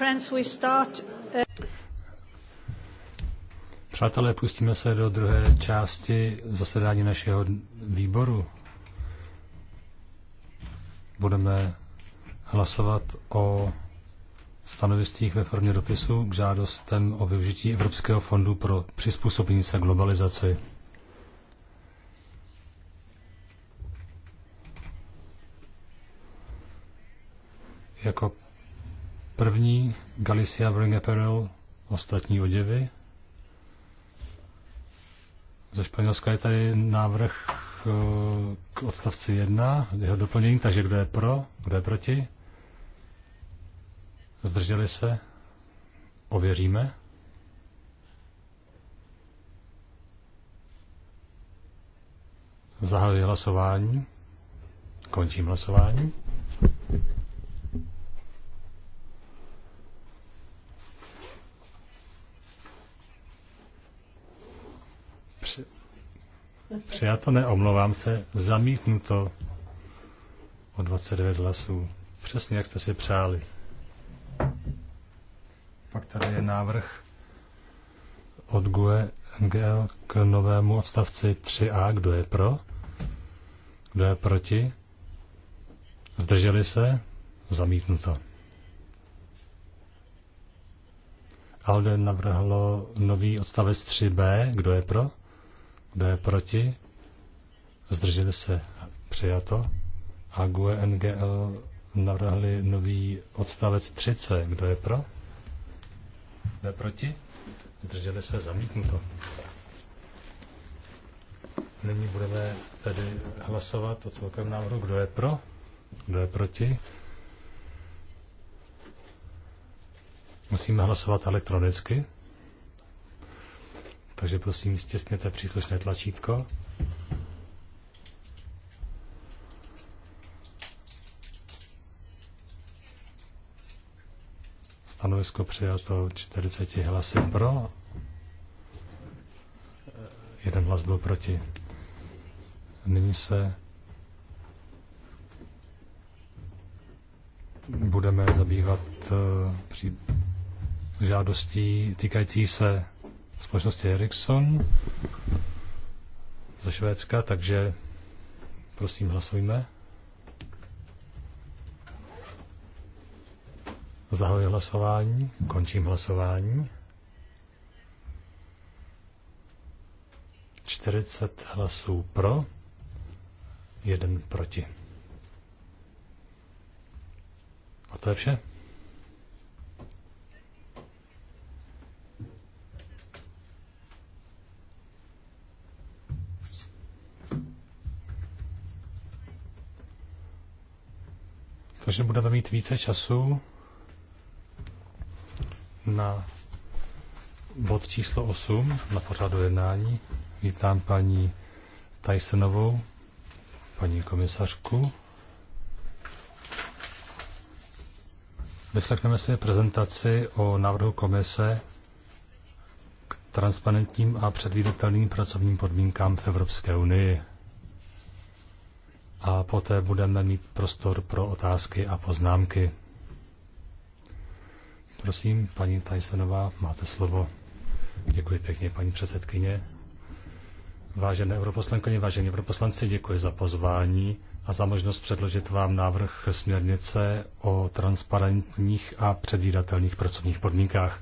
Uh, Přátelé, pustíme se do druhé části zasedání našeho výboru. Budeme hlasovat o stanovistích ve formě dopisu k žádostem o využití Evropského fondu pro přizpůsobení se globalizaci. Jako První Galicia Bring Apparel, ostatní oděvy. Ze Španělska je tady návrh eh, k odstavci 1, jeho doplnění, takže kdo je pro, kdo je proti. Zdrželi se? Ověříme. Zahajuji hlasování. Končím hlasování. Přijato ne, omlouvám se, zamítnuto o 29 hlasů. Přesně jak jste si přáli. Pak tady je návrh od GUE NGL k novému odstavci 3a. Kdo je pro? Kdo je proti? Zdrželi se? Zamítnuto. Alde navrhlo nový odstavec 3b. Kdo je pro? Kdo je proti? Zdrželi se přijato. A GUE NGL navrhli nový odstavec 30. Kdo je pro? Kdo je proti? Zdrželi se zamítnuto. Nyní budeme tedy hlasovat o celkovém návrhu. Kdo je pro? Kdo je proti? Musíme hlasovat elektronicky. Takže prosím, stisněte příslušné tlačítko. Stanovisko přijato 40 hlasy pro, jeden hlas byl proti. Nyní se budeme zabývat eh, při žádostí týkající se společnosti Ericsson ze Švédska, takže prosím hlasujme. Zahajuji hlasování, končím hlasování. 40 hlasů pro, jeden proti. A to je vše. takže budeme mít více času na bod číslo 8 na pořadu jednání. Vítám paní Tysonovou, paní komisařku. Vyslechneme si prezentaci o návrhu komise k transparentním a předvídatelným pracovním podmínkám v Evropské unii a poté budeme mít prostor pro otázky a poznámky. Prosím, paní Tysonová, máte slovo. Děkuji pěkně, paní předsedkyně. Vážené europoslankyně, vážení europoslanci, děkuji za pozvání a za možnost předložit vám návrh směrnice o transparentních a předvídatelných pracovních podmínkách.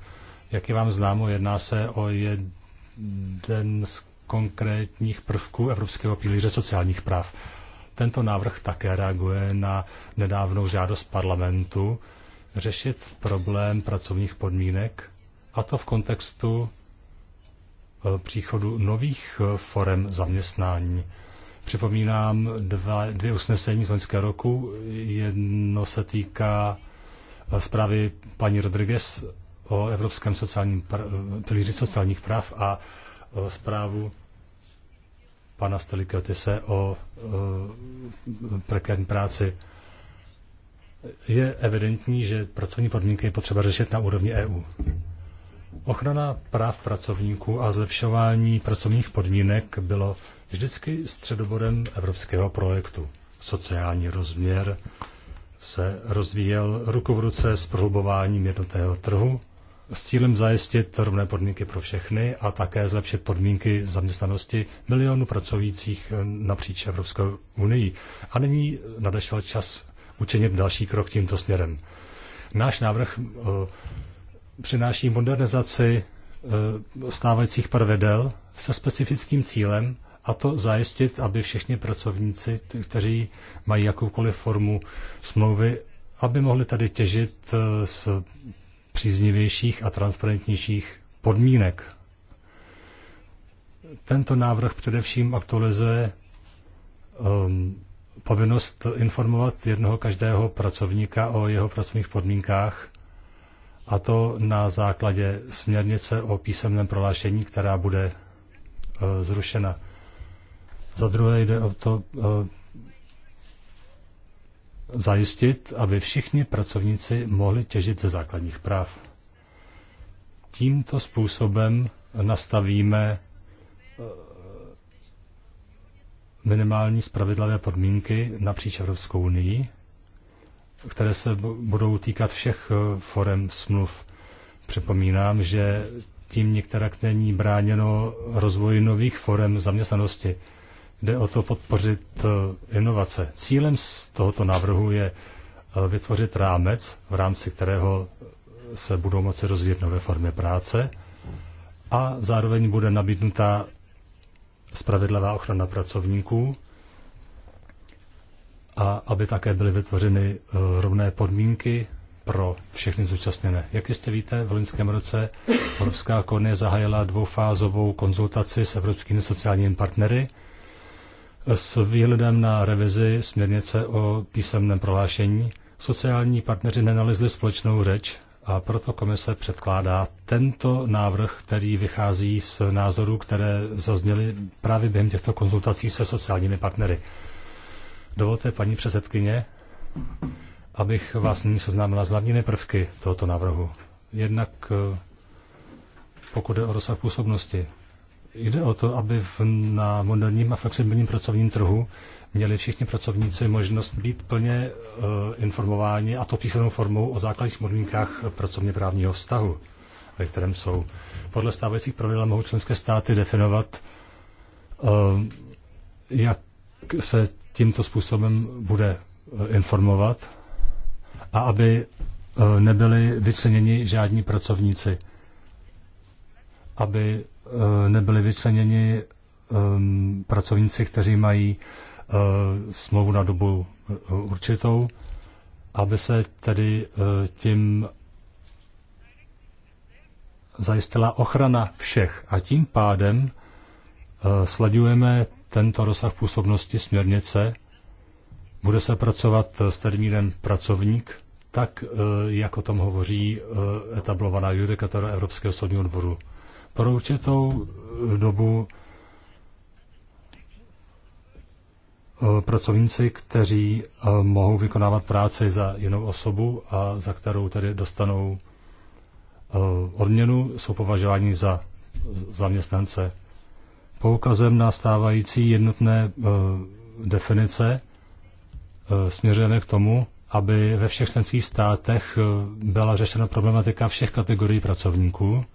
Jak je vám známo, jedná se o jeden z konkrétních prvků Evropského pilíře sociálních práv. Tento návrh také reaguje na nedávnou žádost parlamentu řešit problém pracovních podmínek, a to v kontextu e, příchodu nových e, forem zaměstnání. Připomínám dva, dvě usnesení z loňského roku. Jedno se týká e, zprávy paní Rodriguez o Evropském sociálním pilíři sociálních práv a zprávu pana Stelikotise o, o prekérní práci. Je evidentní, že pracovní podmínky je potřeba řešit na úrovni EU. Ochrana práv pracovníků a zlepšování pracovních podmínek bylo vždycky středobodem evropského projektu. Sociální rozměr se rozvíjel ruku v ruce s prohlubováním jednotného trhu s cílem zajistit rovné podmínky pro všechny a také zlepšit podmínky zaměstnanosti milionů pracujících eh, napříč Evropskou unii. A nyní nadešel čas učinit další krok tímto směrem. Náš návrh eh, přináší modernizaci eh, stávajících pravidel se specifickým cílem, a to zajistit, aby všichni pracovníci, kteří mají jakoukoliv formu smlouvy, aby mohli tady těžit z příznivějších a transparentnějších podmínek. Tento návrh především aktualizuje um, povinnost informovat jednoho každého pracovníka o jeho pracovních podmínkách, a to na základě směrnice o písemném prohlášení, která bude uh, zrušena. Za druhé jde o to uh, zajistit, aby všichni pracovníci mohli těžit ze základních práv. Tímto způsobem nastavíme eh, minimální spravedlivé podmínky napříč Evropskou unii, které se budou týkat všech eh, forem smluv. Připomínám, že tím některak není bráněno rozvoji nových forem zaměstnanosti. Jde o to podpořit eh, inovace. Cílem z tohoto návrhu je eh, vytvořit rámec, v rámci kterého se budou moci rozvíjet nové formy práce a zároveň bude nabídnuta spravedlivá ochrana pracovníků a aby také byly vytvořeny eh, rovné podmínky pro všechny zúčastněné. Jak jistě víte, v loňském roce Evropská konie zahájila dvoufázovou konzultaci s evropskými sociálními partnery s výhledem na revizi směrnice o písemném prohlášení sociální partneři nenalezli společnou řeč a proto komise předkládá tento návrh, který vychází z názorů, které zazněly právě během těchto konzultací se sociálními partnery. Dovolte, paní předsedkyně, abych vás nyní seznámila s hlavními prvky tohoto návrhu. Jednak eh, pokud jde o rozsah působnosti, Jde o to, aby v, na moderním a flexibilním pracovním trhu měli všichni pracovníci možnost být plně uh, informováni, a to písanou formou, o základních podmínkách pracovně právního vztahu, ve kterém jsou. Podle stávajících pravidel mohou členské státy definovat, uh, jak se tímto způsobem bude e, informovat a aby nebyli vyceněni žádní pracovníci, aby Eh, nebyli vyčleněni ehm, pracovníci, kteří mají eh, smlouvu na dobu eh, určitou, aby se tedy tím zajistila ochrana všech. A tím pádem sledujeme tento rozsah působnosti směrnice. Bude se pracovat s termínem pracovník, tak jak o tom hovoří etablovaná judikatora Evropského soudního dvoru. Pro určitou dobu eh, pracovníci, kteří eh, mohou vykonávat práci za jinou osobu a za kterou tedy dostanou eh, odměnu, jsou považováni za zaměstnance. Poukazem na stávající jednotné definice směřujeme k tomu, aby ve všech členských státech byla řešena problematika všech kategorií pracovníků,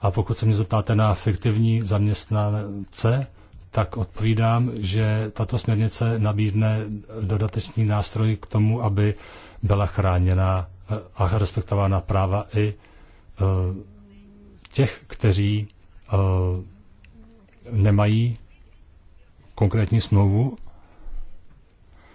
a pokud se mě zeptáte na fiktivní zaměstnance, tak odpovídám, že tato směrnice nabídne dodatečný nástroj k tomu, aby byla chráněna eh, a respektována práva i eh, těch, kteří eh, nemají konkrétní smlouvu.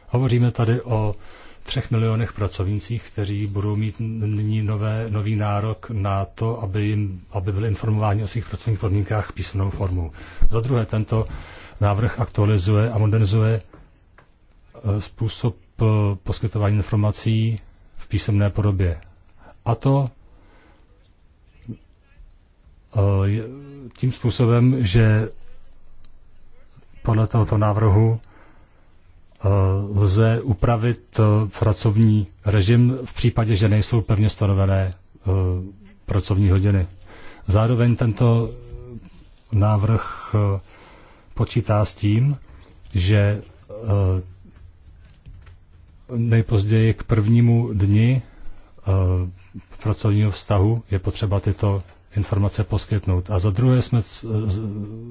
Hovoříme tady o třech milionech pracovnících, kteří budou mít nyní nové, nový nárok na to, aby, jim, aby byli informováni o svých pracovních podmínkách písemnou formou. Za druhé, tento návrh aktualizuje a modernizuje e, způsob e, poskytování informací v písemné podobě. A to e, tím způsobem, že podle tohoto návrhu Eh, lze upravit eh, pracovní režim v případě, že nejsou pevně stanovené eh, pracovní hodiny. Zároveň tento návrh počítá s tím, že nejpozději k prvnímu dni pracovního vztahu je potřeba tyto informace poskytnout. A za druhé jsme,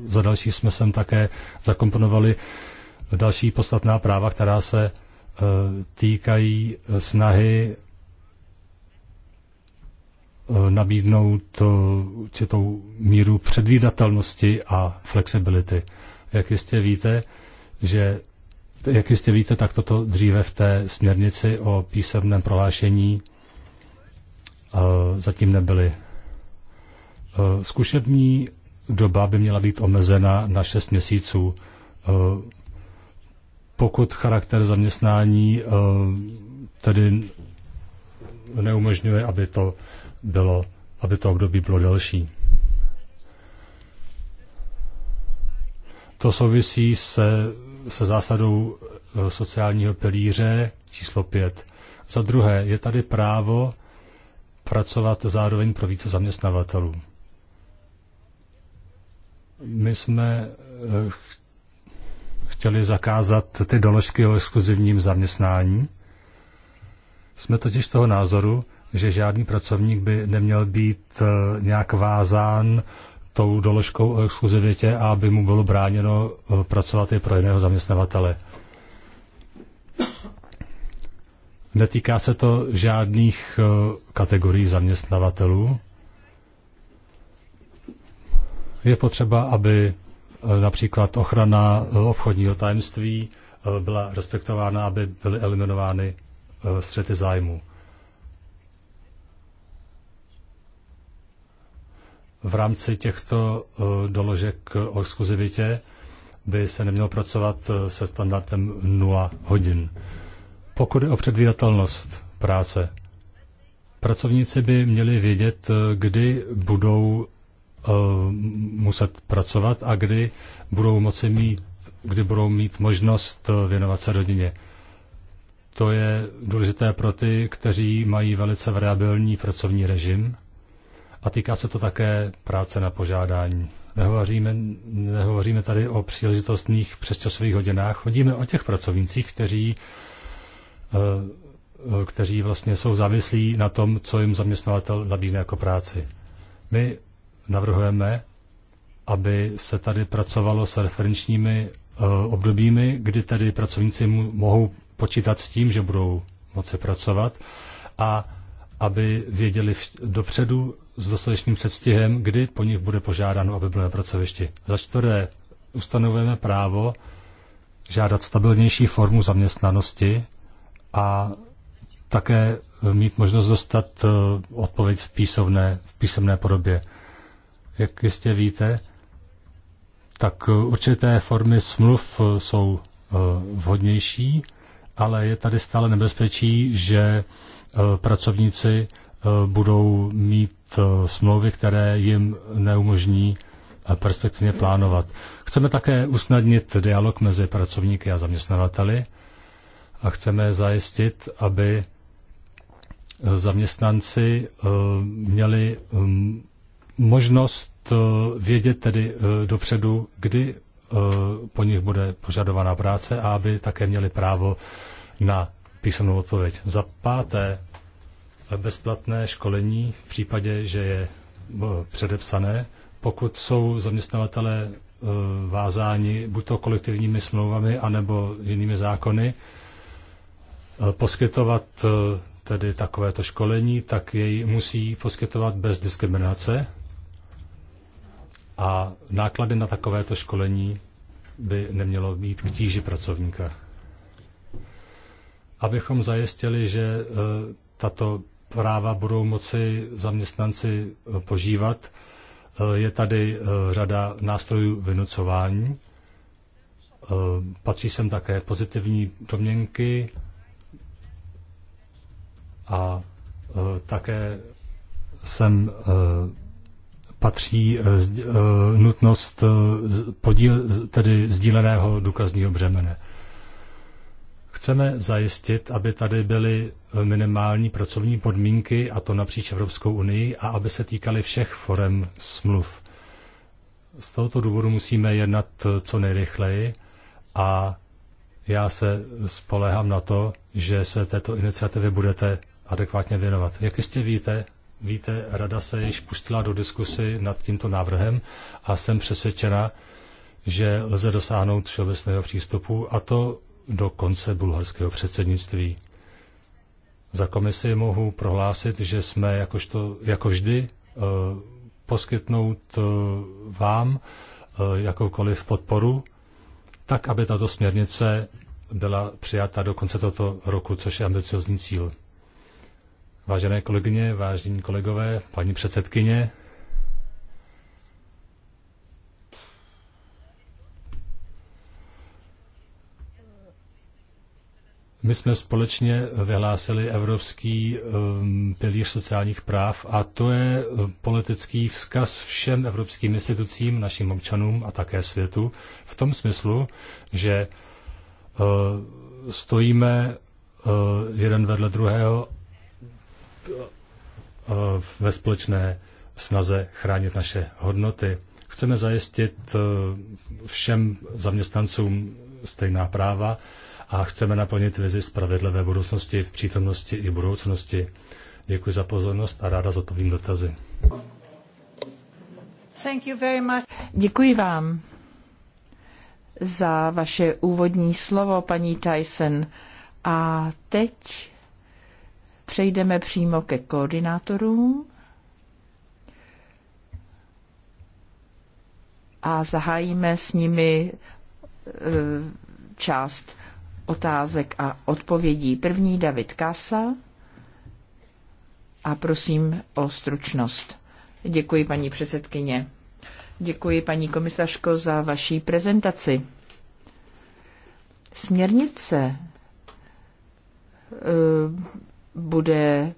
za další jsme sem také zakomponovali další podstatná práva, která se e, týkají snahy e, nabídnout e, určitou míru předvídatelnosti a flexibility. Jak jistě víte, že jak jistě víte, tak toto dříve v té směrnici o písemném prohlášení zatím nebyly. Zkušební doba by měla být omezena na 6 měsíců pokud charakter zaměstnání eh, tedy neumožňuje, aby to, bylo, aby to období bylo delší. To souvisí se, se zásadou eh, sociálního pilíře číslo 5. Za druhé, je tady právo pracovat zároveň pro více zaměstnavatelů. My jsme eh, chtěli zakázat ty doložky o exkluzivním zaměstnání. Jsme totiž toho názoru, že žádný pracovník by neměl být eh, nějak vázán tou doložkou o exkluzivitě a aby mu bylo bráněno eh, pracovat i pro jiného zaměstnavatele. Netýká se to žádných eh, kategorií zaměstnavatelů. Je potřeba, aby Eh, například ochrana eh, obchodního tajemství eh, byla respektována, aby byly eliminovány střety zájmu. V rámci těchto doložek o exkluzivitě by se nemělo pracovat se standardem 0 hodin. Pokud je o předvídatelnost práce, pracovníci by měli vědět, kdy budou Eh, muset pracovat a kdy budou moci mít, kdy budou mít možnost eh, věnovat se rodině. To je důležité pro ty, kteří mají velice variabilní pracovní režim a týká se to také práce na požádání. Nehovoříme, nehovoříme tady o příležitostných přesčasových hodinách, hodíme o těch pracovnících, kteří, eh, kteří vlastně jsou závislí na tom, co jim zaměstnavatel nabídne jako práci. My navrhujeme, aby se tady pracovalo s referenčními eh, obdobími, kdy tedy pracovníci mohou počítat s tím, že budou moci pracovat a aby věděli dopředu s dostatečným předstihem, kdy po nich bude požádáno, aby byly na pracovišti. Za čtvrté ustanovujeme právo žádat stabilnější formu zaměstnanosti a také eh, mít možnost dostat eh, odpověď v písovné, v písemné podobě. Jak jistě víte, tak určité formy smluv jsou eh, vhodnější, ale je tady stále nebezpečí, že eh, pracovníci eh, budou mít smlouvy, které jim neumožní perspektivně plánovat. Chceme také usnadnit dialog mezi pracovníky a zaměstnavateli a chceme zajistit, aby zaměstnanci měli mm, možnost vědět tedy eh, dopředu, kdy eh, po nich bude požadovaná práce a aby také měli právo na písemnou odpověď. Za páté, bezplatné školení v případě, že je eh, předepsané, pokud jsou zaměstnavatele vázáni buď to kolektivními smlouvami, anebo jinými zákony, poskytovat tedy takovéto školení, tak jej musí poskytovat bez diskriminace, a náklady na takovéto školení by nemělo být k tíži pracovníka. Abychom zajistili, že e, tato práva budou moci zaměstnanci e, požívat, e, je tady řada nástrojů vynucování. Patří sem také pozitivní domněnky a také jsem patří eh, eh, nutnost eh, podíl, tedy sdíleného důkazního břemene. Chceme zajistit, aby tady byly minimální pracovní podmínky, a to napříč Evropskou unii, a aby se týkaly všech forem smluv. Z tohoto důvodu musíme jednat co nejrychleji a já se spolehám na to, že se této iniciativě budete adekvátně věnovat. Jak jistě víte, víte, rada se již pustila do diskusy nad tímto návrhem a jsem přesvědčena, že lze dosáhnout všeobecného přístupu a to do konce bulharského předsednictví. Za komisi mohu prohlásit, že jsme jakožto, jako vždy eh, poskytnout eh, vám eh, jakoukoliv podporu, tak aby tato směrnice byla přijata do konce tohoto roku, což je ambiciozní cíl. Vážené kolegyně, vážení kolegové, paní předsedkyně, My jsme společně vyhlásili Evropský um, pilíř sociálních práv a to je um, politický vzkaz všem evropským institucím, našim občanům a také světu v tom smyslu, že uh, stojíme uh, jeden vedle druhého ve společné snaze chránit naše hodnoty. Chceme zajistit e, všem zaměstnancům stejná práva a chceme naplnit vizi spravedlivé budoucnosti v přítomnosti i budoucnosti. Děkuji za pozornost a ráda zodpovím dotazy. Thank you very much. Děkuji vám za vaše úvodní slovo, paní Tyson. A teď Přejdeme přímo ke koordinátorům. A zahájíme s nimi eh, část otázek a odpovědí. První David Kasa a prosím o stručnost. Děkuji, paní předsedkyně. Děkuji, paní komisařko, za vaší prezentaci. Směrnice eh, bude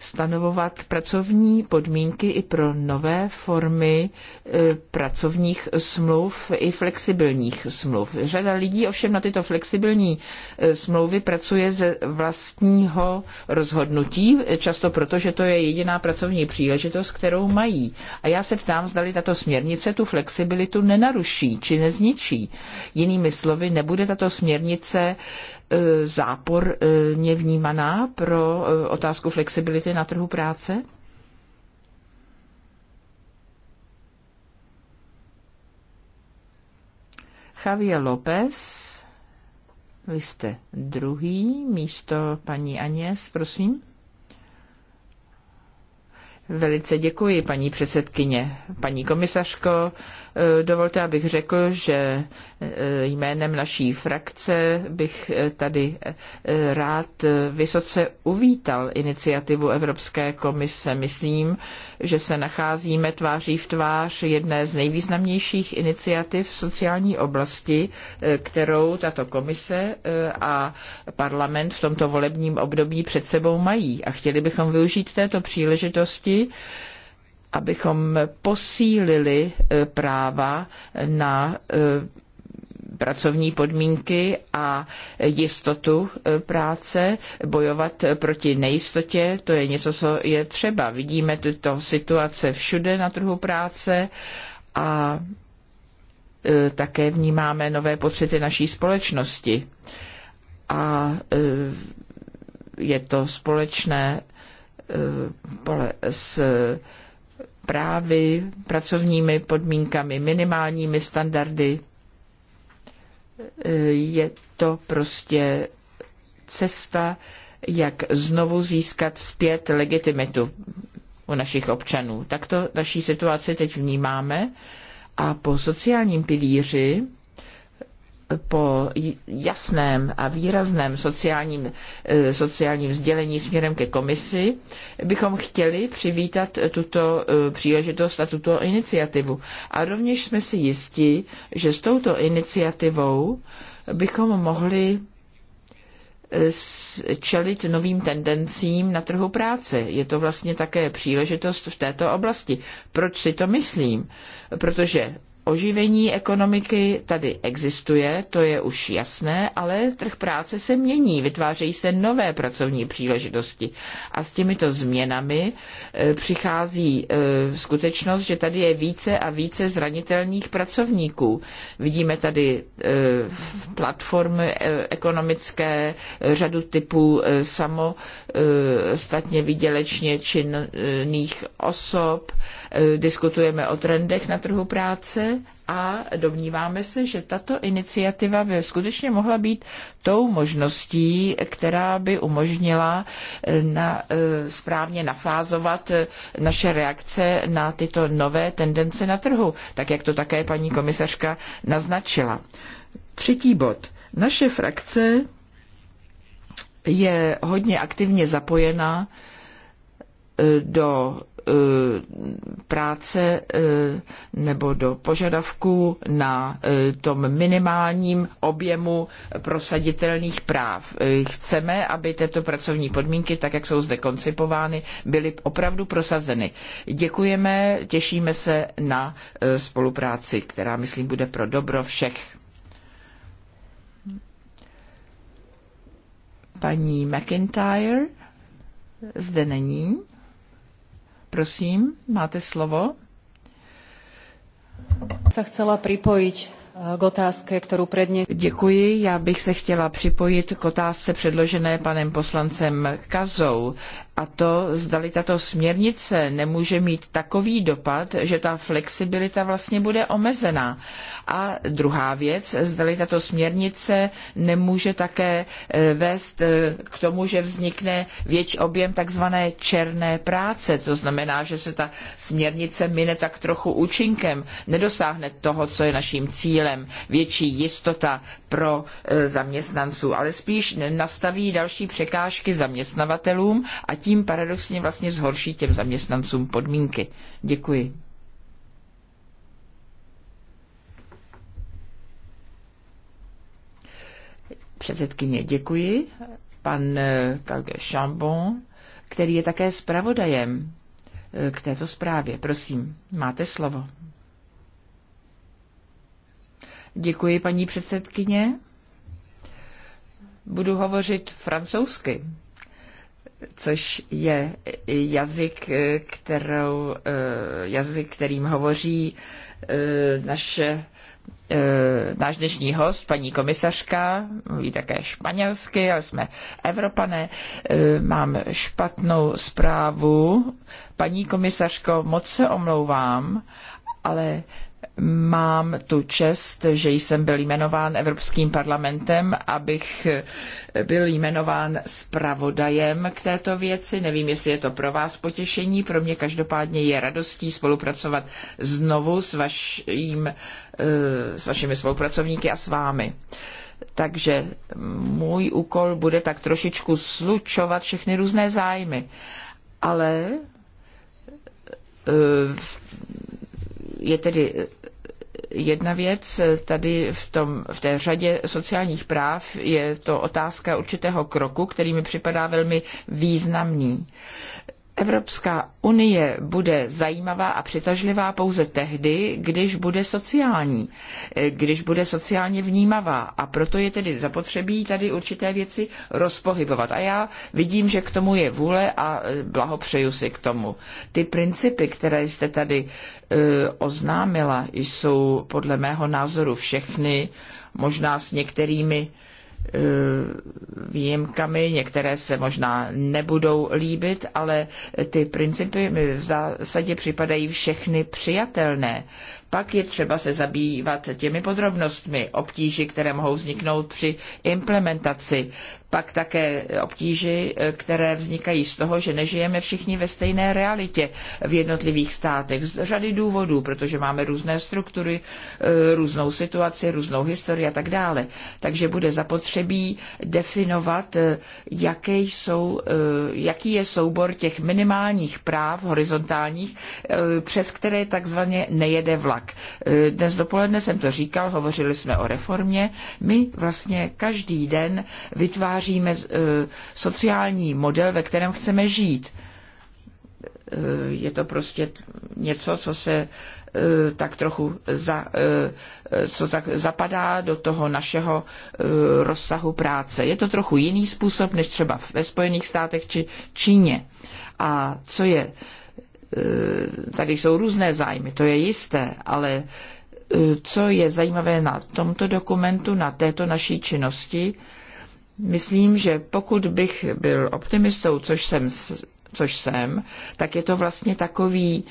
stanovovat pracovní podmínky i pro nové formy e, pracovních smluv i flexibilních smluv. Řada lidí ovšem na tyto flexibilní e, smlouvy pracuje ze vlastního rozhodnutí, e, často proto, že to je jediná pracovní příležitost, kterou mají. A já se ptám, zdali tato směrnice tu flexibilitu nenaruší či nezničí. Jinými slovy, nebude tato směrnice E, záporně vnímaná pro e, otázku flexibility na trhu práce? Javier López, vy jste druhý, místo paní Aněs, prosím. Velice děkuji, paní předsedkyně. Paní komisařko, Eh, dovolte, abych řekl, že eh, jménem naší frakce bych eh, tady rád vysoce uvítal iniciativu Evropské komise. Myslím, že se nacházíme tváří v tvář jedné z nejvýznamnějších iniciativ v sociální oblasti, kterou tato komise a parlament v tomto volebním období před sebou mají. A chtěli bychom využít této příležitosti, abychom posílili e, práva na e, pracovní podmínky a jistotu e, práce, bojovat proti nejistotě, to je něco, co je třeba. Vidíme tyto situace všude na trhu práce a také vnímáme nové potřeby naší společnosti. A je to společné pole s právy, pracovními podmínkami, minimálními standardy. E, je to prostě cesta, jak znovu získat zpět legitimitu u našich občanů. Takto naší situaci teď vnímáme. A po sociálním pilíři po jasném a výrazném sociálním, eh, sociálním sdělení směrem ke komisi bychom chtěli přivítat tuto eh, příležitost a tuto iniciativu. A rovněž jsme si jisti, že s touto iniciativou bychom mohli eh, čelit novým tendencím na trhu práce. Je to vlastně také příležitost v této oblasti. Proč si to myslím? Protože oživení ekonomiky tady existuje, to je už jasné, ale trh práce se mění, vytvářejí se nové pracovní příležitosti. A s těmito změnami e, přichází e, skutečnost, že tady je více a více zranitelných pracovníků. Vidíme tady e, platformy ekonomické, řadu typů samostatně výdělečně činných osob, diskutujeme o trendech na trhu práce, a domníváme se, že tato iniciativa by skutečně mohla být tou možností, která by umožnila eh, na, eh, správně nafázovat eh, naše reakce na tyto nové tendence na trhu, tak jak to také paní komisařka naznačila. Třetí bod. Naše frakce je hodně aktivně zapojena do Eh, práce eh, nebo do požadavků na eh, tom minimálním objemu prosaditelných práv. Chceme, aby tyto pracovní podmínky, tak jak jsou zde koncipovány, byly opravdu prosazeny. Děkujeme, těšíme se na spolupráci, která, myslím, bude pro dobro všech. Paní McIntyre zde není. Prosím, máte slovo. Se chcela připojit eh, k otázce, kterou předně... Děkuji, já bych se chtěla připojit k otázce předložené panem poslancem Kazou a to, zdali tato směrnice nemůže mít takový dopad, že ta flexibilita vlastně bude omezená. A druhá věc, zdali tato směrnice nemůže také eh, vést eh, k tomu, že vznikne větší objem takzvané černé práce. To znamená, že se ta směrnice mine tak trochu účinkem, nedosáhne toho, co je naším cílem, větší jistota pro eh, zaměstnanců, ale spíš nastaví další překážky zaměstnavatelům a tím paradoxně vlastně zhorší těm zaměstnancům podmínky. Děkuji. Předsedkyně, děkuji. Pan eh, Chambon, který je také zpravodajem eh, k této zprávě. Prosím, máte slovo. Děkuji, paní předsedkyně. Budu hovořit francouzsky což je jazyk, kterou, eh, jazyk kterým hovoří eh, naše eh, náš dnešní host, paní komisařka, mluví také španělsky, ale jsme Evropané. Mám špatnou zprávu. Paní komisařko, moc se omlouvám, ale mám tu čest, že jsem byl jmenován Evropským parlamentem, abych byl jmenován zpravodajem k této věci. Nevím, jestli je to pro vás potěšení, pro mě každopádně je radostí spolupracovat znovu s, vaším, eh, s vašimi spolupracovníky a s vámi. Takže můj úkol bude tak trošičku slučovat všechny různé zájmy. Ale eh, je tedy jedna věc. Tady v, tom, v té řadě sociálních práv je to otázka určitého kroku, který mi připadá velmi významný. Evropská unie bude zajímavá a přitažlivá pouze tehdy, když bude sociální, eh, když bude sociálně vnímavá. A proto je tedy zapotřebí tady určité věci rozpohybovat. A já vidím, že k tomu je vůle a eh, blahopřeju si k tomu. Ty principy, které jste tady eh, oznámila, jsou podle mého názoru všechny, možná s některými Eh, výjimkami, některé se možná nebudou líbit, ale ty principy mi v zásadě připadají všechny přijatelné pak je třeba se zabývat těmi podrobnostmi, obtíži, které mohou vzniknout při implementaci, pak také obtíži, které vznikají z toho, že nežijeme všichni ve stejné realitě v jednotlivých státech. Z řady důvodů, protože máme různé struktury, eh, různou situaci, různou historii a tak dále. Takže bude zapotřebí definovat, eh, jaké jsou, eh, jaký je soubor těch minimálních práv horizontálních, přes které takzvaně nejede vlak tak. E, dnes dopoledne jsem to říkal, hovořili jsme o reformě. My vlastně každý den vytváříme e, sociální model, ve kterém chceme žít e, je to prostě něco, co se tak trochu za, co tak zapadá do toho našeho rozsahu práce. Je to trochu jiný způsob než třeba ve Spojených státech či Číně. A co je Eh, tady jsou různé zájmy, to je jisté, ale eh, co je zajímavé na tomto dokumentu, na této naší činnosti, myslím, že pokud bych byl optimistou, což jsem, což jsem tak je to vlastně takový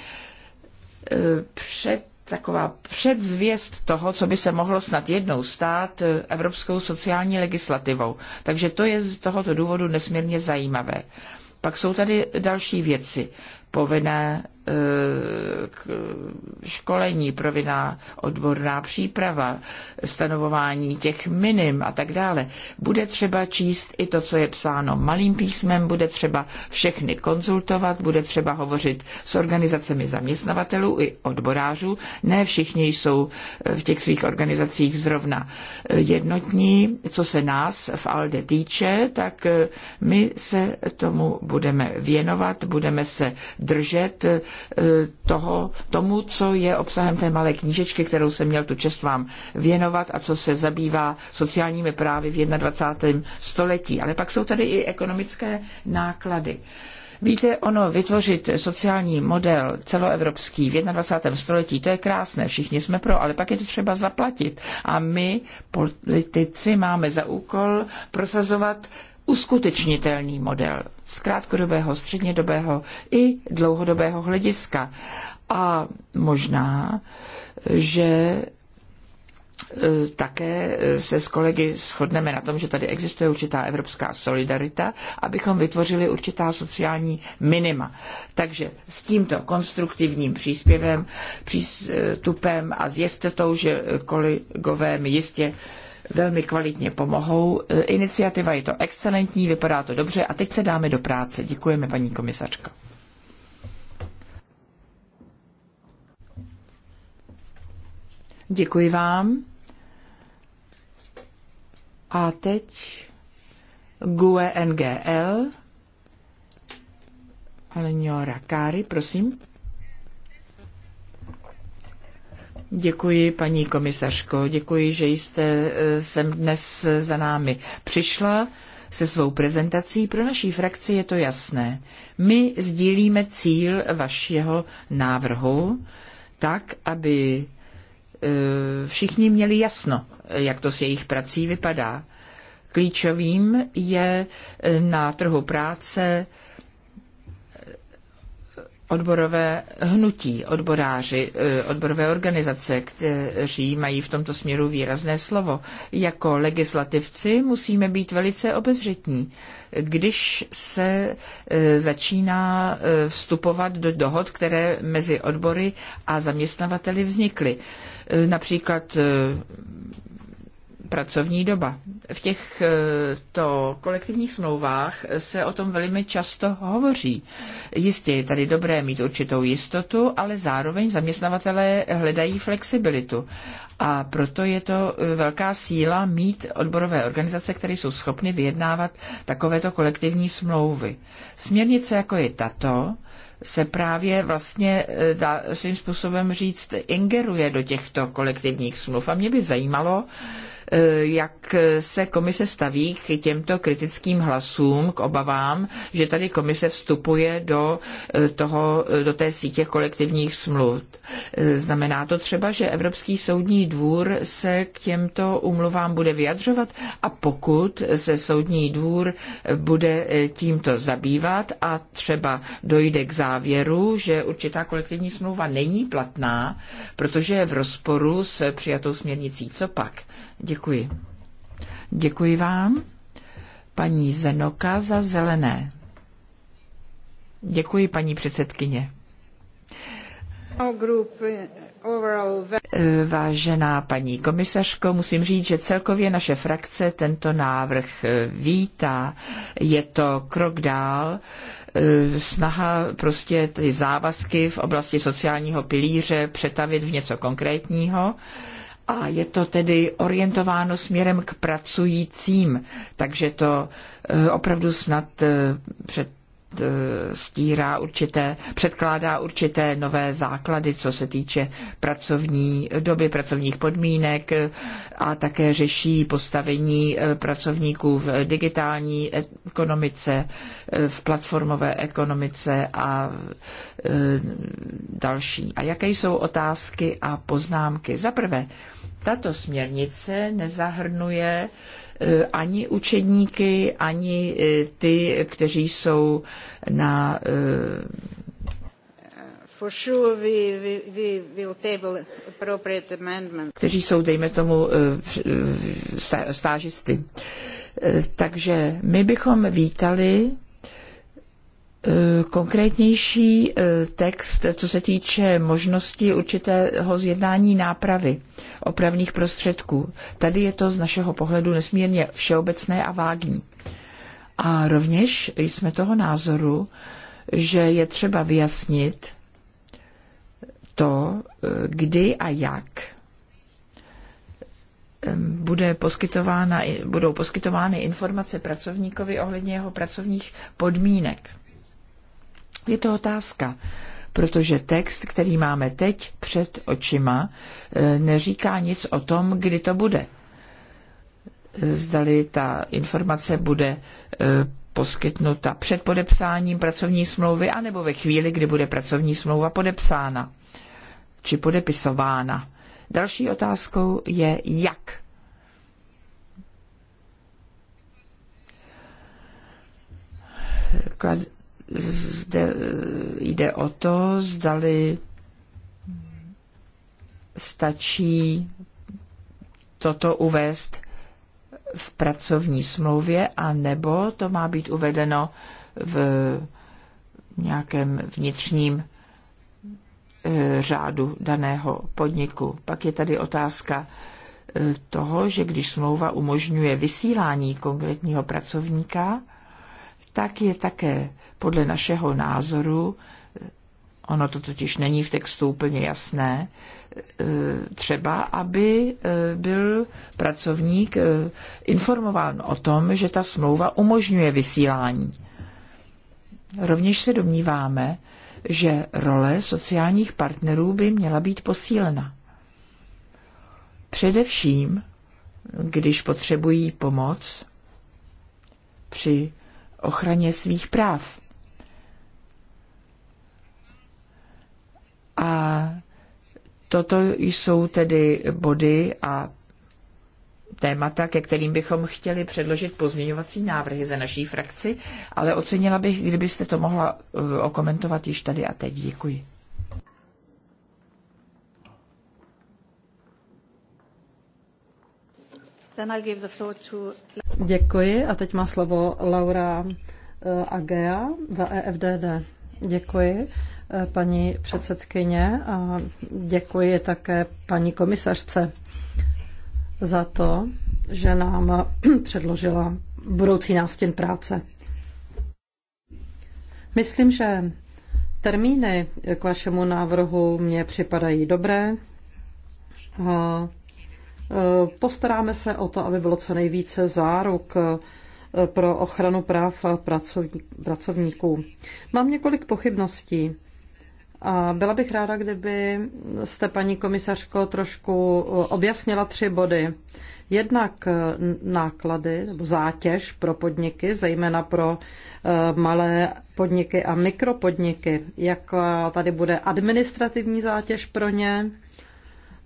eh, před taková předzvěst toho, co by se mohlo snad jednou stát evropskou sociální legislativou. Takže to je z tohoto důvodu nesmírně zajímavé. Pak jsou tady další věci povinné Eh, školení, provinná odborná příprava, stanovování těch minim a tak dále. Bude třeba číst i to, co je psáno malým písmem, bude třeba všechny konzultovat, bude třeba hovořit s organizacemi zaměstnavatelů i odborářů. Ne všichni jsou eh, v těch svých organizacích zrovna eh, jednotní. Co se nás v ALDE týče, tak my se tomu budeme věnovat, budeme se držet Eh, toho, tomu, co je obsahem té malé knížečky, kterou jsem měl tu čest vám věnovat a co se zabývá sociálními právy v 21. století. Ale pak jsou tady i ekonomické náklady. Víte, ono vytvořit sociální model celoevropský v 21. století, to je krásné, všichni jsme pro, ale pak je to třeba zaplatit. A my, politici, máme za úkol prosazovat uskutečnitelný model z krátkodobého, střednědobého i dlouhodobého hlediska. A možná, že e, také se s kolegy shodneme na tom, že tady existuje určitá evropská solidarita, abychom vytvořili určitá sociální minima. Takže s tímto konstruktivním příspěvem, přístupem a s jistotou, že kolegové mi jistě velmi kvalitně pomohou. E, iniciativa je to excelentní, vypadá to dobře a teď se dáme do práce. Děkujeme, paní komisařka. Děkuji vám. A teď GUE NGL. Alenio Rakari, prosím. Děkuji, paní komisařko, děkuji, že jste eh, sem dnes eh, za námi přišla se svou prezentací. Pro naší frakci je to jasné. My sdílíme cíl vašeho návrhu tak, aby eh, všichni měli jasno, jak to s jejich prací vypadá. Klíčovým je na trhu práce odborové hnutí, odboráři, eh, odborové organizace, kteří mají v tomto směru výrazné slovo. Jako legislativci musíme být velice obezřetní, když se eh, začíná eh, vstupovat do dohod, které mezi odbory a zaměstnavateli vznikly. Například pracovní doba. V těchto eh, kolektivních smlouvách se o tom velmi často hovoří. Jistě je tady dobré mít určitou jistotu, ale zároveň zaměstnavatelé hledají flexibilitu. A proto je to eh, velká síla mít odborové organizace, které jsou schopny vyjednávat takovéto kolektivní smlouvy. Směrnice jako je tato, se právě vlastně eh, dá svým způsobem říct ingeruje do těchto kolektivních smluv. A mě by zajímalo, Eh, jak se komise staví k těmto kritickým hlasům, k obavám, že tady komise vstupuje do, eh, toho, eh, do té sítě kolektivních smluv. Znamená to třeba, že Evropský soudní dvůr se k těmto umluvám bude vyjadřovat a pokud se soudní dvůr bude tímto zabývat a třeba dojde k závěru, že určitá kolektivní smlouva není platná, protože je v rozporu s přijatou směrnicí. Co pak? Děkuji. Děkuji vám, paní Zenoka za zelené. Děkuji, paní předsedkyně. Vážená paní komisařko, musím říct, že celkově naše frakce tento návrh eh, vítá. Je to krok dál. Eh, Snaha prostě ty závazky v oblasti sociálního pilíře přetavit v něco konkrétního a je to tedy orientováno směrem k pracujícím, takže to eh, opravdu snad eh, před Eh, stírá určité, předkládá určité nové základy, co se týče pracovní doby, pracovních podmínek eh, a také řeší postavení eh, pracovníků v digitální ekonomice, v platformové ekonomice a další. A jaké jsou otázky a poznámky? Za prvé, tato směrnice nezahrnuje Eh, ani učedníky, ani eh, ty, kteří jsou na eh, kteří jsou, dejme tomu, stážisty. Takže my bychom vítali E, konkrétnější e, text, co se týče možnosti určitého zjednání nápravy opravných prostředků. Tady je to z našeho pohledu nesmírně všeobecné a vágní. A rovněž jsme toho názoru, že je třeba vyjasnit to, e, kdy a jak bude poskytována, budou poskytovány informace pracovníkovi ohledně jeho pracovních podmínek. Je to otázka, protože text, který máme teď před očima, e, neříká nic o tom, kdy to bude. Zdali ta informace bude e, poskytnuta před podepsáním pracovní smlouvy anebo ve chvíli, kdy bude pracovní smlouva podepsána či podepisována. Další otázkou je jak. Klad, zde eh, jde o to, zdali stačí toto uvést v pracovní smlouvě, a nebo to má být uvedeno v nějakém vnitřním eh, řádu daného podniku. Pak je tady otázka eh, toho, že když smlouva umožňuje vysílání konkrétního pracovníka, tak je také podle našeho názoru, ono to totiž není v textu úplně jasné, e, třeba, aby e, byl pracovník e, informován o tom, že ta smlouva umožňuje vysílání. Rovněž se domníváme, že role sociálních partnerů by měla být posílena. Především, když potřebují pomoc při ochraně svých práv. A toto jsou tedy body a témata, ke kterým bychom chtěli předložit pozměňovací návrhy za naší frakci, ale ocenila bych, kdybyste to mohla eh, okomentovat již tady a teď. Děkuji. Děkuji a teď má slovo Laura eh, Agea za EFDD. Děkuji paní předsedkyně a děkuji také paní komisařce za to, že nám předložila budoucí nástěn práce. Myslím, že termíny k vašemu návrhu mně připadají dobré. E, postaráme se o to, aby bylo co nejvíce záruk e, pro ochranu práv pracovníků. Mám několik pochybností. A byla bych ráda, kdyby jste, paní komisařko, trošku objasnila tři body. Jednak náklady nebo zátěž pro podniky, zejména pro eh, malé podniky a mikropodniky. Jak tady bude administrativní zátěž pro ně,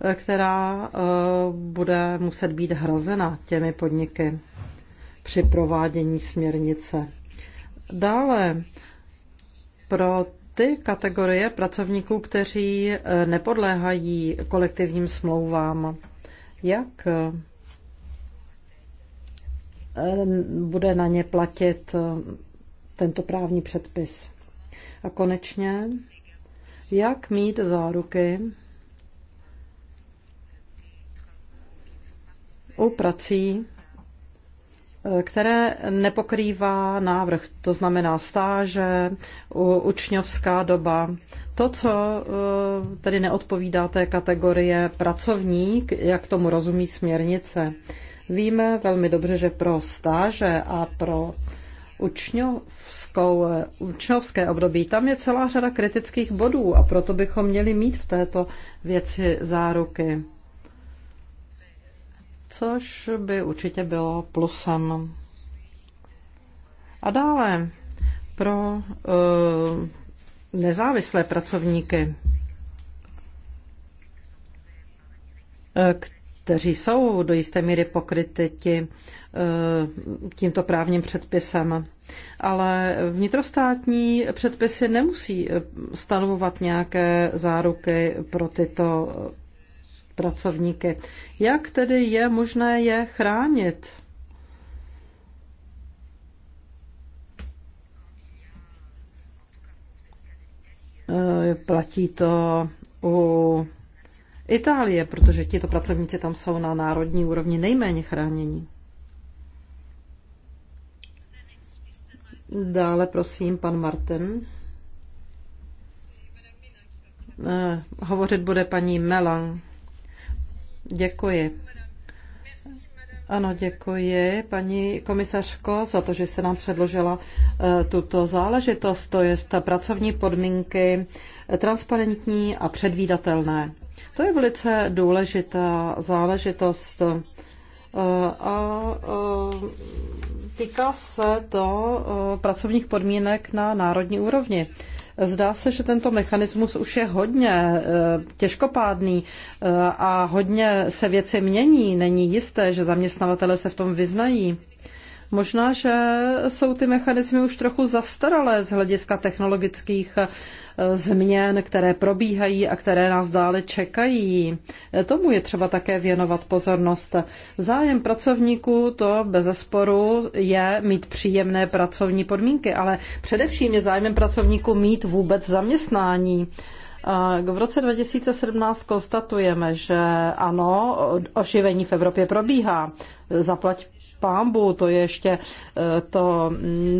eh, která eh, bude muset být hrazena těmi podniky při provádění směrnice. Dále pro ty kategorie pracovníků, kteří eh, nepodléhají kolektivním smlouvám. Jak eh, bude na ně platit eh, tento právní předpis? A konečně, jak mít záruky u prací, které nepokrývá návrh, to znamená stáže, učňovská doba. To, co eh, tedy neodpovídá té kategorie pracovník, jak tomu rozumí směrnice. Víme velmi dobře, že pro stáže a pro učňovskou, učňovské období, tam je celá řada kritických bodů a proto bychom měli mít v této věci záruky což by určitě bylo plusem. A dále pro uh, nezávislé pracovníky, eh, kteří jsou do jisté míry ti, eh, tímto právním předpisem. Ale vnitrostátní předpisy nemusí stanovovat nějaké záruky pro tyto pracovníky. Jak tedy je možné je chránit? Eh, platí to u Itálie, protože tito pracovníci tam jsou na národní úrovni nejméně chránění. Dále prosím, pan Martin. Eh, hovořit bude paní Melan. Děkuji. Ano, děkuji, paní komisařko, za to, že jste nám předložila eh, tuto záležitost, to je pracovní podmínky eh, transparentní a předvídatelné. To je velice důležitá záležitost eh, a týká se to pracovních podmínek na národní úrovni. Zdá se, že tento mechanismus už je hodně eh, těžkopádný eh, a hodně se věci mění. Není jisté, že zaměstnavatele se v tom vyznají. Možná, že jsou ty mechanismy už trochu zastaralé z hlediska technologických eh, Eh, změn, které probíhají a které nás dále čekají. Eh, tomu je třeba také věnovat pozornost. Zájem pracovníků to bez zesporu je mít příjemné pracovní podmínky, ale především je zájmem pracovníků mít vůbec zaměstnání. V roce 2017 konstatujeme, že ano, oživení v Evropě probíhá. Zaplať pámbu, to je ještě eh, to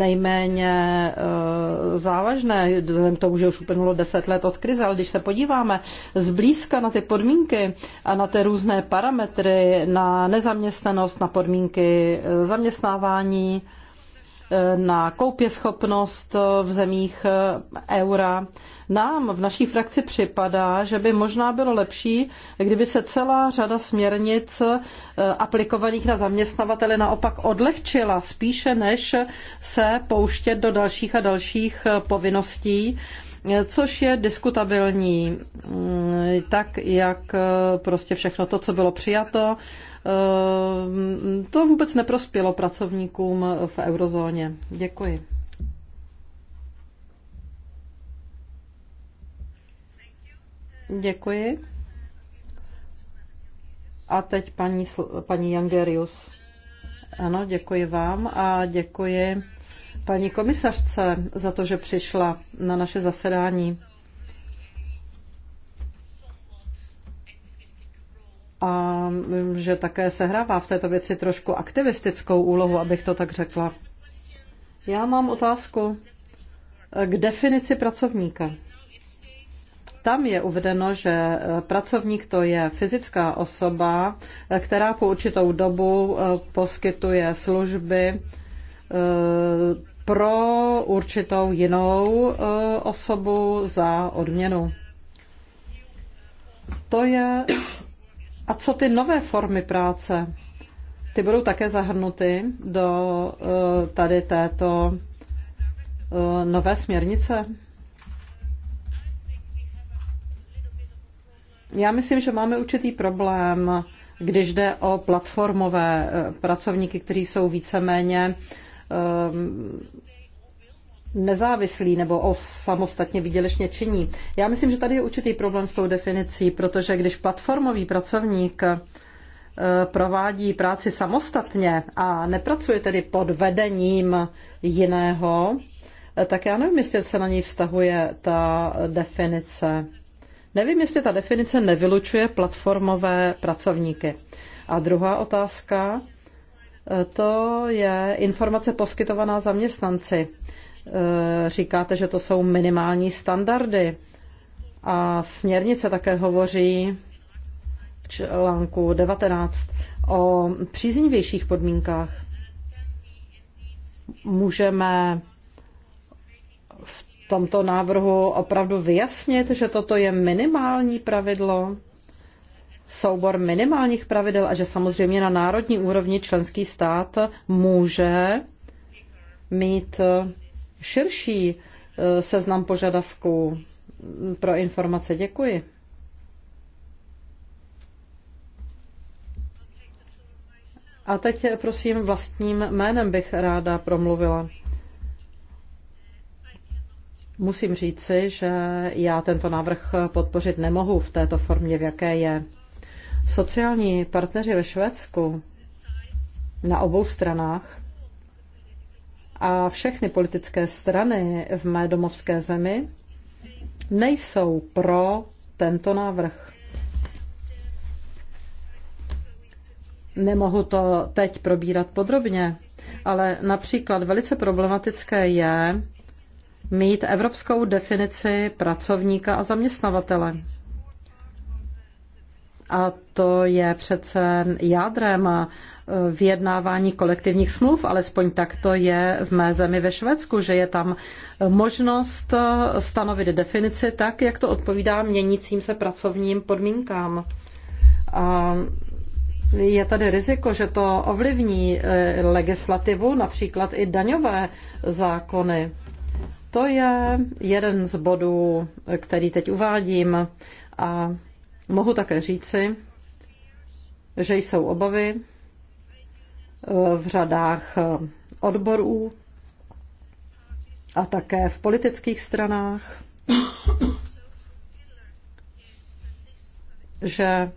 nejméně eh, závažné, vzhledem k tomu, že už uplynulo deset let od krize, ale když se podíváme zblízka na ty podmínky a na ty různé parametry, na nezaměstnanost, na podmínky eh, zaměstnávání, na koupěschopnost v zemích eh, eura. Nám v naší frakci připadá, že by možná bylo lepší, kdyby se celá řada směrnic eh, aplikovaných na zaměstnavatele naopak odlehčila, spíše než se pouštět do dalších a dalších eh, povinností, což je diskutabilní, mm, tak jak prostě všechno to, co bylo přijato Eh, to vůbec neprospělo pracovníkům v eurozóně. Děkuji. Děkuji. A teď paní, paní Jangerius. Ano, děkuji vám a děkuji paní komisařce za to, že přišla na naše zasedání. a mm, že také sehrává v této věci trošku aktivistickou úlohu, abych to tak řekla. Já mám otázku k definici pracovníka. Tam je uvedeno, že pracovník to je fyzická osoba, která po určitou dobu e, poskytuje služby e, pro určitou jinou e, osobu za odměnu. To je a co ty nové formy práce? Ty budou také zahrnuty do eh, tady této eh, nové směrnice? Já myslím, že máme určitý problém, když jde o platformové eh, pracovníky, kteří jsou víceméně nezávislí nebo o samostatně výdělečně činní. Já myslím, že tady je určitý problém s tou definicí, protože když platformový pracovník eh, provádí práci samostatně a nepracuje tedy pod vedením jiného, eh, tak já nevím, jestli se na něj vztahuje ta definice. Nevím, jestli ta definice nevylučuje platformové pracovníky. A druhá otázka, eh, to je informace poskytovaná zaměstnanci. Eh, říkáte, že to jsou minimální standardy. A směrnice také hovoří v článku 19 o příznivějších podmínkách. Můžeme v tomto návrhu opravdu vyjasnit, že toto je minimální pravidlo, soubor minimálních pravidel a že samozřejmě na národní úrovni členský stát může mít širší eh, seznam požadavků mm, pro informace. Děkuji. A teď eh, prosím vlastním jménem bych ráda promluvila. Musím říci, že já tento návrh podpořit nemohu v této formě, v jaké je. Sociální partneři ve Švédsku na obou stranách a všechny politické strany v mé domovské zemi nejsou pro tento návrh. Nemohu to teď probírat podrobně, ale například velice problematické je mít evropskou definici pracovníka a zaměstnavatele. A to je přece jádrem vyjednávání kolektivních smluv, alespoň tak to je v mé zemi ve Švédsku, že je tam možnost stanovit definici tak, jak to odpovídá měnícím se pracovním podmínkám. A je tady riziko, že to ovlivní eh, legislativu, například i daňové zákony. To je jeden z bodů, který teď uvádím a mohu také říci, že jsou obavy, v řadách eh, odborů a také v politických stranách, že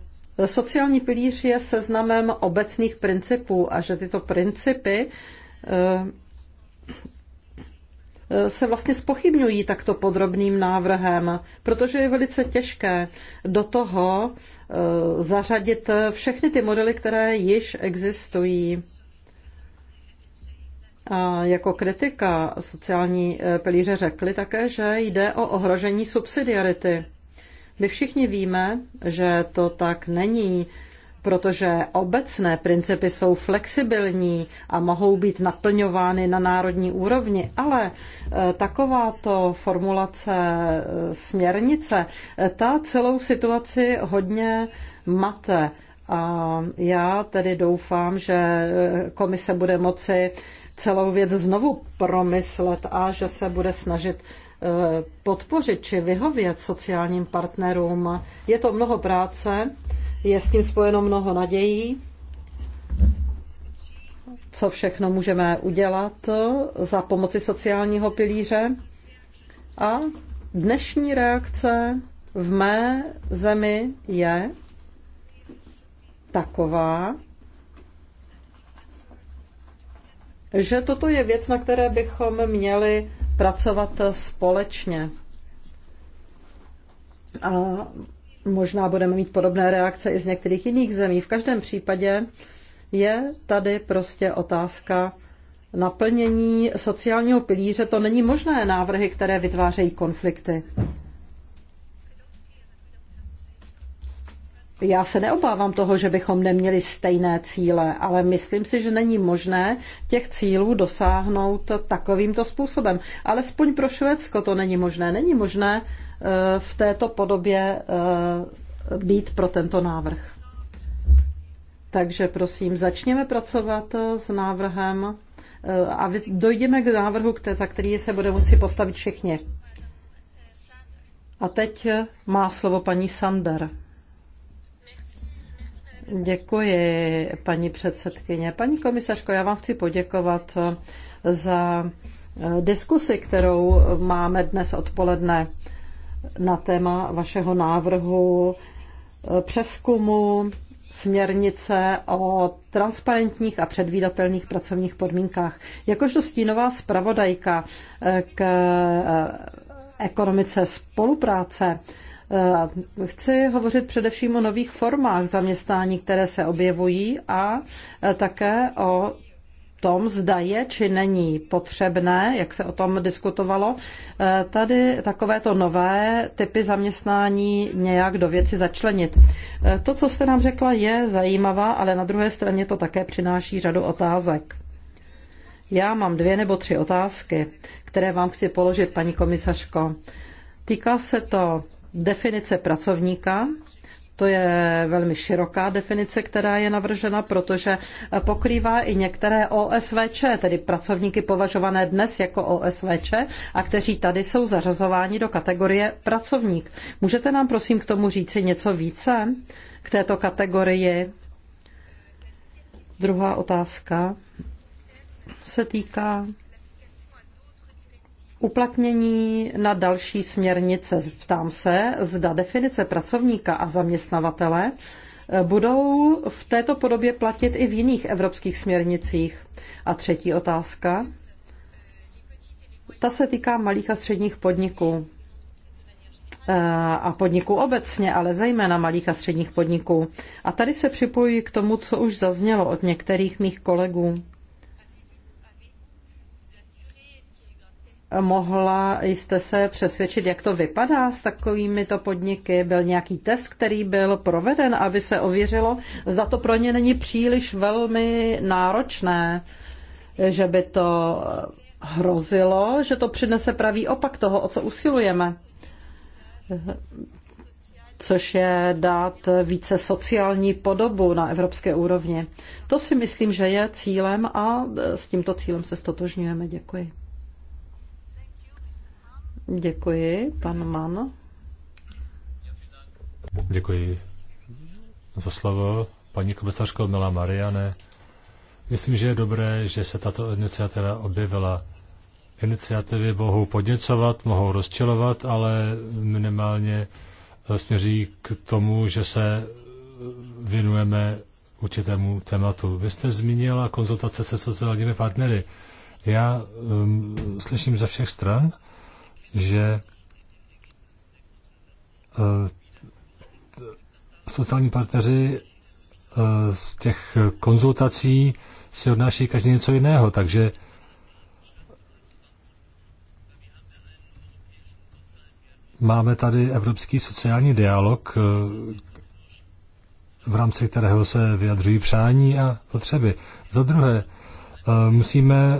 sociální pilíř je seznamem obecných principů a že tyto principy eh, se vlastně spochybňují takto podrobným návrhem, protože je velice těžké do toho eh, zařadit všechny ty modely, které již existují jako kritika sociální eh, pilíře řekli také, že jde o ohrožení subsidiarity. My všichni víme, že to tak není, protože obecné principy jsou flexibilní a mohou být naplňovány na národní úrovni, ale eh, takováto formulace eh, směrnice, ta celou situaci hodně mate. A já tedy doufám, že komise bude moci celou věc znovu promyslet a že se bude snažit eh, podpořit či vyhovět sociálním partnerům. Je to mnoho práce, je s tím spojeno mnoho nadějí, co všechno můžeme udělat za pomoci sociálního pilíře. A dnešní reakce v mé zemi je taková, že toto je věc, na které bychom měli pracovat společně. A možná budeme mít podobné reakce i z některých jiných zemí. V každém případě je tady prostě otázka naplnění sociálního pilíře. To není možné návrhy, které vytvářejí konflikty. já se neobávám toho, že bychom neměli stejné cíle, ale myslím si, že není možné těch cílů dosáhnout takovýmto způsobem. Alespoň pro Švédsko to není možné. Není možné eh, v této podobě eh, být pro tento návrh. Takže prosím, začněme pracovat eh, s návrhem a dojdeme k návrhu, za který se bude moci postavit všichni. A teď má slovo paní Sander. Děkuji, paní předsedkyně. Paní komisařko, já vám chci poděkovat za eh, diskusi, kterou máme dnes odpoledne na téma vašeho návrhu eh, přeskumu směrnice o transparentních a předvídatelných pracovních podmínkách. Jakožto stínová zpravodajka eh, k ekonomice spolupráce Eh, chci hovořit především o nových formách zaměstnání, které se objevují a eh, také o tom, zda je či není potřebné, jak se o tom diskutovalo, eh, tady takovéto nové typy zaměstnání nějak do věci začlenit. To, co jste nám řekla, je zajímavá, ale na druhé straně to také přináší řadu otázek. Já mám dvě nebo tři otázky, které vám chci položit, paní komisařko. Týká se to definice pracovníka, to je velmi široká definice, která je navržena, protože pokrývá i některé OSVČ, tedy pracovníky považované dnes jako OSVČ a kteří tady jsou zařazováni do kategorie pracovník. Můžete nám prosím k tomu říci něco více k této kategorii? Druhá otázka se týká Uplatnění na další směrnice. Ptám se, zda definice pracovníka a zaměstnavatele eh, budou v této podobě platit i v jiných evropských směrnicích. A třetí otázka. Ta se týká malých a středních podniků eh, a podniků obecně, ale zejména malých a středních podniků. A tady se připojuji k tomu, co už zaznělo od některých mých kolegů. Mohla jste se přesvědčit, jak to vypadá s takovými to podniky? Byl nějaký test, který byl proveden, aby se ověřilo, zda to pro ně není příliš velmi náročné, že by to hrozilo, že to přinese pravý opak toho, o co usilujeme. Což je dát více sociální podobu na evropské úrovni. To si myslím, že je cílem a s tímto cílem se stotožňujeme. Děkuji. Děkuji, pan Man. Děkuji za slovo. Paní komisařko Milá Mariane, myslím, že je dobré, že se tato iniciativa objevila. Iniciativy mohou podněcovat, mohou rozčilovat, ale minimálně eh, směří k tomu, že se eh, věnujeme určitému tématu. Vy jste zmínila konzultace se sociálními partnery. Já um, slyším ze všech stran, že eh, sociální partneři eh, z těch konzultací si odnáší každý něco jiného, takže máme tady Evropský sociální dialog, eh, v rámci kterého se vyjadřují přání a potřeby. Za druhé, musíme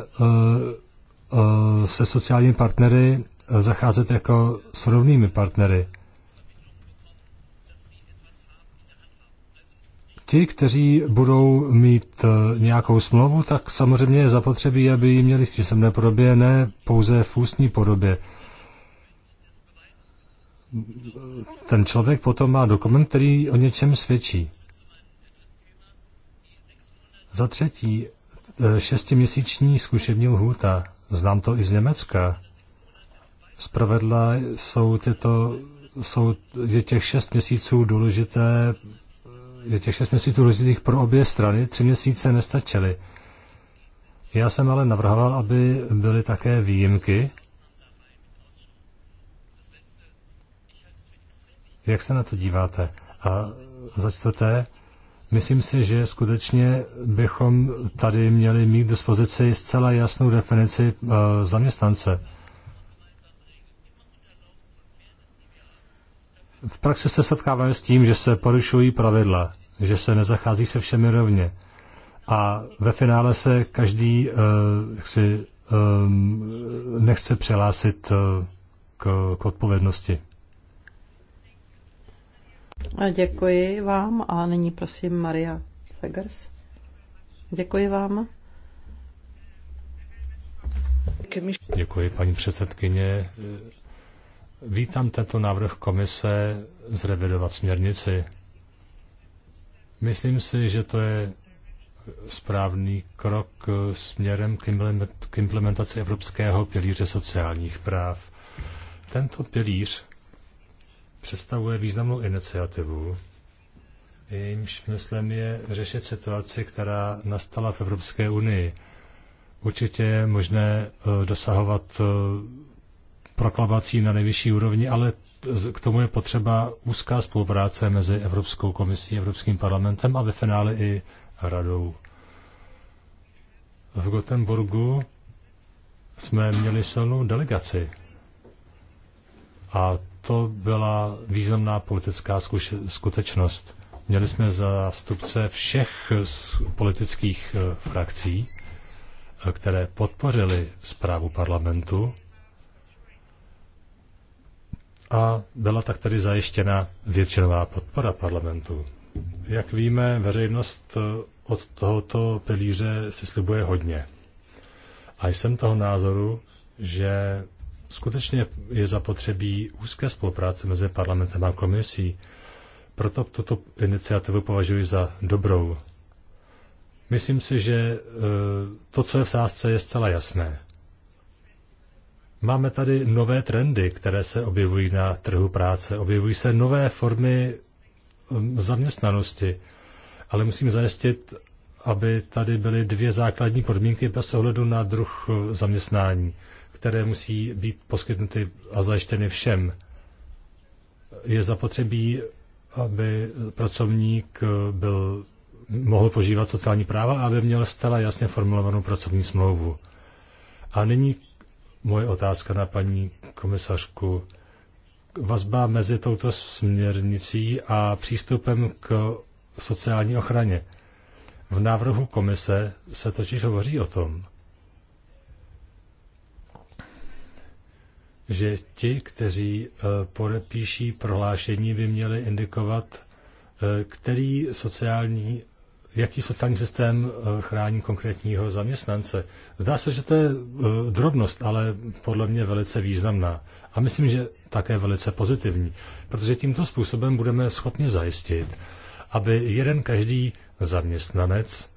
se sociálními partnery zacházet jako s rovnými partnery. Ti, kteří budou mít e, nějakou smlouvu, tak samozřejmě je zapotřebí, aby ji měli v písemné podobě, ne pouze v ústní podobě. Ten člověk potom má dokument, který o něčem svědčí. Za třetí, e, šestiměsíční zkušební lhůta. Znám to i z Německa. Zpravedla jsou tyto, jsou, je těch šest měsíců důležité, je těch šest měsíců důležitých pro obě strany, tři měsíce nestačily. Já jsem ale navrhoval, aby byly také výjimky. Jak se na to díváte? A za čtvrté, myslím si, že skutečně bychom tady měli mít k dispozici zcela jasnou definici eh, zaměstnance. V praxi se setkáváme s tím, že se porušují pravidla, že se nezachází se všemi rovně. A ve finále se každý eh, jak si, eh, nechce uh, k, k odpovědnosti. Děkuji vám a nyní prosím Maria Segers. Děkuji vám. Děkuji, paní předsedkyně. Vítám tento návrh komise zrevidovat směrnici. Myslím si, že to je správný krok směrem k implementaci Evropského pilíře sociálních práv. Tento pilíř představuje významnou iniciativu, jejímž smyslem je řešit situaci, která nastala v Evropské unii. Určitě je možné eh, dosahovat eh, proklamací na nejvyšší úrovni, ale k tomu je potřeba úzká spolupráce mezi Evropskou komisí, Evropským parlamentem a ve finále i radou. V Gotemburgu jsme měli silnou delegaci. A to byla významná politická skutečnost. Měli jsme zástupce všech politických eh, frakcí, eh, které podpořili zprávu parlamentu a byla tak tedy zajištěna většinová podpora parlamentu. Jak víme, veřejnost eh, od tohoto pilíře si slibuje hodně. A jsem toho názoru, že skutečně je zapotřebí úzké spolupráce mezi parlamentem a komisí. Proto tuto iniciativu považuji za dobrou. Myslím si, že eh, to, co je v sázce, je zcela jasné. Máme tady nové trendy, které se objevují na trhu práce. Objevují se nové formy um, zaměstnanosti. Ale musím zajistit, aby tady byly dvě základní podmínky bez ohledu na druh uh, zaměstnání, které musí být poskytnuty a zajištěny všem. Je zapotřebí, aby pracovník uh, byl, mohl požívat sociální práva a aby měl zcela jasně formulovanou pracovní smlouvu. A nyní moje otázka na paní komisařku. Vazba mezi touto směrnicí a přístupem k sociální ochraně. V návrhu komise se totiž hovoří o tom, že ti, kteří eh, podepíší prohlášení, by měli indikovat, eh, který sociální jaký sociální systém eh, chrání konkrétního zaměstnance. Zdá se, že to je eh, drobnost, ale podle mě velice významná. A myslím, že také velice pozitivní, protože tímto způsobem budeme schopni zajistit, aby jeden každý zaměstnanec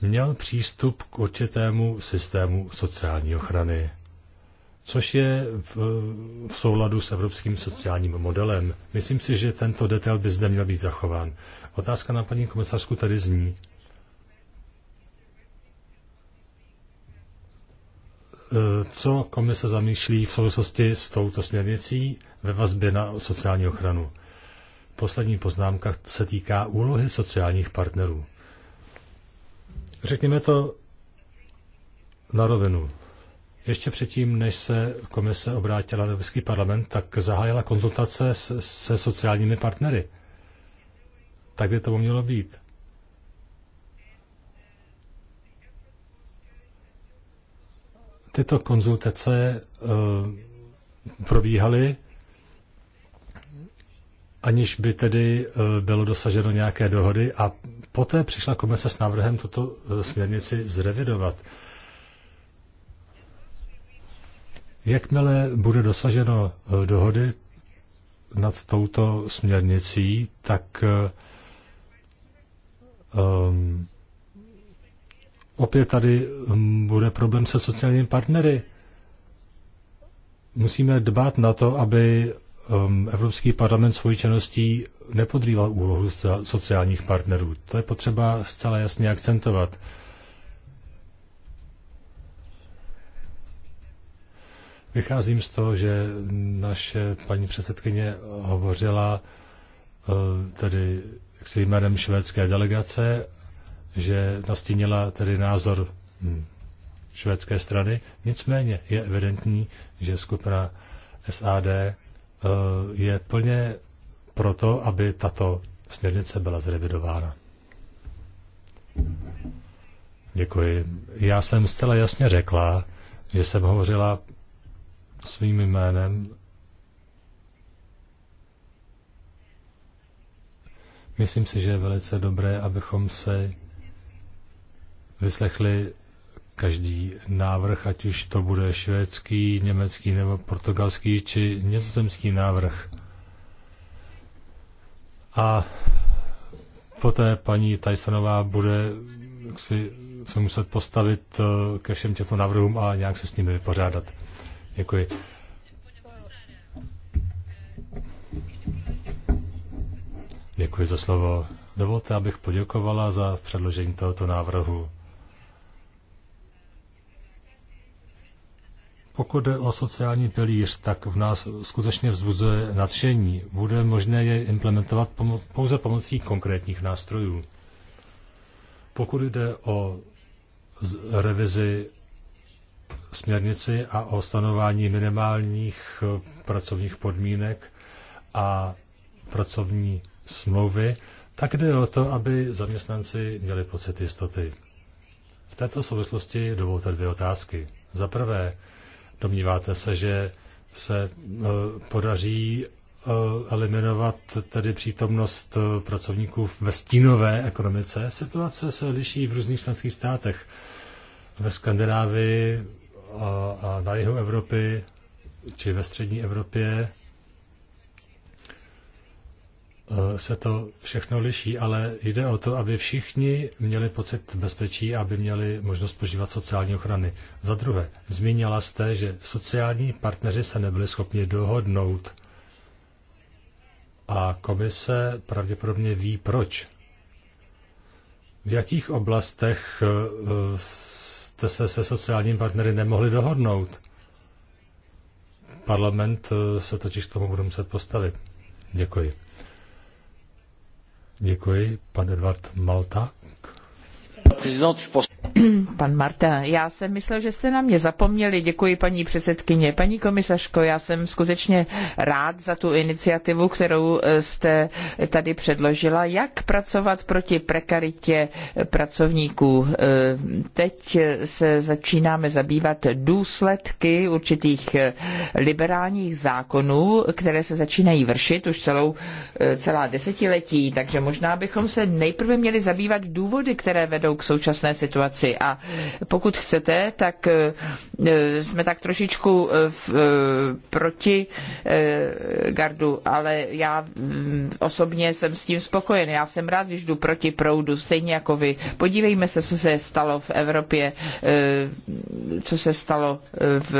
měl přístup k určitému systému sociální ochrany což je v, v souladu s evropským sociálním modelem. Myslím si, že tento detail by zde měl být zachován. Otázka na paní komisařku tady zní. Eh, co komise zamýšlí v souvislosti s touto směrnicí ve vazbě na sociální ochranu? Poslední poznámka se týká úlohy sociálních partnerů. Řekněme to na rovinu. Ještě předtím, než se komise obrátila do Evropský parlament, tak zahájila konzultace se, se sociálními partnery. Tak by to mělo být. Tyto konzultace uh, probíhaly, aniž by tedy uh, bylo dosaženo nějaké dohody a poté přišla komise s návrhem tuto uh, směrnici zrevidovat. Uh, Jakmile bude dosaženo eh, dohody nad touto směrnicí, tak um, opět tady mm, bude problém se sociálními partnery. Musíme dbát na to, aby um, Evropský parlament svojí činností nepodrýval úlohu sociálních partnerů. To je potřeba zcela jasně akcentovat. Vycházím z toho, že naše paní předsedkyně hovořila eh, tedy s jménem švédské delegace, že nastínila tedy názor hm, švédské strany. Nicméně je evidentní, že skupina SAD eh, je plně proto, aby tato směrnice byla zrevidována. Děkuji. Já jsem zcela jasně řekla, že jsem hovořila svým jménem. Myslím si, že je velice dobré, abychom se vyslechli každý návrh, ať už to bude švédský, německý nebo portugalský či nizozemský návrh. A poté paní Tysonová bude si, se muset postavit eh, ke všem těmto návrhům a nějak se s nimi vypořádat. Děkuji. Děkuji za slovo. Dovolte, abych poděkovala za předložení tohoto návrhu. Pokud jde o sociální pilíř, tak v nás skutečně vzbuzuje nadšení. Bude možné je implementovat pomo- pouze pomocí konkrétních nástrojů. Pokud jde o revizi směrnici a o stanování minimálních eh, pracovních podmínek a pracovní smlouvy, tak jde o to, aby zaměstnanci měli pocit jistoty. V této souvislosti dovolte dvě otázky. Za prvé, domníváte se, že se eh, podaří eh, eliminovat tedy přítomnost pracovníků ve stínové ekonomice. Situace se liší v různých členských státech. Ve Skandinávii a na jihu Evropy či ve střední Evropě e, se to všechno liší, ale jde o to, aby všichni měli pocit bezpečí, a aby měli možnost požívat sociální ochrany. Za druhé, zmínila jste, že sociální partneři se nebyli schopni dohodnout a komise pravděpodobně ví proč. V jakých oblastech e, jste se se sociálními partnery nemohli dohodnout. Parlament eh, se totiž k tomu bude muset postavit. Děkuji. Děkuji, pan Edward Malta. Prezident, Pan Marta, já jsem myslel, že jste na mě zapomněli. Děkuji, paní předsedkyně. Paní komisařko, já jsem skutečně rád za tu iniciativu, kterou eh, jste tady předložila. Jak pracovat proti prekaritě pracovníků? Eh, teď se začínáme zabývat důsledky určitých eh, liberálních zákonů, které se začínají vršit už celou, celá desetiletí, takže možná bychom se nejprve měli zabývat důvody, které vedou k současné situaci věci. A pokud chcete, tak eh, jsme tak trošičku eh, eh, proti gardu, ale já mm, osobně jsem s tím spokojen. Já jsem rád, když jdu proti proudu, stejně jako vy. Podívejme se, co se stalo v Evropě, co se stalo v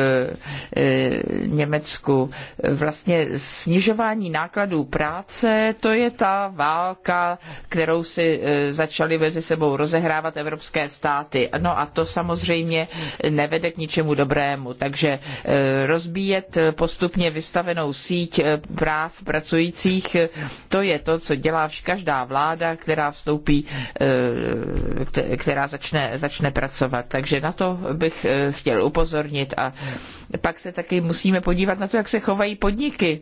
Německu. Vlastně snižování nákladů práce, to je ta válka, kterou si začaly mezi sebou rozehrávat evropské státy státy. No a to samozřejmě nevede k ničemu dobrému. Takže eh, rozbíjet eh, postupně vystavenou síť eh, práv pracujících, to je to, co dělá každá vláda, která vstoupí, která začne, začne pracovat. Takže na to bych chtěl upozornit a pak se taky musíme podívat na to, jak se chovají podniky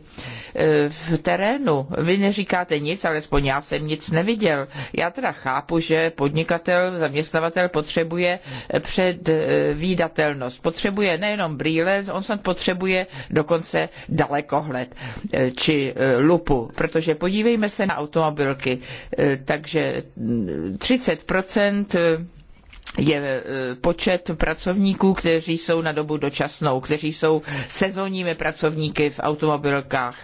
v terénu. Vy neříkáte nic, alespoň já jsem nic neviděl. Já teda chápu, že podnikatel, zaměstnavatel potřebuje potřebuje předvídatelnost. Potřebuje nejenom brýle, on snad potřebuje dokonce dalekohled eh, či eh, lupu, protože podívejme se na automobilky. Eh, takže 30 mm, je e, počet pracovníků, kteří jsou na dobu dočasnou, kteří jsou sezónními pracovníky v automobilkách.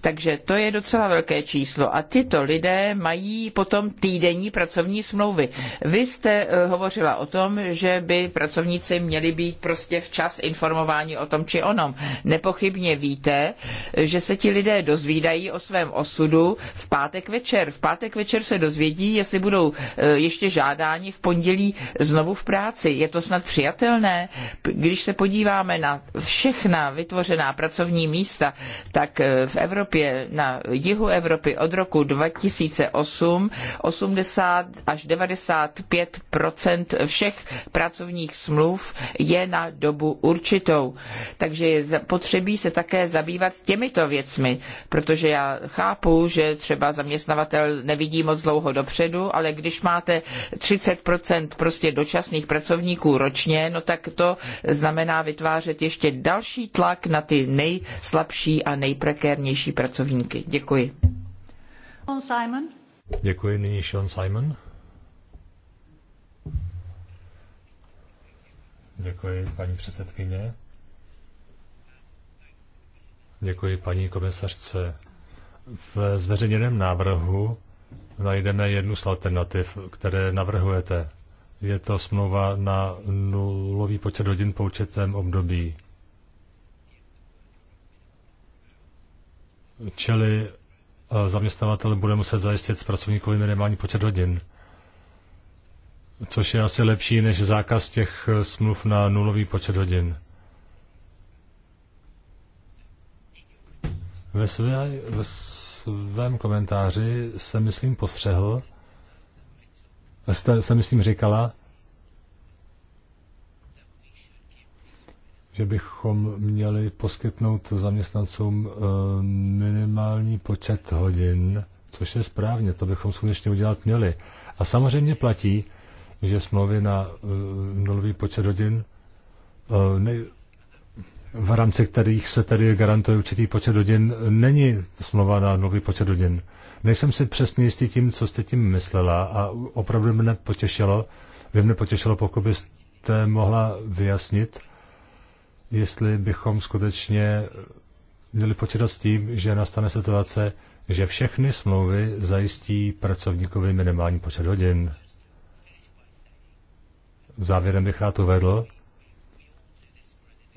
Takže to je docela velké číslo. A tyto lidé mají potom týdenní pracovní smlouvy. Vy jste e, hovořila o tom, že by pracovníci měli být prostě včas informováni o tom či onom. Nepochybně víte, že se ti lidé dozvídají o svém osudu v pátek večer. V pátek večer se dozvědí, jestli budou e, ještě žádáni v pondělí znovu v práci. Je to snad přijatelné? Když se podíváme na všechna vytvořená pracovní místa, tak eh, v Evropě, na jihu Evropy od roku 2008 80 až 95 všech pracovních smluv je na dobu určitou. Takže je potřebí se také zabývat těmito věcmi, protože já chápu, že třeba zaměstnavatel nevidí moc dlouho dopředu, ale když máte 30 prostě dočasných pracovníků ročně, no tak to znamená vytvářet ještě další tlak na ty nejslabší a nejprekérnější pracovníky. Děkuji. Sean Simon. Děkuji, nyní Sean Simon. Děkuji, paní předsedkyně. Děkuji, paní komisařce. V zveřejněném návrhu najdeme jednu z alternativ, které navrhujete je to smlouva na nulový počet hodin po určitém období. Čili eh, zaměstnavatel bude muset zajistit s pracovníkovi minimální počet hodin, což je asi lepší než zákaz těch eh, smluv na nulový počet hodin. Ve, své, ve svém komentáři se, myslím, postřehl, jste, se myslím říkala, že bychom měli poskytnout zaměstnancům eh, minimální počet hodin, což je správně, to bychom skutečně udělat měli. A samozřejmě platí, že smlouvy na eh, nulový počet hodin eh, v rámci kterých se tady garantuje určitý počet hodin, není smlouva na nový počet hodin. Nejsem si přesně jistý tím, co jste tím myslela a opravdu mě potěšilo, by mě potěšilo, pokud byste mohla vyjasnit, jestli bychom skutečně měli počítat s tím, že nastane situace, že všechny smlouvy zajistí pracovníkovi minimální počet hodin. Závěrem bych rád uvedl,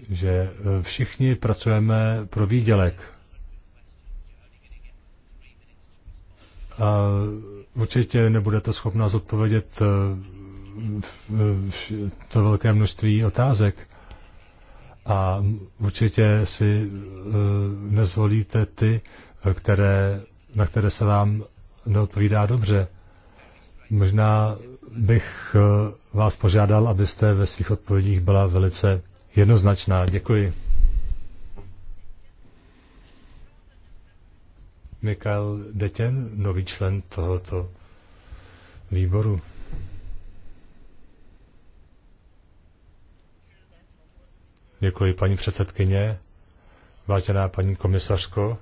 že e, všichni pracujeme pro výdělek. A určitě nebudete schopná zodpovědět e, to velké množství otázek a určitě si e, nezvolíte ty, které, na které se vám neodpovídá dobře. Možná bych vás požádal, abyste ve svých odpovědích byla velice jednoznačná. Děkuji. Mikael Detěn, nový člen tohoto výboru. Děkuji, paní předsedkyně. Vážená paní komisařko,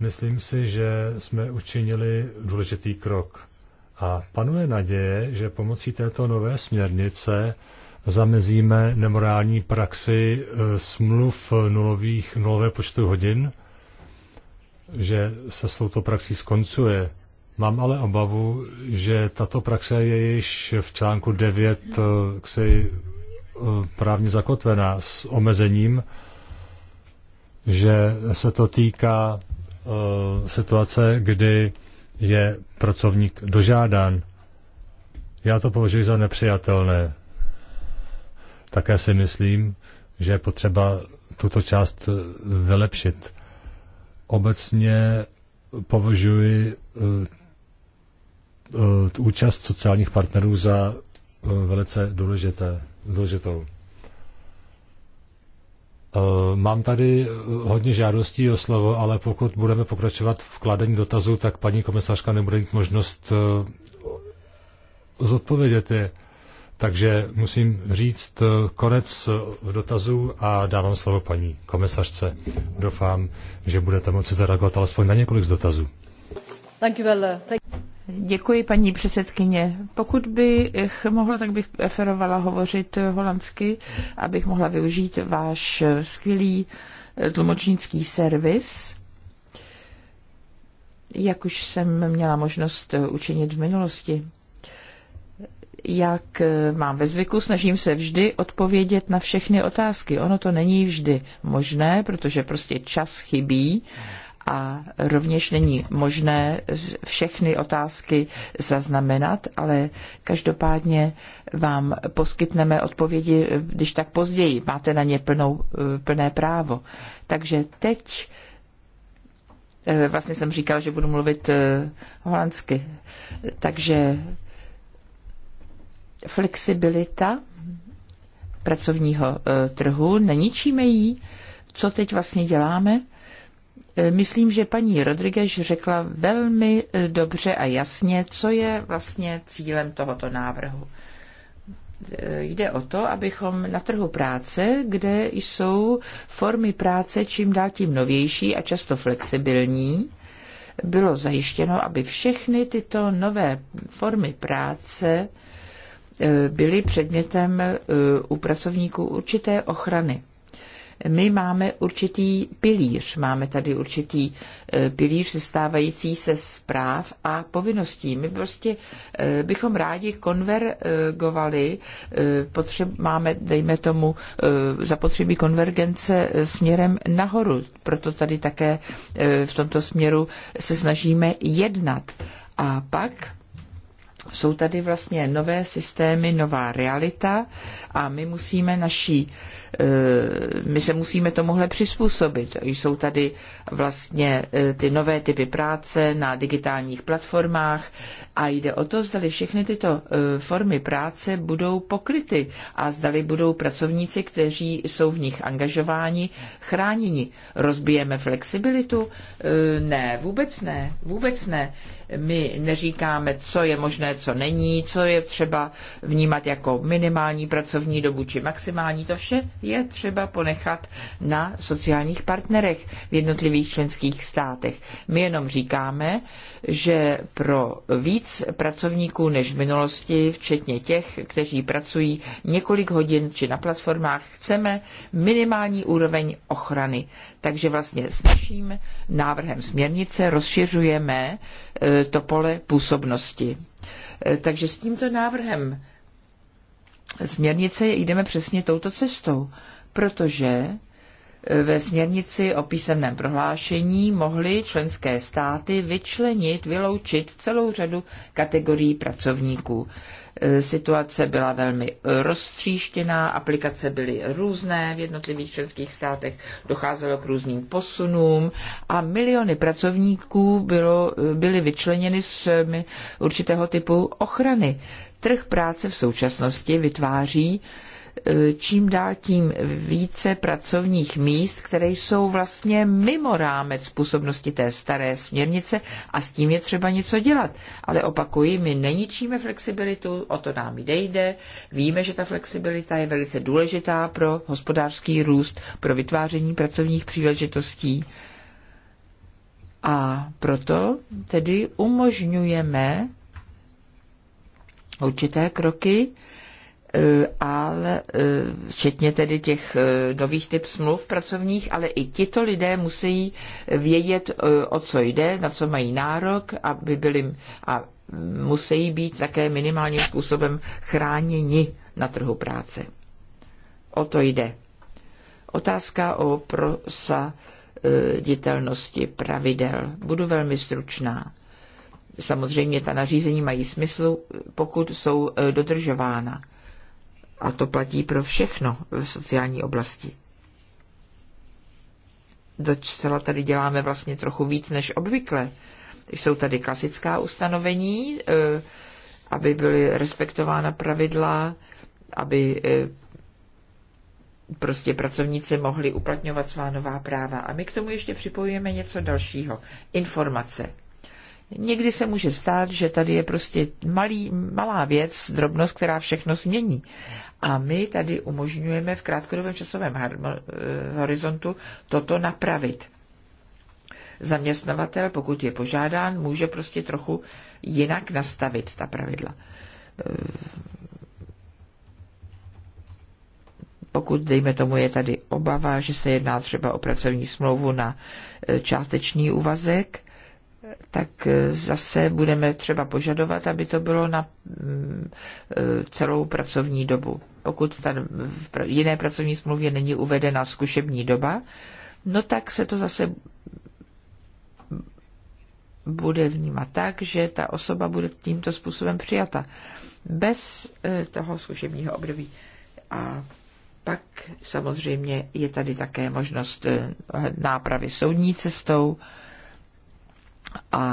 myslím si, že jsme učinili důležitý krok. A panuje naděje, že pomocí této nové směrnice zamezíme nemorální praxi eh, smluv nulových, nulové počtu hodin, že se s touto praxí skoncuje. Mám ale obavu, že tato praxe je již v článku 9 eh, ksi, eh, právně zakotvená s omezením, že se to týká situace, kdy je pracovník dožádán. Já to považuji za nepřijatelné. Také si myslím, že je potřeba tuto část eh, vylepšit. Obecně považuji eh, eh, účast sociálních partnerů za velice důležité, důležitou. Mám tady hodně žádostí o slovo, ale pokud budeme pokračovat v kladení dotazů, tak paní komisařka nebude mít možnost zodpovědět je. Takže musím říct eh, konec eh, dotazů a dávám slovo paní komisařce. Doufám, že budete moci zareagovat alespoň na několik z dotazů. Děkuji, paní předsedkyně. Pokud bych mohla, tak bych preferovala hovořit holandsky, abych mohla využít váš skvělý eh, tlumočnický servis. Jak už jsem měla možnost učinit v minulosti jak eh, mám ve zvyku, snažím se vždy odpovědět na všechny otázky. Ono to není vždy možné, protože prostě čas chybí a rovněž není možné všechny otázky zaznamenat, ale každopádně vám poskytneme odpovědi, eh, když tak později. Máte na ně plnou, eh, plné právo. Takže teď vlastně jsem říkal, že budu mluvit holandsky. Takže Flexibilita pracovního e, trhu, neničíme ji, co teď vlastně děláme. E, myslím, že paní Rodriguez řekla velmi e, dobře a jasně, co je vlastně cílem tohoto návrhu. Jde o to, abychom na trhu práce, kde jsou formy práce čím dál tím novější a často flexibilní, bylo zajištěno, aby všechny tyto nové formy práce E, byly předmětem e, u pracovníků určité ochrany. My máme určitý pilíř, máme tady určitý e, pilíř sestávající se z práv a povinností. My prostě bychom rádi konvergovali, potřeb, máme, dejme tomu, zapotřebí konvergence směrem nahoru. Proto tady také v tomto směru se snažíme jednat. A pak jsou tady vlastně nové systémy, nová realita a my musíme naší eh, my se musíme tomuhle přizpůsobit. Jsou tady vlastně eh, ty nové typy práce na digitálních platformách a jde o to, zdali všechny tyto eh, formy práce budou pokryty a zdali budou pracovníci, kteří jsou v nich angažováni, chráněni. Rozbijeme flexibilitu? Ne, vůbec ne, vůbec ne. My neříkáme, co je možné, co není, co je třeba vnímat jako minimální pracovní dobu či maximální. To vše je třeba ponechat na sociálních partnerech v jednotlivých členských státech. My jenom říkáme, že pro víc pracovníků než v minulosti, včetně těch, kteří pracují několik hodin či na platformách, chceme minimální úroveň ochrany. Takže vlastně s naším návrhem směrnice rozšiřujeme e, to pole působnosti. E, takže s tímto návrhem směrnice jdeme přesně touto cestou, protože ve směrnici o písemném prohlášení mohly členské státy vyčlenit, vyloučit celou řadu kategorií pracovníků. E, situace byla velmi roztříštěná, aplikace byly různé v jednotlivých členských státech, docházelo k různým posunům a miliony pracovníků bylo, e, byly vyčleněny z e, určitého typu ochrany. Trh práce v současnosti vytváří čím dál tím více pracovních míst, které jsou vlastně mimo rámec působnosti té staré směrnice a s tím je třeba něco dělat. Ale opakuji, my neničíme flexibilitu, o to nám jde, jde. Víme, že ta flexibilita je velice důležitá pro hospodářský růst, pro vytváření pracovních příležitostí. A proto tedy umožňujeme určité kroky, E, ale e, včetně tedy těch e, nových typ smluv pracovních, ale i tito lidé musí vědět, o co jde, na co mají nárok, aby byli a musí být také minimálním způsobem chráněni na trhu práce. O to jde. Otázka o prosaditelnosti pravidel. Budu velmi stručná. Samozřejmě ta nařízení mají smysl, pokud jsou dodržována. A to platí pro všechno v sociální oblasti. Docela tady děláme vlastně trochu víc než obvykle. Jsou tady klasická ustanovení, eh, aby byly respektována pravidla, aby eh, prostě pracovníci mohli uplatňovat svá nová práva. A my k tomu ještě připojujeme něco dalšího. Informace. Někdy se může stát, že tady je prostě malý, malá věc, drobnost, která všechno změní. A my tady umožňujeme v krátkodobém časovém eh, horizontu toto napravit. Zaměstnavatel, pokud je požádán, může prostě trochu jinak nastavit ta pravidla. Eh, pokud, dejme tomu, je tady obava, že se jedná třeba o pracovní smlouvu na eh, částečný úvazek, tak eh, zase budeme třeba požadovat, aby to bylo na mm, eh, celou pracovní dobu. Pokud ta v jiné pracovní smlouvě není uvedena zkušební doba, no tak se to zase bude vnímat tak, že ta osoba bude tímto způsobem přijata. Bez eh, toho zkušebního období. A pak samozřejmě je tady také možnost nápravy soudní cestou, a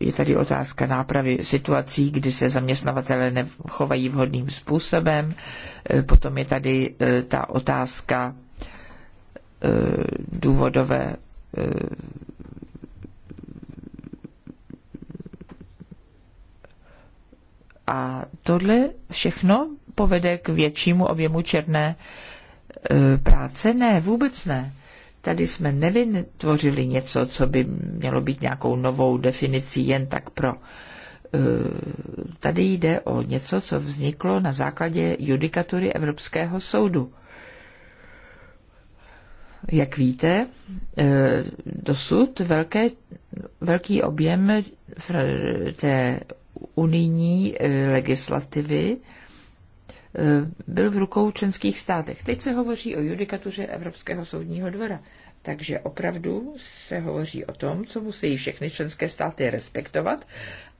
je tady otázka nápravy situací, kdy se zaměstnavatele nechovají vhodným způsobem. E, potom je tady e, ta otázka e, důvodové A tohle všechno povede k většímu objemu černé práce? Ne, vůbec ne. Tady jsme nevytvořili něco, co by mělo být nějakou novou definicí jen tak pro. Uh, tady jde o něco, co vzniklo na základě judikatury Evropského soudu. Jak víte, eh, dosud velké, velký objem té unijní eh, legislativy Eh, byl v rukou členských státech. Teď se hovoří o judikatuře Evropského soudního dvora. Takže opravdu se hovoří o tom, co musí všechny členské státy respektovat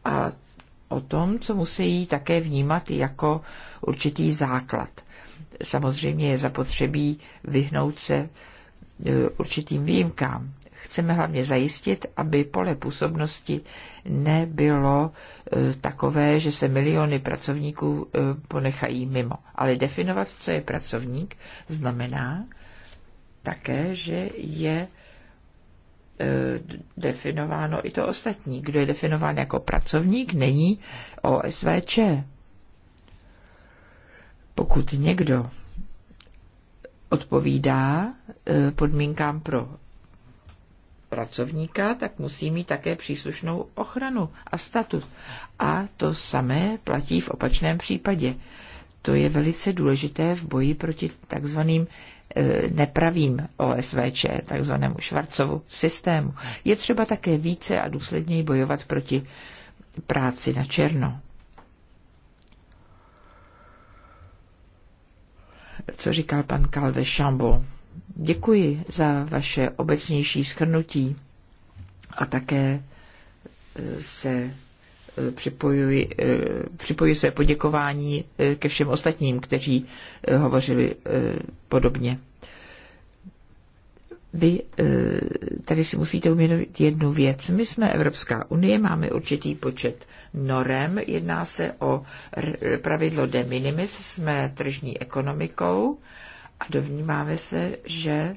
a o tom, co musí také vnímat jako určitý základ. Samozřejmě je zapotřebí vyhnout se eh, určitým výjimkám. Chceme hlavně zajistit, aby pole působnosti nebylo e, takové, že se miliony pracovníků e, ponechají mimo. Ale definovat, co je pracovník, znamená také, že je e, definováno i to ostatní. Kdo je definován jako pracovník, není OSVČ. Pokud někdo odpovídá podmínkám pro pracovníka, tak musí mít také příslušnou ochranu a statut. A to samé platí v opačném případě. To je velice důležité v boji proti takzvaným eh, nepravým OSVČ, takzvanému Švarcovu systému. Je třeba také více a důsledněji bojovat proti práci na černo. Co říkal pan Calvé Chambon? Děkuji za vaše obecnější schrnutí a také e, se e, připojuji, e, připojuji své poděkování ke všem ostatním, kteří hovořili podobně. Vy tady si musíte uvědomit jednu věc. My jsme Evropská unie, máme určitý počet norem, jedná se o pravidlo de minimis, jsme tržní ekonomikou, a dovnímáme se, že e,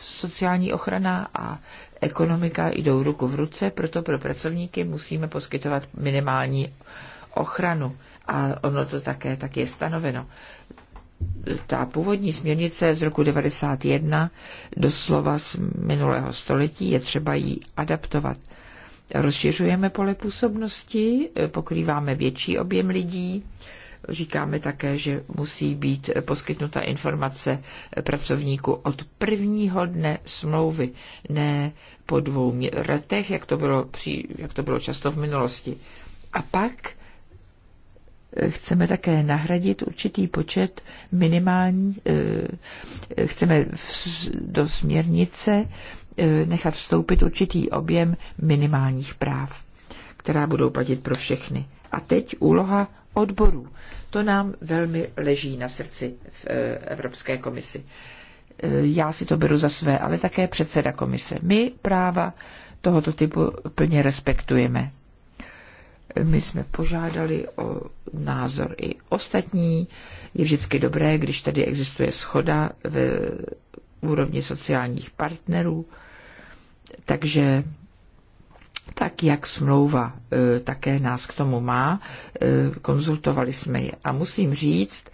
sociální ochrana a ekonomika jdou ruku v ruce, proto pro pracovníky musíme poskytovat minimální ochranu. A ono to také tak je stanoveno. Ta původní směrnice z roku 91, doslova z minulého století, je třeba ji adaptovat. Rozšiřujeme pole působnosti, e, pokrýváme větší objem lidí, Říkáme také, že musí být poskytnuta informace pracovníku od prvního dne smlouvy, ne po dvou letech, jak to bylo, při, jak to bylo často v minulosti. A pak eh, chceme také nahradit určitý počet minimální, eh, eh, chceme do směrnice nechat vstoupit určitý objem minimálních práv, která budou platit pro všechny. A teď úloha odborů. To nám velmi leží na srdci v eh, Evropské komisi. Eh, já si to beru za své, ale také předseda komise. My práva tohoto typu plně respektujeme. Eh, my jsme požádali o názor i ostatní. Je vždycky dobré, když tady existuje schoda ve úrovni sociálních partnerů. Takže tak jak smlouva e, také nás k tomu má, e, konzultovali jsme je. A musím říct,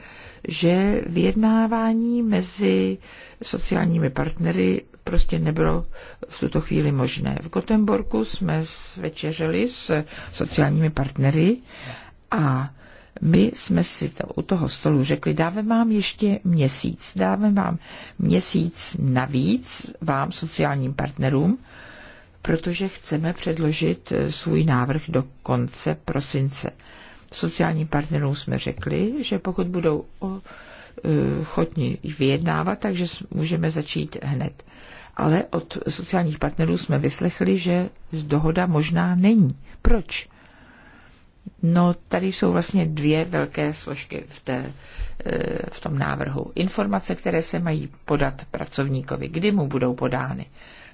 že vyjednávání mezi sociálními partnery prostě nebylo v tuto chvíli možné. V Gotemborku jsme večeřeli s sociálními partnery a my jsme si to, u toho stolu řekli, dáme vám ještě měsíc, dáme vám měsíc navíc, vám sociálním partnerům, protože chceme předložit eh, svůj návrh do konce prosince. Sociálním partnerům jsme řekli, že pokud budou eh, ochotni vyjednávat, takže můžeme začít hned. Ale od sociálních partnerů jsme vyslechli, že dohoda možná není. Proč? No, tady jsou vlastně dvě velké složky v, té, eh, v tom návrhu. Informace, které se mají podat pracovníkovi, kdy mu budou podány.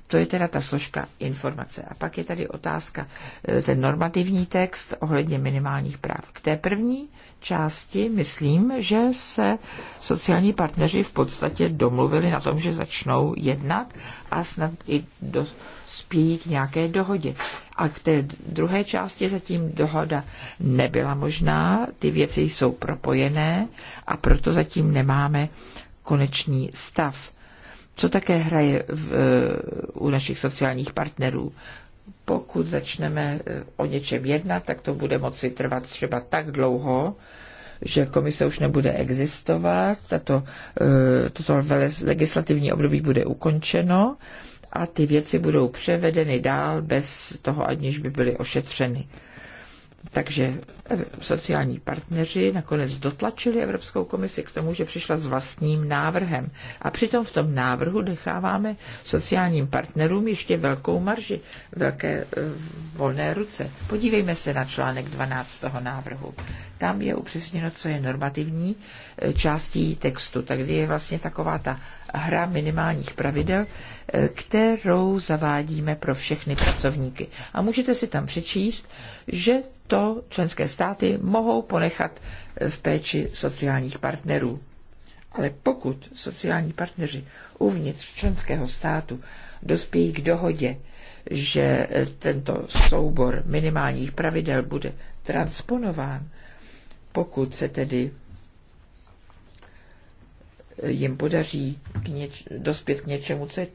To je teda ta složka informace. A pak je tady otázka, e, ten normativní text ohledně minimálních práv. K té první části myslím, že se sociální partneři v podstatě domluvili na tom, že začnou jednat a snad i do, dospějí k nějaké dohodě. A k té druhé části zatím dohoda nebyla možná, ty věci jsou propojené a proto zatím nemáme konečný stav co také hraje v, e, u našich sociálních partnerů. Pokud začneme e, o něčem jednat, tak to bude moci trvat třeba tak dlouho, že komise už nebude existovat, tato, e, toto legislativní období bude ukončeno a ty věci budou převedeny dál bez toho, aniž by byly ošetřeny. Takže eh, sociální partneři nakonec dotlačili Evropskou komisi k tomu, že přišla s vlastním návrhem. A přitom v tom návrhu necháváme sociálním partnerům ještě velkou marži, velké eh, volné ruce. Podívejme se na článek 12 toho návrhu. Tam je upřesněno, co je normativní eh, částí textu. Tak je vlastně taková ta hra minimálních pravidel, eh, kterou zavádíme pro všechny pracovníky. A můžete si tam přečíst, že to členské státy mohou ponechat eh, v péči sociálních partnerů. Ale pokud sociální partneři uvnitř členského státu dospějí k dohodě, že eh, tento soubor minimálních pravidel bude transponován, pokud se tedy jim podaří k něč, dospět k něčemu, co je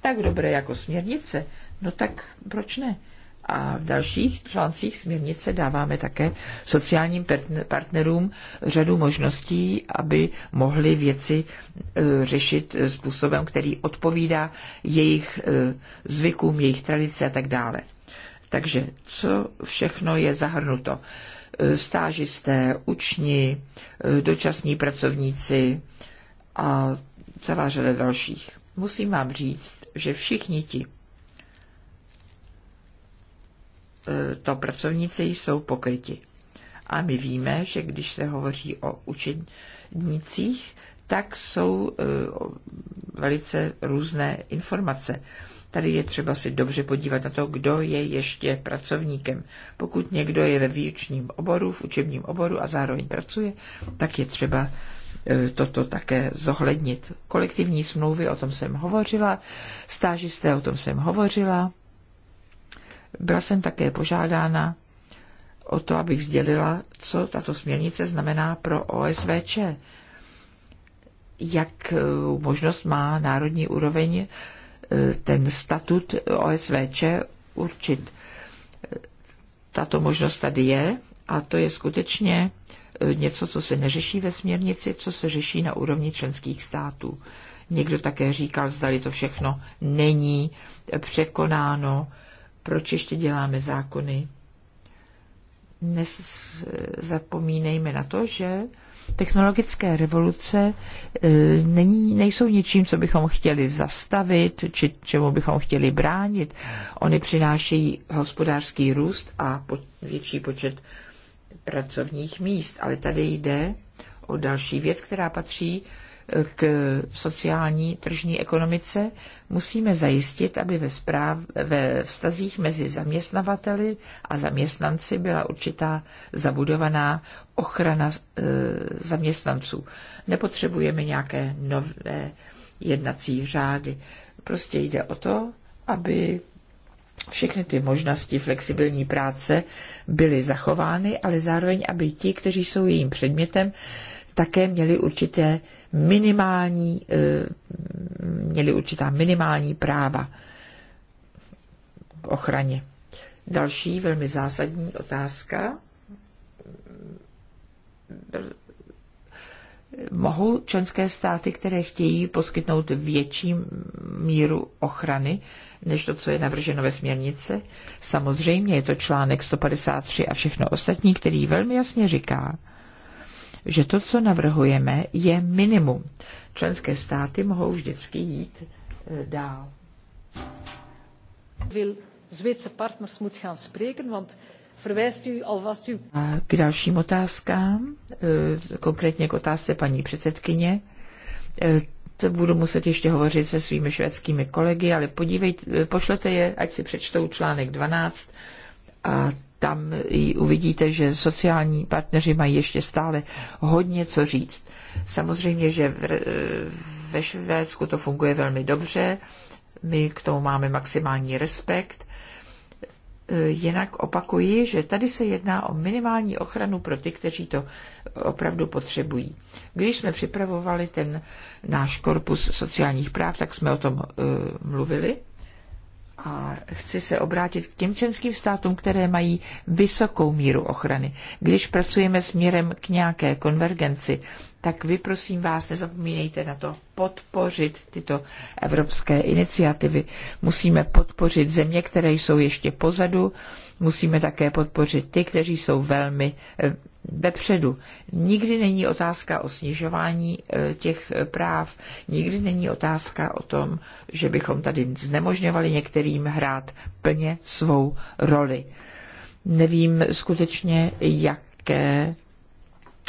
tak dobré jako směrnice, no tak proč ne? A v dalších článcích směrnice dáváme také sociálním partnerům řadu možností, aby mohli věci e, řešit způsobem, který odpovídá jejich e, zvykům, jejich tradice a tak dále. Takže co všechno je zahrnuto? E, stážisté, učni, dočasní pracovníci, a celá řada dalších. Musím vám říct, že všichni ti e, to pracovníci jsou pokryti. A my víme, že když se hovoří o učednících, tak jsou e, velice různé informace. Tady je třeba si dobře podívat na to, kdo je ještě pracovníkem. Pokud někdo je ve výučním oboru, v učebním oboru a zároveň pracuje, tak je třeba E, toto také zohlednit. Kolektivní smlouvy, o tom jsem hovořila, stážisté, o tom jsem hovořila. Byla jsem také požádána o to, abych sdělila, co tato směrnice znamená pro OSVČ. Jak e, možnost má národní úroveň e, ten statut OSVČ určit. Tato možnost tady je a to je skutečně něco, co se neřeší ve směrnici, co se řeší na úrovni členských států. Někdo také říkal, zdali to všechno není překonáno, proč ještě děláme zákony. Nezapomínejme na to, že technologické revoluce e, není, nejsou ničím, co bychom chtěli zastavit, či čemu bychom chtěli bránit. Oni přinášejí hospodářský růst a po, větší počet pracovních míst. Ale tady jde o další věc, která patří k sociální tržní ekonomice, musíme zajistit, aby ve, správ, ve vztazích mezi zaměstnavateli a zaměstnanci byla určitá zabudovaná ochrana e, zaměstnanců. Nepotřebujeme nějaké nové jednací řády. Prostě jde o to, aby všechny ty možnosti flexibilní práce byly zachovány, ale zároveň, aby ti, kteří jsou jejím předmětem, také měli určité minimální, eh, měli určitá minimální práva k ochraně. Další velmi zásadní otázka. Mohou členské státy, které chtějí poskytnout větší míru ochrany, než to, co je navrženo ve směrnice. Samozřejmě je to článek 153 a všechno ostatní, který velmi jasně říká, že to, co navrhujeme, je minimum. Členské státy mohou vždycky jít e, dál. Wil Zweedse partners moet gaan spreken, want a k dalším otázkám, e, konkrétně k otázce paní předsedkyně. E, budu muset ještě hovořit se svými švédskými kolegy, ale podívejte, pošlete je, ať si přečtou článek 12 a tam i uvidíte, že sociální partneři mají ještě stále hodně co říct. Samozřejmě, že v, ve Švédsku to funguje velmi dobře, my k tomu máme maximální respekt. E, jinak opakuji, že tady se jedná o minimální ochranu pro ty, kteří to opravdu potřebují. Když jsme připravovali ten náš korpus sociálních práv, tak jsme o tom e, mluvili a chci se obrátit k těm členským státům, které mají vysokou míru ochrany. Když pracujeme směrem k nějaké konvergenci, tak vy prosím vás nezapomínejte na to podpořit tyto evropské iniciativy. Musíme podpořit země, které jsou ještě pozadu, musíme také podpořit ty, kteří jsou velmi eh, vepředu. Nikdy není otázka o snižování e, těch e, práv, nikdy není otázka o tom, že bychom tady znemožňovali některým hrát plně svou roli. Nevím skutečně, jaké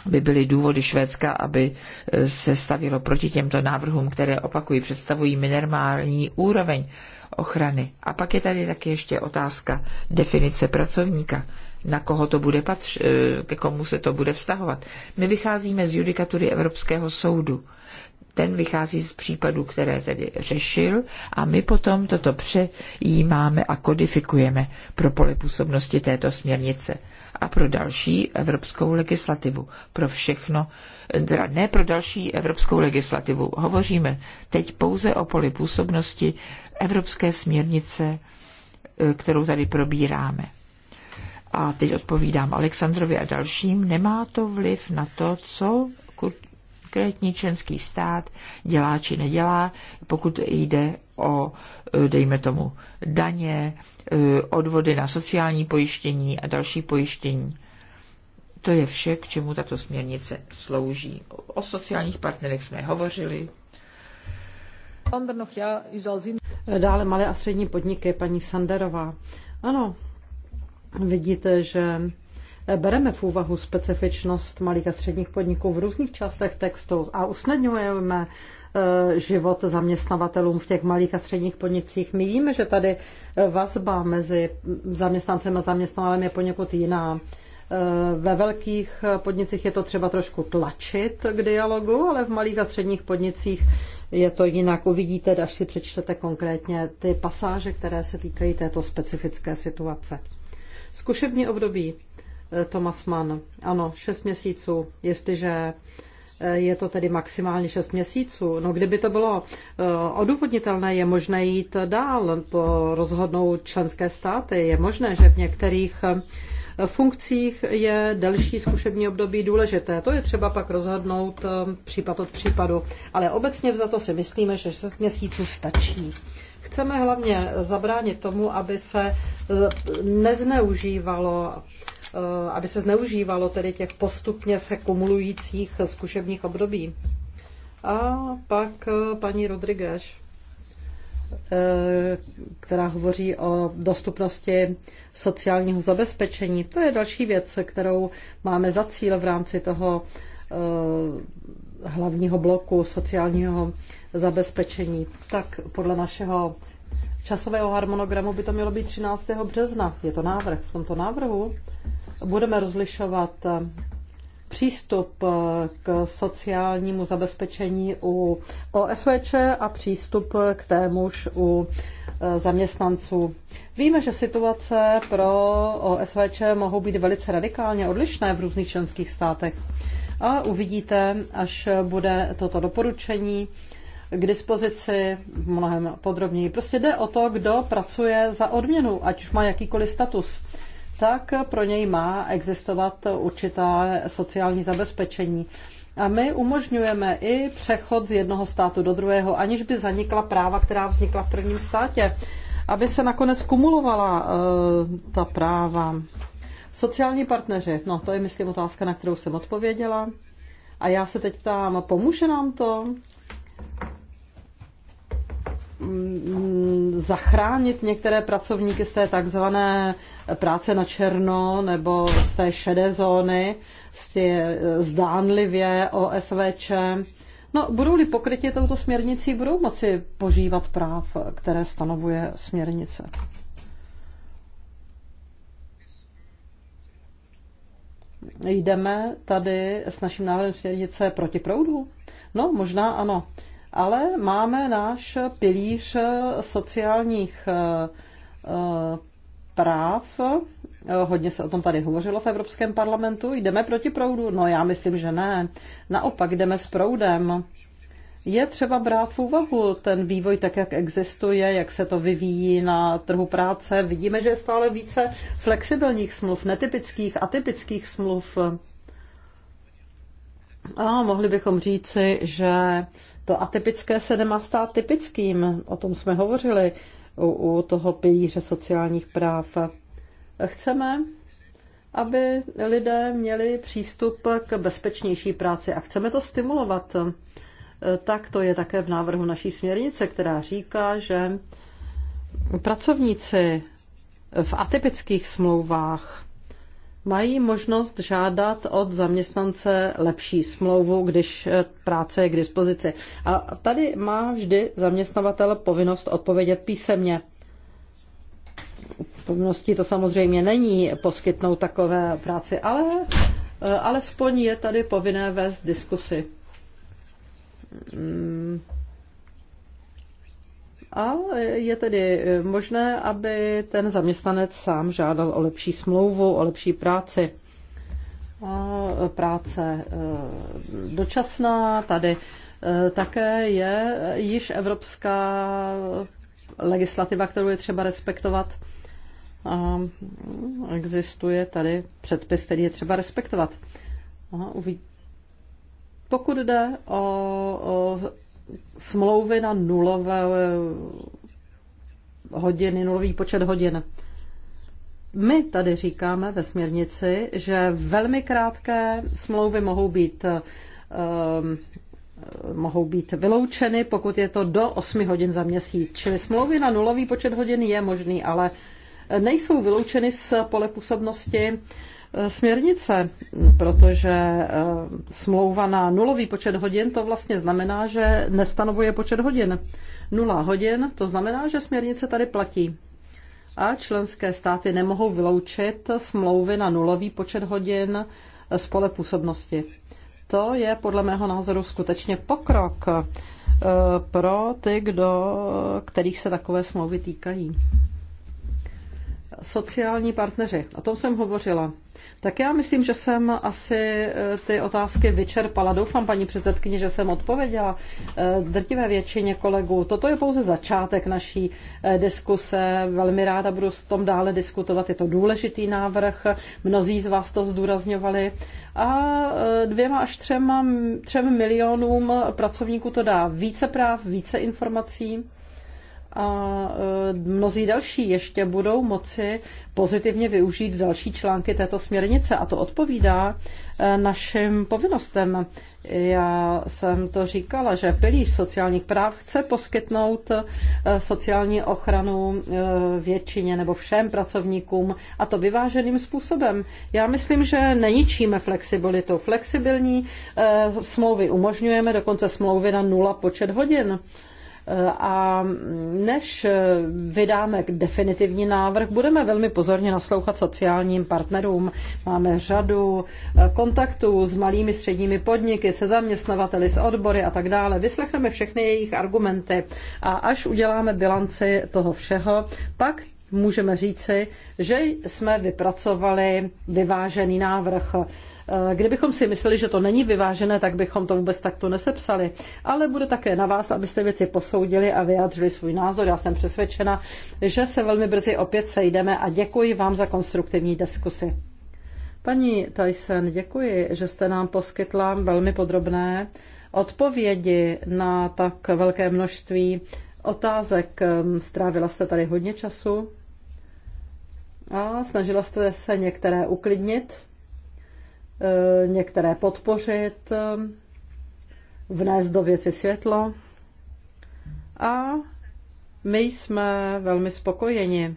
by byly důvody Švédska, aby e, se stavilo proti těmto návrhům, které opakují, představují minimální úroveň ochrany. A pak je tady taky ještě otázka definice pracovníka na koho to bude patř, eh, ke komu se to bude vztahovat. My vycházíme z judikatury Evropského soudu. Ten vychází z případů, které tedy řešil a my potom toto přejímáme a kodifikujeme pro pole působnosti této směrnice a pro další evropskou legislativu. Pro všechno, teda ne pro další evropskou legislativu. Hovoříme teď pouze o poli působnosti evropské směrnice, eh, kterou tady probíráme a teď odpovídám Alexandrovi a dalším, nemá to vliv na to, co konkrétní členský stát dělá či nedělá, pokud jde o, eh, dejme tomu, daně, eh, odvody na sociální pojištění a další pojištění. To je vše, k čemu tato směrnice slouží. O sociálních partnerech jsme hovořili. Dále malé a střední podniky, paní Sanderová. Ano, Vidíte, že bereme v úvahu specifičnost malých a středních podniků v různých částech textu a usnadňujeme eh, život zaměstnavatelům v těch malých a středních podnicích. My víme, že tady vazba mezi zaměstnancem a zaměstnavatelem je poněkud jiná. Eh, ve velkých podnicích je to třeba trošku tlačit k dialogu, ale v malých a středních podnicích je to jinak. Uvidíte, až si přečtete konkrétně ty pasáže, které se týkají této specifické situace. Zkušební období, eh, Thomas Mann, ano, 6 měsíců, jestliže eh, je to tedy maximálně 6 měsíců. No kdyby to bylo eh, odůvodnitelné, je možné jít dál, to rozhodnou členské státy. Je možné, že v některých funkcích je delší zkušební období důležité. To je třeba pak rozhodnout případ od případu. Ale obecně to si myslíme, že 6 měsíců stačí. Chceme hlavně zabránit tomu, aby se eh, nezneužívalo eh, aby se zneužívalo tedy těch postupně se kumulujících zkušebních období. A pak eh, paní Rodriguez, která hovoří o dostupnosti sociálního zabezpečení. To je další věc, kterou máme za cíl v rámci toho hlavního bloku sociálního zabezpečení. Tak podle našeho časového harmonogramu by to mělo být 13. března. Je to návrh. V tomto návrhu budeme rozlišovat eh, přístup eh, k sociálnímu zabezpečení u OSVČ a přístup eh, k témuž u zaměstnanců. Víme, že situace pro OSVČ mohou být velice radikálně odlišné v různých členských státech. A uvidíte, až bude toto doporučení k dispozici mnohem podrobněji. Prostě jde o to, kdo pracuje za odměnu, ať už má jakýkoliv status tak pro něj má existovat určitá sociální zabezpečení. A my umožňujeme i přechod z jednoho státu do druhého, aniž by zanikla práva, která vznikla v prvním státě, aby se nakonec kumulovala uh, ta práva. Sociální partneři, no to je, myslím, otázka, na kterou jsem odpověděla. A já se teď ptám, pomůže nám to? Mm, zachránit některé pracovníky z té takzvané práce na černo nebo z té šedé zóny, z té eh, zdánlivě OSVČ. No, budou-li pokrytě touto směrnicí, budou moci požívat práv, které stanovuje směrnice. Jdeme tady s naším návrhem směrnice proti proudu? No, možná ano ale máme náš pilíř sociálních eh, eh, práv. Hodně se o tom tady hovořilo v Evropském parlamentu. Jdeme proti proudu? No já myslím, že ne. Naopak jdeme s proudem. Je třeba brát v úvahu ten vývoj tak, jak existuje, jak se to vyvíjí na trhu práce. Vidíme, že je stále více flexibilních smluv, netypických, atypických smluv. A mohli bychom říci, že to atypické se nemá stát typickým, o tom jsme hovořili u, u toho pilíře sociálních práv. Chceme, aby lidé měli přístup k bezpečnější práci a chceme to stimulovat. Tak to je také v návrhu naší směrnice, která říká, že pracovníci v atypických smlouvách mají možnost žádat od zaměstnance lepší smlouvu, když eh, práce je k dispozici. A tady má vždy zaměstnavatel povinnost odpovědět písemně. Povinností to samozřejmě není poskytnout takové práci, ale eh, alespoň je tady povinné vést diskusy mm a je tedy eh, možné, aby ten zaměstnanec sám žádal o lepší smlouvu, o lepší práci. Eh, práce eh, dočasná, tady také je již evropská legislativa, kterou je třeba respektovat. A mm, existuje tady předpis, který je třeba respektovat. Pokud jde o, o smlouvy na nulové eh, hodiny, nulový počet hodin. My tady říkáme ve směrnici, že velmi krátké smlouvy mohou být eh, eh, mohou být vyloučeny, pokud je to do 8 hodin za měsíc. Čili smlouvy na nulový počet hodin je možný, ale nejsou vyloučeny z pole působnosti Eh, směrnice, protože eh, smlouva na nulový počet hodin to vlastně znamená, že nestanovuje počet hodin. Nula hodin, to znamená, že směrnice tady platí. A členské státy nemohou vyloučit smlouvy na nulový počet hodin eh, z pole působnosti. To je podle mého názoru skutečně pokrok pro ty, kdo, kterých se takové smlouvy týkají sociální partneři, o tom jsem hovořila. Tak já myslím, že jsem asi eh, ty otázky vyčerpala. Doufám, paní předsedkyně, že jsem odpověděla eh, drtivé většině kolegů. Toto je pouze začátek naší eh, diskuse. Velmi ráda budu s tom dále diskutovat. Je to důležitý návrh. Mnozí z vás to zdůrazňovali. A dvěma až třema, třem milionům pracovníků to dá více práv, více informací a e, mnozí další ještě budou moci pozitivně využít další články této směrnice a to odpovídá e, našim povinnostem. Já jsem to říkala, že pilíř sociálních práv chce poskytnout e, sociální ochranu většině nebo všem pracovníkům a to vyváženým způsobem. Já myslím, že neničíme flexibilitu. Flexibilní smlouvy umožňujeme, dokonce smlouvy na nula počet hodin. A než vydáme definitivní návrh, budeme velmi pozorně naslouchat sociálním partnerům. Máme řadu eh, kontaktů s malými středními podniky, se zaměstnavateli, s odbory a tak dále. Vyslechneme všechny jejich argumenty a až uděláme bilanci toho všeho, pak můžeme říci, že jsme vypracovali vyvážený návrh. Eh, kdybychom si mysleli, že to není vyvážené, tak bychom to vůbec takto nesepsali. Ale bude také na vás, abyste věci posoudili a vyjádřili svůj názor. Já jsem přesvědčena, že se velmi brzy opět sejdeme a děkuji vám za konstruktivní diskusy. Paní Tyson, děkuji, že jste nám poskytla velmi podrobné odpovědi na tak velké množství otázek. Ehm, strávila jste tady hodně času a snažila jste se některé uklidnit Eh, některé podpořit, eh, vnést do věci světlo. A my jsme velmi spokojeni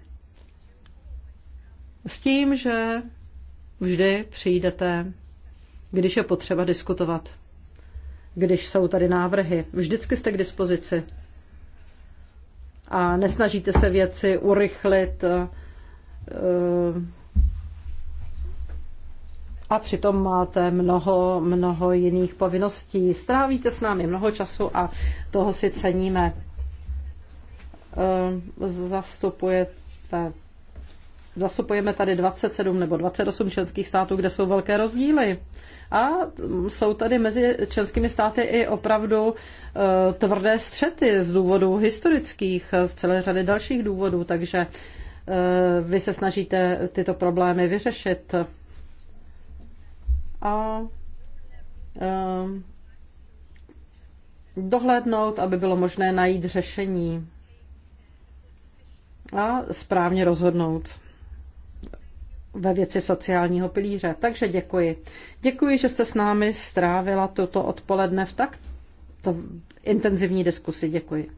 s tím, že vždy přijdete, když je potřeba diskutovat, když jsou tady návrhy. Vždycky jste k dispozici. A nesnažíte se věci urychlit, eh, a přitom máte mnoho, mnoho jiných povinností. Strávíte s námi mnoho času a toho si ceníme. Eh, zastupujete Zastupujeme tady 27 nebo 28 členských států, kde jsou velké rozdíly. A jsou tady mezi členskými státy i opravdu eh, tvrdé střety z důvodů historických, eh, z celé řady dalších důvodů, takže vy se snažíte tyto problémy vyřešit a eh, dohlédnout, aby bylo možné najít řešení a správně rozhodnout ve věci sociálního pilíře. Takže děkuji. Děkuji, že jste s námi strávila toto odpoledne v tak intenzivní diskusi. Děkuji.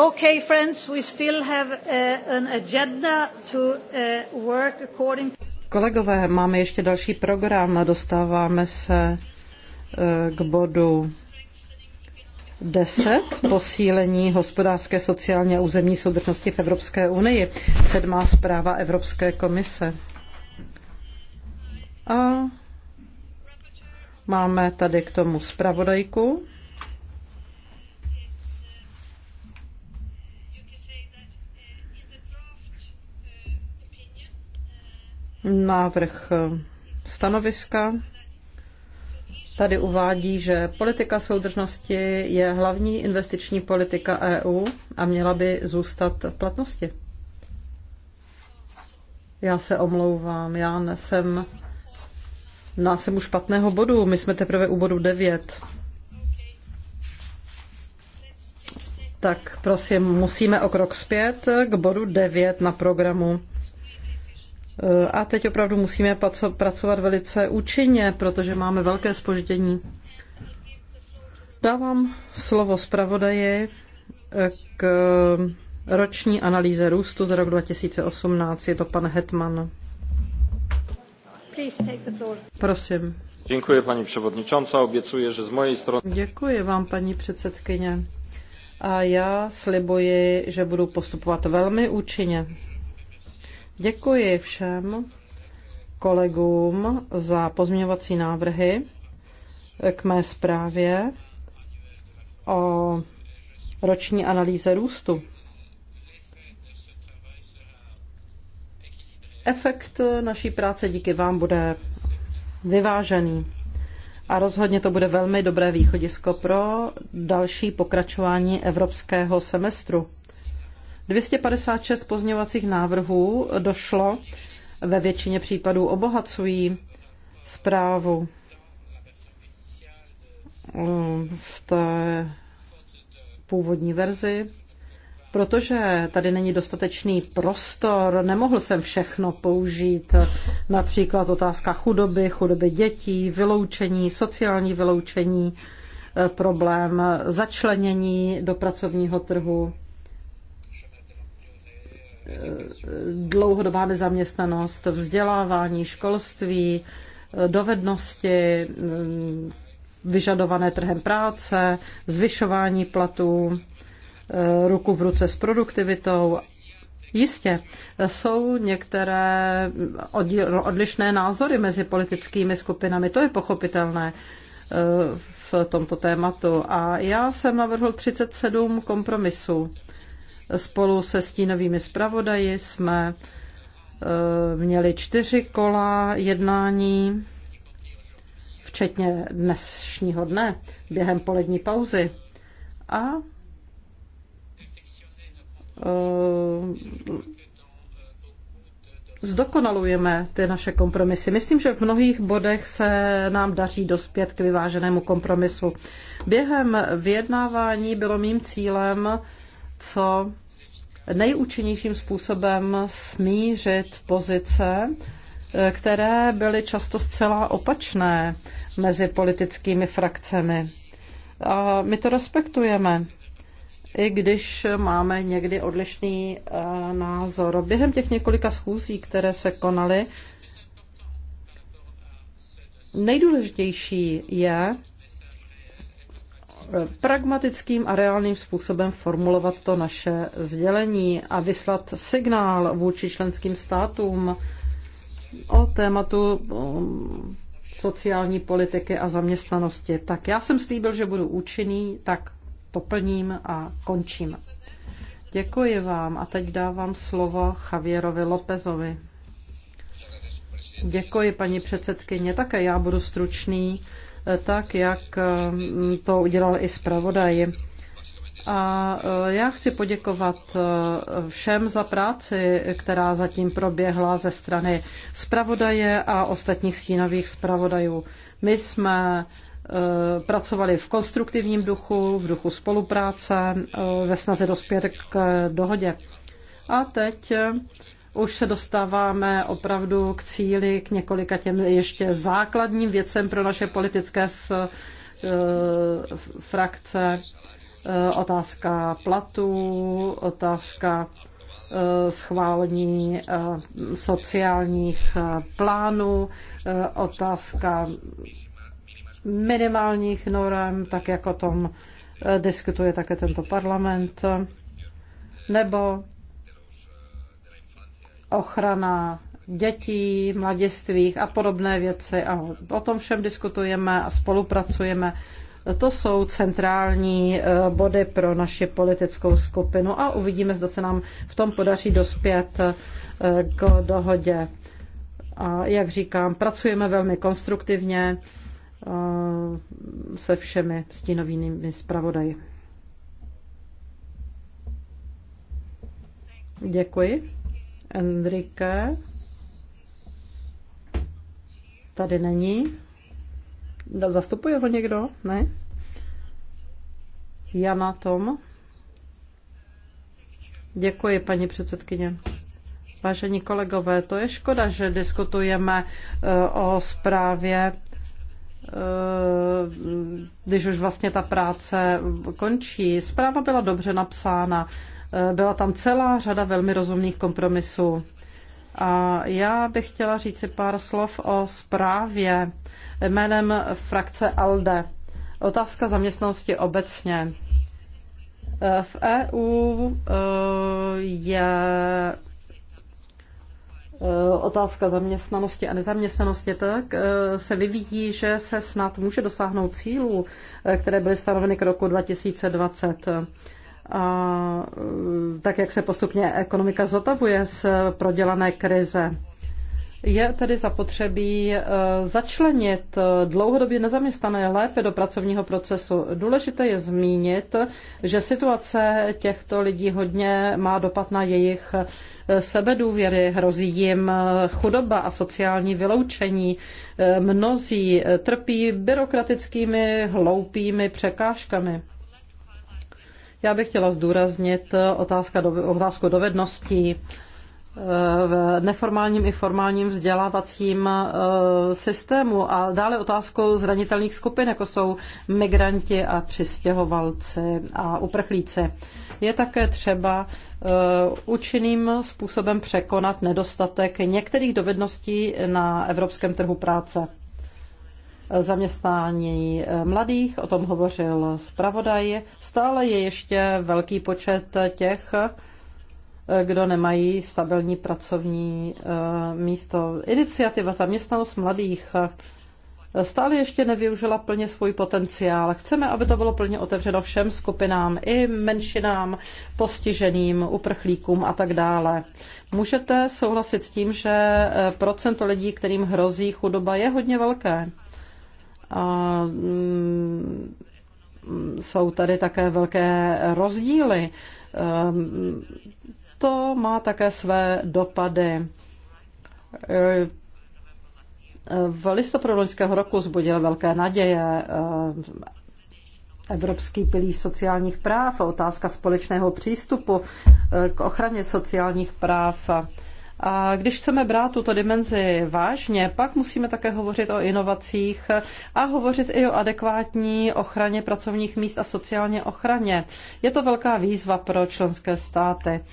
Okay, friends, we still have uh, an agenda to uh, work according Kolegové, máme ještě další program. Dostáváme se uh, k bodu 10. Posílení hospodářské, sociální a územní soudržnosti v Evropské unii. Sedmá zpráva Evropské komise. A máme tady k tomu zpravodajku návrh eh, stanoviska tady uvádí, že politika soudržnosti je hlavní investiční politika EU a měla by zůstat v platnosti. Já se omlouvám, já nesem, na jsem u špatného bodu, my jsme teprve u bodu 9. Tak prosím, musíme o krok zpět k bodu 9 na programu. Eh, a teď opravdu musíme pracovat velice účinně, protože máme velké spoždění. Dávám slovo zpravodaji eh, k roční analýze růstu z rok 2018. Je to pan Hetman. Prosím. Děkuji, paní předsedající. Oběcuji, že z mojej strany. Děkuji vám, paní předsedkyně. A já slibuji, že budu postupovat velmi účinně. Děkuji všem kolegům za pozměňovací návrhy k mé zprávě o roční analýze růstu. Efekt naší práce díky vám bude vyvážený a rozhodně to bude velmi dobré východisko pro další pokračování evropského semestru. 256 pozměňovacích návrhů došlo, ve většině případů obohacují zprávu. V té původní verzi protože tady není dostatečný prostor, nemohl jsem všechno použít, například otázka chudoby, chudoby dětí, vyloučení, sociální vyloučení, eh, problém začlenění do pracovního trhu. Eh, dlouhodobá nezaměstnanost, vzdělávání, školství, eh, dovednosti eh, vyžadované trhem práce, zvyšování platů, ruku v ruce s produktivitou. Jistě, jsou některé odlišné názory mezi politickými skupinami, to je pochopitelné v tomto tématu. A já jsem navrhl 37 kompromisů. Spolu se stínovými zpravodaji jsme eh, měli čtyři kola jednání, včetně dnešního dne, během polední pauzy. A eh, zdokonalujeme ty naše kompromisy. Myslím, že v mnohých bodech se nám daří dospět k vyváženému kompromisu. Během vyjednávání bylo mým cílem co nejúčinnějším způsobem smířit pozice, eh, které byly často zcela opačné mezi politickými frakcemi. A my to respektujeme, i když máme někdy odlišný eh, názor. Během těch několika schůzí, které se konaly, nejdůležitější je, pragmatickým a reálným způsobem formulovat to naše sdělení a vyslat signál vůči členským státům o tématu um, sociální politiky a zaměstnanosti. Tak já jsem slíbil, že budu účinný, tak to plním a končím. Děkuji vám a teď dávám slovo Javierovi Lopezovi. Děkuji, paní předsedkyně. Také já budu stručný tak jak mm, to udělal i zpravodaj. A e, já chci poděkovat e, všem za práci, která zatím proběhla ze strany zpravodaje a ostatních stínových zpravodajů. My jsme e, pracovali v konstruktivním duchu, v duchu spolupráce, ve snaze dospět k dohodě. A teď už se dostáváme opravdu k cíli, k několika těm ještě základním věcem pro naše politické e, frakce. E, otázka platů, otázka e, schválení sociálních plánů, otázka minimálních norm, tak jak o tom diskutuje také tento parlament, nebo ochrana dětí, mladistvých a podobné věci. A o tom všem diskutujeme a spolupracujeme. To jsou centrální eh, body pro naši politickou skupinu a uvidíme, zda se nám v tom podaří dospět eh, k dohodě. A jak říkám, pracujeme velmi konstruktivně eh, se všemi stínovými zpravodaji. Děkuji. Enrique tady není. No, zastupuje ho někdo? Ne? Jana Tom. Děkuji, paní předsedkyně. Vážení kolegové, to je škoda, že diskutujeme eh, o zprávě, eh, když už vlastně ta práce končí. Zpráva byla dobře napsána. Eh, byla tam celá řada velmi rozumných kompromisů. A já bych chtěla říct si pár slov o zprávě jménem frakce ALDE. Otázka zaměstnanosti obecně. Eh, v EU eh, je otázka zaměstnanosti a nezaměstnanosti, tak se vyvíjí, že se snad může dosáhnout cílů, které byly stanoveny k roku 2020 a e, tak, jak se postupně ekonomika zotavuje z prodělané krize. Je tedy zapotřebí e, začlenit e, dlouhodobě nezaměstnané lépe do pracovního procesu. Důležité je zmínit, že situace těchto lidí hodně má dopad na jejich sebedůvěry, hrozí jim chudoba a sociální vyloučení. Mnozí trpí byrokratickými hloupými překážkami. Já bych chtěla zdůraznit otázka, otázku dovedností eh, v neformálním i formálním vzdělávacím eh, systému a dále otázkou zranitelných skupin, jako jsou migranti a přistěhovalci a uprchlíci. Je také třeba eh, účinným způsobem překonat nedostatek některých dovedností na evropském trhu práce zaměstnání eh, mladých, o tom hovořil zpravodaj. Stále je ještě velký počet těch, eh, kdo nemají stabilní pracovní eh, místo. Iniciativa zaměstnanost mladých stále ještě nevyužila plně svůj potenciál. Chceme, aby to bylo plně otevřeno všem skupinám, i menšinám, postiženým, uprchlíkům a tak dále. Můžete souhlasit s tím, že procento lidí, kterým hrozí chudoba, je hodně velké. A, mm, jsou tady také velké rozdíly. To má také své dopady. V listopadu loňského roku zbudil velké naděje eh, Evropský pilíř sociálních práv, otázka společného přístupu eh, k ochraně sociálních práv. A když chceme brát tuto dimenzi vážně, pak musíme také hovořit o inovacích a hovořit i o adekvátní ochraně pracovních míst a sociálně ochraně. Je to velká výzva pro členské státy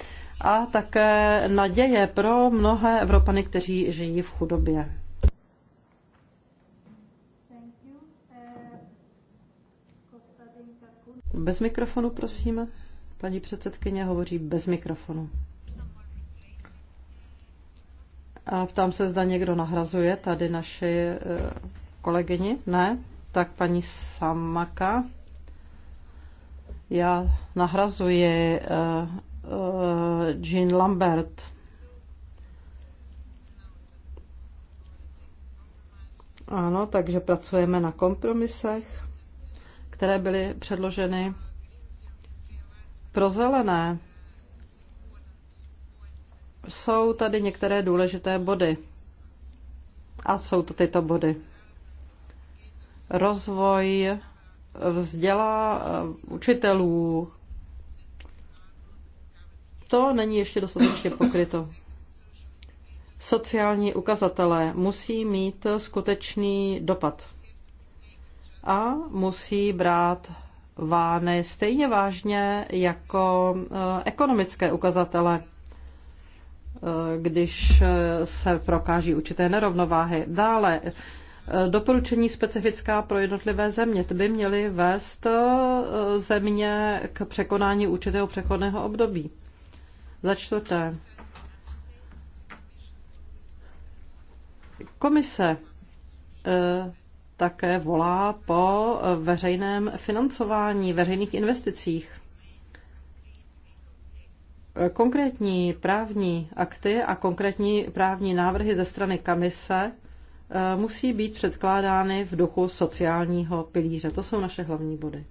a také naděje pro mnohé Evropany, kteří žijí v chudobě. Bez mikrofonu, prosím. Paní předsedkyně hovoří bez mikrofonu. A ptám se, zda někdo nahrazuje tady naši eh, kolegyni. Ne? Tak paní Samaka. Já nahrazuji eh, eh, Jean Lambert. Ano, takže pracujeme na kompromisech, které byly předloženy pro zelené. Jsou tady některé důležité body. A jsou to tyto body. Rozvoj vzdělá eh, učitelů. To není ještě dostatečně pokryto. Sociální ukazatele musí mít skutečný dopad a musí brát vány stejně vážně jako eh, ekonomické ukazatele. Eh, když eh, se prokáží určité nerovnováhy. Dále eh, doporučení specifická pro jednotlivé země. Ty by měly vést země k překonání určitého přechodného období. Za čtvrté. Komise také volá po veřejném financování, veřejných investicích. Konkrétní právní akty a konkrétní právní návrhy ze strany kamise eh, musí být předkládány v duchu sociálního pilíře. To jsou naše hlavní body.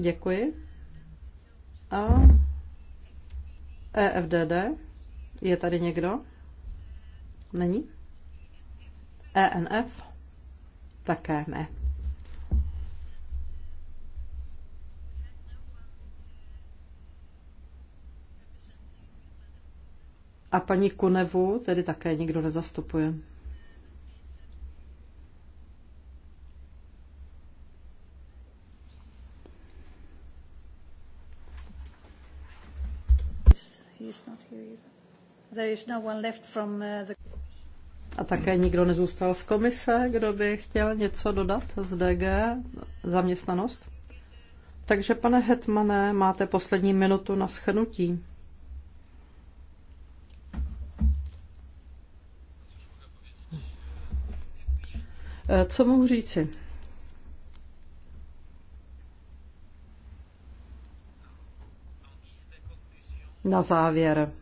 Děkuji. A EFDD. Je tady někdo? Není? ENF? Také ne. A paní Kunevu tedy také nikdo nezastupuje. No uh, A také nikdo nezůstal z komise, kdo by chtěl něco dodat z DG, zaměstnanost? Takže, pane Hetmane, máte poslední minutu na schnutí. Eh, co mohu říci? Na závěr.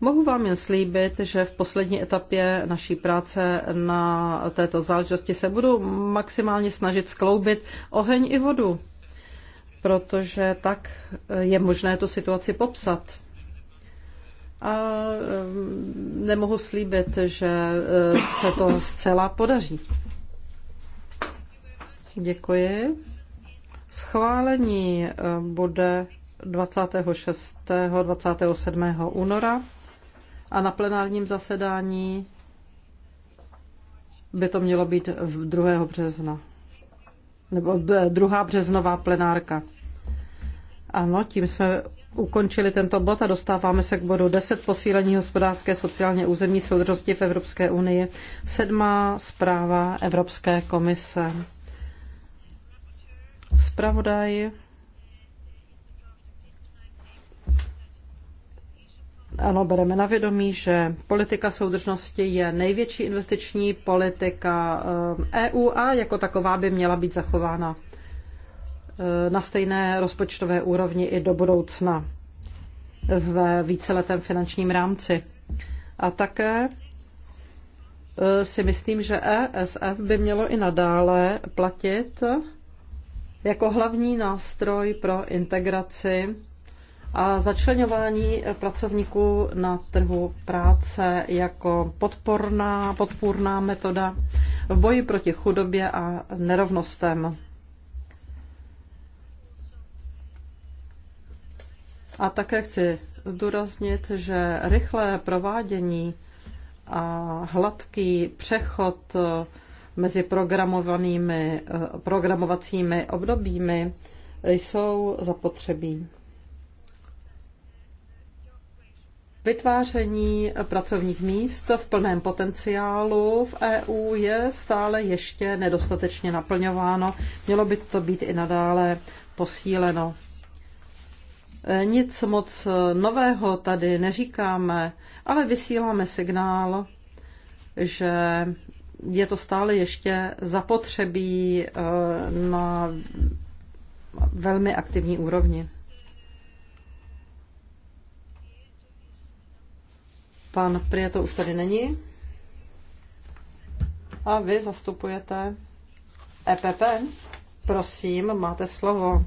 Mohu vám jen slíbit, že v poslední etapě naší práce na této záležitosti se budu maximálně snažit skloubit oheň i vodu, protože tak je možné tu situaci popsat a nemohu slíbit, že eh, se to zcela podaří. Děkuji. Schválení eh, bude 26. 27. února a na plenárním zasedání by to mělo být 2. března. Nebo 2. Eh, březnová plenárka. Ano, tím jsme ukončili tento bod a dostáváme se k bodu 10 posílení hospodářské sociálně územní soudrosti v Evropské unii. Sedmá zpráva Evropské komise. Zpravodaj. Ano, bereme na vědomí, že politika soudržnosti je největší investiční politika EU eh, e a jako taková by měla být zachována na stejné rozpočtové úrovni i do budoucna v víceletém finančním rámci. A také e, si myslím, že ESF by mělo i nadále platit jako hlavní nástroj pro integraci a začlenování pracovníků na trhu práce jako podporná, podpůrná metoda v boji proti chudobě a nerovnostem. A také chci zdůraznit, že rychlé provádění a hladký přechod mezi programovanými, programovacími obdobími jsou zapotřebí. Vytváření pracovních míst v plném potenciálu v EU je stále ještě nedostatečně naplňováno. Mělo by to být i nadále posíleno. Nic moc nového tady neříkáme, ale vysíláme signál, že je to stále ještě zapotřebí eh, na velmi aktivní úrovni. Pan Prieto už tady není. A vy zastupujete EPP. Prosím, máte slovo.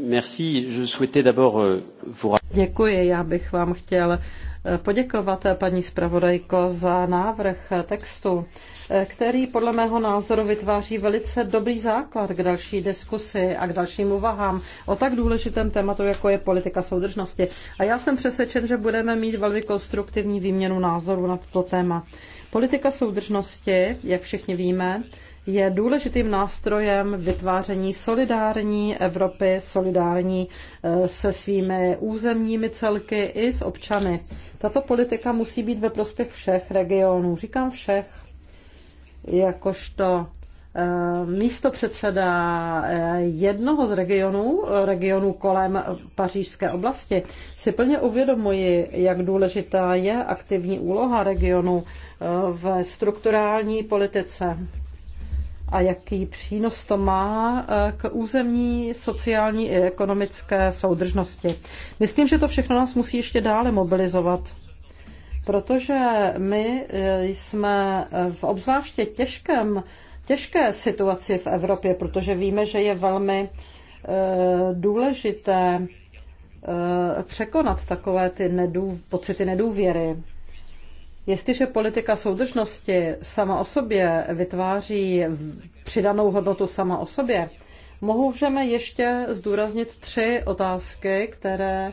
Merci. Je souhaitais d'abord euh, vous... Děkuji, já bych vám chtěl eh, poděkovat eh, paní zpravodajko za návrh textu, eh, který podle mého názoru vytváří velice dobrý základ k další diskusi a k dalším uvahám o tak důležitém tématu, jako je politika soudržnosti. A já jsem přesvědčen, že budeme mít velmi konstruktivní výměnu názorů na toto téma. Politika soudržnosti, jak všichni víme, je důležitým nástrojem vytváření solidární Evropy, solidární eh, se svými územními celky i s občany. Tato politika musí být ve prospěch všech regionů, říkám všech, jakožto eh, místo předseda eh, jednoho z regionů, regionů kolem pařížské oblasti, si plně uvědomuji, jak důležitá je aktivní úloha regionu v strukturální politice a jaký přínos to má eh, k územní, sociální i ekonomické soudržnosti. Myslím, že to všechno nás musí ještě dále mobilizovat, protože my eh, jsme v obzvláště těžkém, těžké situaci v Evropě, protože víme, že je velmi eh, důležité překonat takové ty nedů, pocity nedůvěry. Jestliže politika soudržnosti sama o sobě vytváří přidanou hodnotu sama o sobě, můžeme ještě zdůraznit tři otázky, které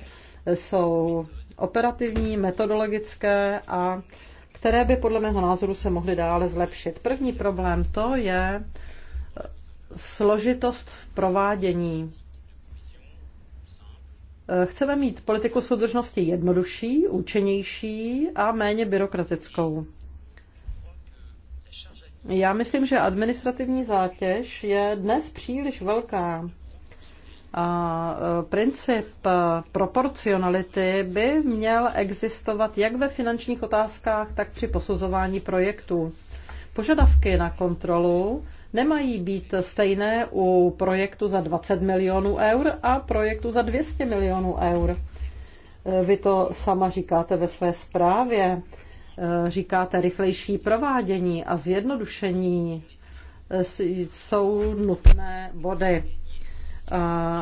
jsou operativní, metodologické a které by podle mého názoru se mohly dále zlepšit. První problém to je složitost v provádění Eh, chceme mít politiku soudržnosti jednodušší, účinnější a méně byrokratickou. Já myslím, že administrativní zátěž je dnes příliš velká. A eh, princip eh, proporcionality by měl existovat jak ve finančních otázkách, tak při posuzování projektů. Požadavky na kontrolu nemají být stejné u projektu za 20 milionů eur a projektu za 200 milionů eur. Eh, vy to sama říkáte ve své zprávě. Eh, říkáte rychlejší provádění a zjednodušení eh, jsou nutné body.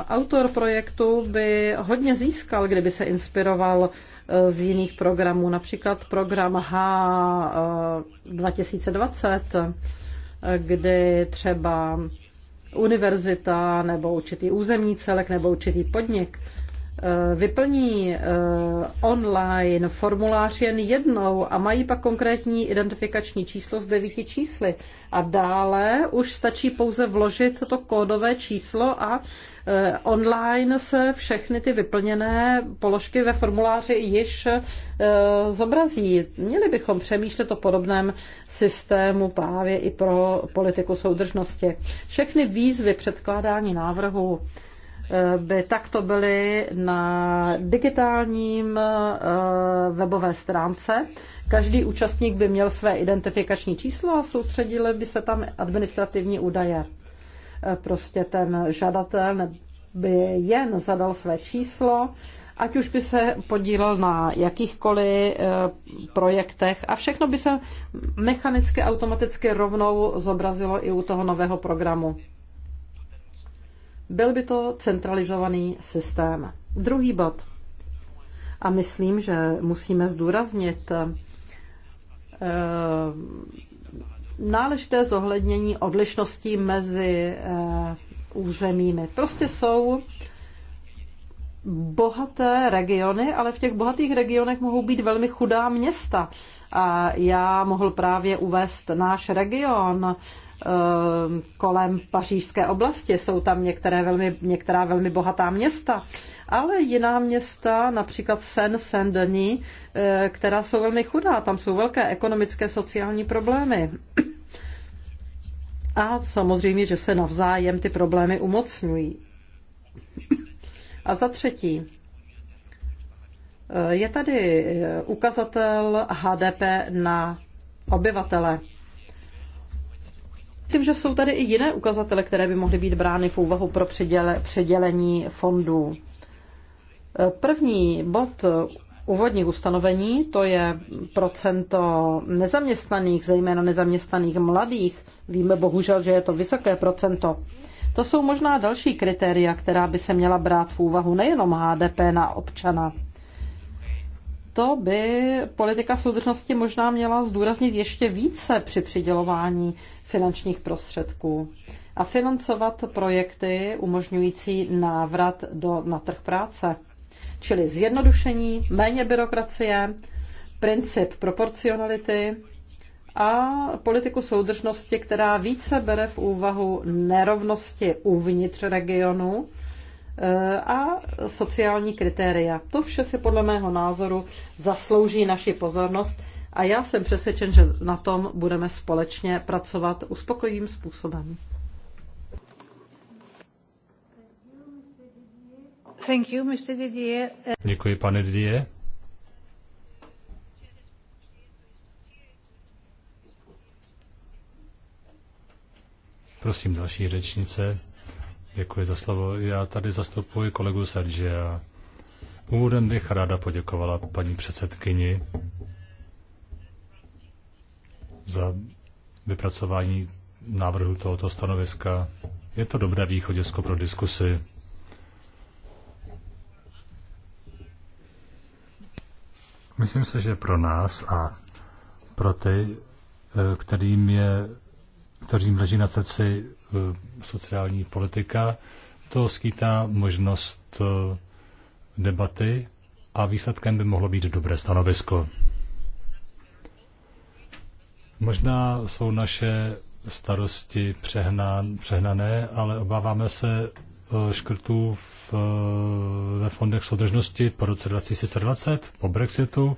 Autor projektu by hodně získal, kdyby se inspiroval z jiných programů, například program H 2020 kdy třeba univerzita nebo určitý územní celek nebo určitý podnik Eh, vyplní eh, online formulář jen jednou a mají pak konkrétní identifikační číslo z devíti čísly. A dále už stačí pouze vložit to kódové číslo a eh, online se všechny ty vyplněné položky ve formuláři již zobrazí. Měli bychom přemýšlet o podobném systému právě i pro politiku soudržnosti. Všechny výzvy předkládání návrhu by takto byly na digitálním eh, webové stránce. Každý účastník by měl své identifikační číslo a soustředili by se tam administrativní údaje. Eh, prostě ten žadatel by jen zadal své číslo, ať už by se podílel na jakýchkoliv eh, projektech a všechno by se mechanicky, automaticky rovnou zobrazilo i u toho nového programu. Byl by to centralizovaný systém. Druhý bod. A myslím, že musíme zdůraznit eh, náležité zohlednění odlišností mezi eh, územími. Prostě jsou bohaté regiony, ale v těch bohatých regionech mohou být velmi chudá města. A já mohl právě uvést náš region Ehm, kolem pařížské oblasti. Jsou tam některé velmi, některá velmi bohatá města, ale jiná města, například Sen, Saint-Denis, eh, která jsou velmi chudá. Tam jsou velké ekonomické, sociální problémy. A samozřejmě, že se navzájem ty problémy umocňují. A za třetí, eh, je tady eh, ukazatel HDP na obyvatele. Myslím, že jsou tady i jiné ukazatele, které by mohly být brány v úvahu pro předěle, předělení fondů. První bod úvodních ustanovení, to je procento nezaměstnaných, zejména nezaměstnaných mladých. Víme bohužel, že je to vysoké procento. To jsou možná další kritéria, která by se měla brát v úvahu nejenom HDP na občana to by politika soudržnosti možná měla zdůraznit ještě více při přidělování finančních prostředků a financovat projekty umožňující návrat do, na trh práce. Čili zjednodušení, méně byrokracie, princip proporcionality a politiku soudržnosti, která více bere v úvahu nerovnosti uvnitř regionu a sociální kritéria. To vše si podle mého názoru zaslouží naši pozornost a já jsem přesvědčen, že na tom budeme společně pracovat uspokojivým způsobem. Thank you, Mr. Didier. Děkuji, pane Didier. Prosím další řečnice. Děkuji za slovo. Já tady zastupuji kolegu a Úvodem bych ráda poděkovala paní předsedkyni za vypracování návrhu tohoto stanoviska. Je to dobré východisko pro diskusy. Myslím se, že pro nás a pro ty, eh, kterým, je, kterým leží na srdci Eh, sociální politika, to skýtá možnost eh, debaty a výsledkem by mohlo být dobré stanovisko. Možná jsou naše starosti přehnán, přehnané, ale obáváme se eh, škrtů v, ve fondech soudržnosti po roce 2020, po Brexitu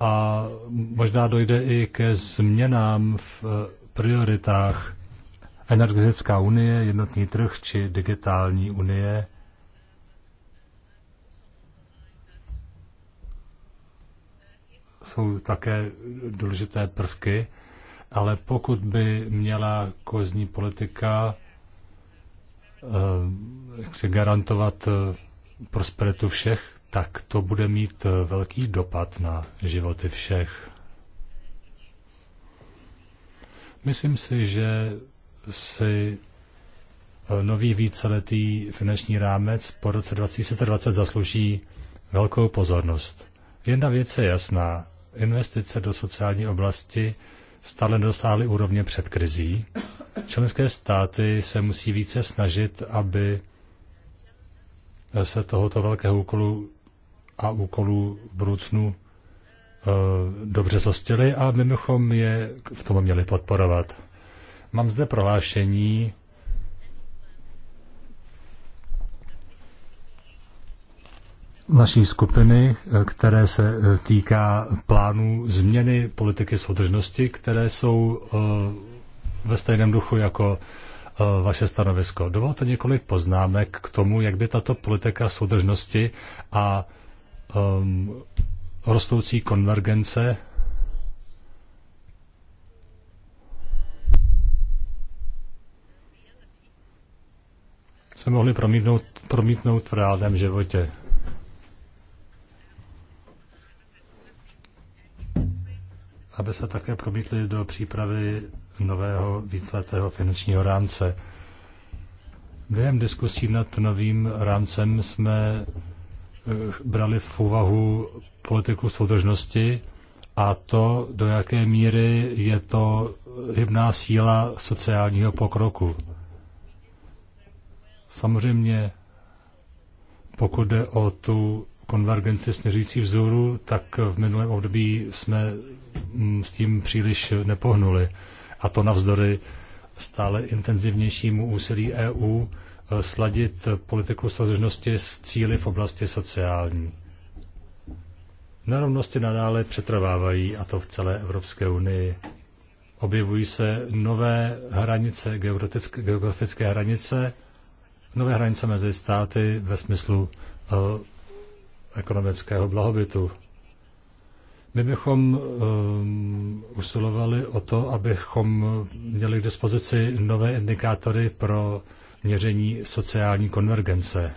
a možná dojde i ke změnám v prioritách energetická unie, jednotný trh či digitální unie. Jsou také důležité prvky, ale pokud by měla kozní politika eh, jak si garantovat eh, prosperitu všech, tak to bude mít eh, velký dopad na životy všech. Myslím si, že si eh, nový víceletý finanční rámec po roce 2020 zaslouží velkou pozornost. Jedna věc je jasná. Investice do sociální oblasti stále dosáhly úrovně před krizí. Členské státy se musí více snažit, aby se tohoto velkého úkolu a úkolů v budoucnu eh, dobře zostily a my bychom je v tom měli podporovat. Mám zde prohlášení naší skupiny, které se eh, týká plánů změny politiky soudržnosti, které jsou eh, ve stejném duchu jako eh, vaše stanovisko. Dovolte několik poznámek k tomu, jak by tato politika soudržnosti a ehm, rostoucí konvergence se mohli promítnout, promítnout v reálném životě. Aby se také promítli do přípravy nového víceletého finančního rámce. Během diskusí nad novým rámcem jsme eh, brali v úvahu politiku soudržnosti a to, do jaké míry je to hybná síla sociálního pokroku. Samozřejmě, pokud jde o tu konvergenci směřící vzoru, tak v minulém období jsme mm, s tím příliš nepohnuli. A to navzdory stále intenzivnějšímu úsilí EU eh, sladit politiku soudržnosti s cíly v oblasti sociální. Nerovnosti nadále přetrvávají, a to v celé Evropské unii. Objevují se nové hranice, geografické hranice, nové hranice mezi státy ve smyslu uh, ekonomického blahobytu. My bychom um, usilovali o to, abychom měli k dispozici nové indikátory pro měření sociální konvergence.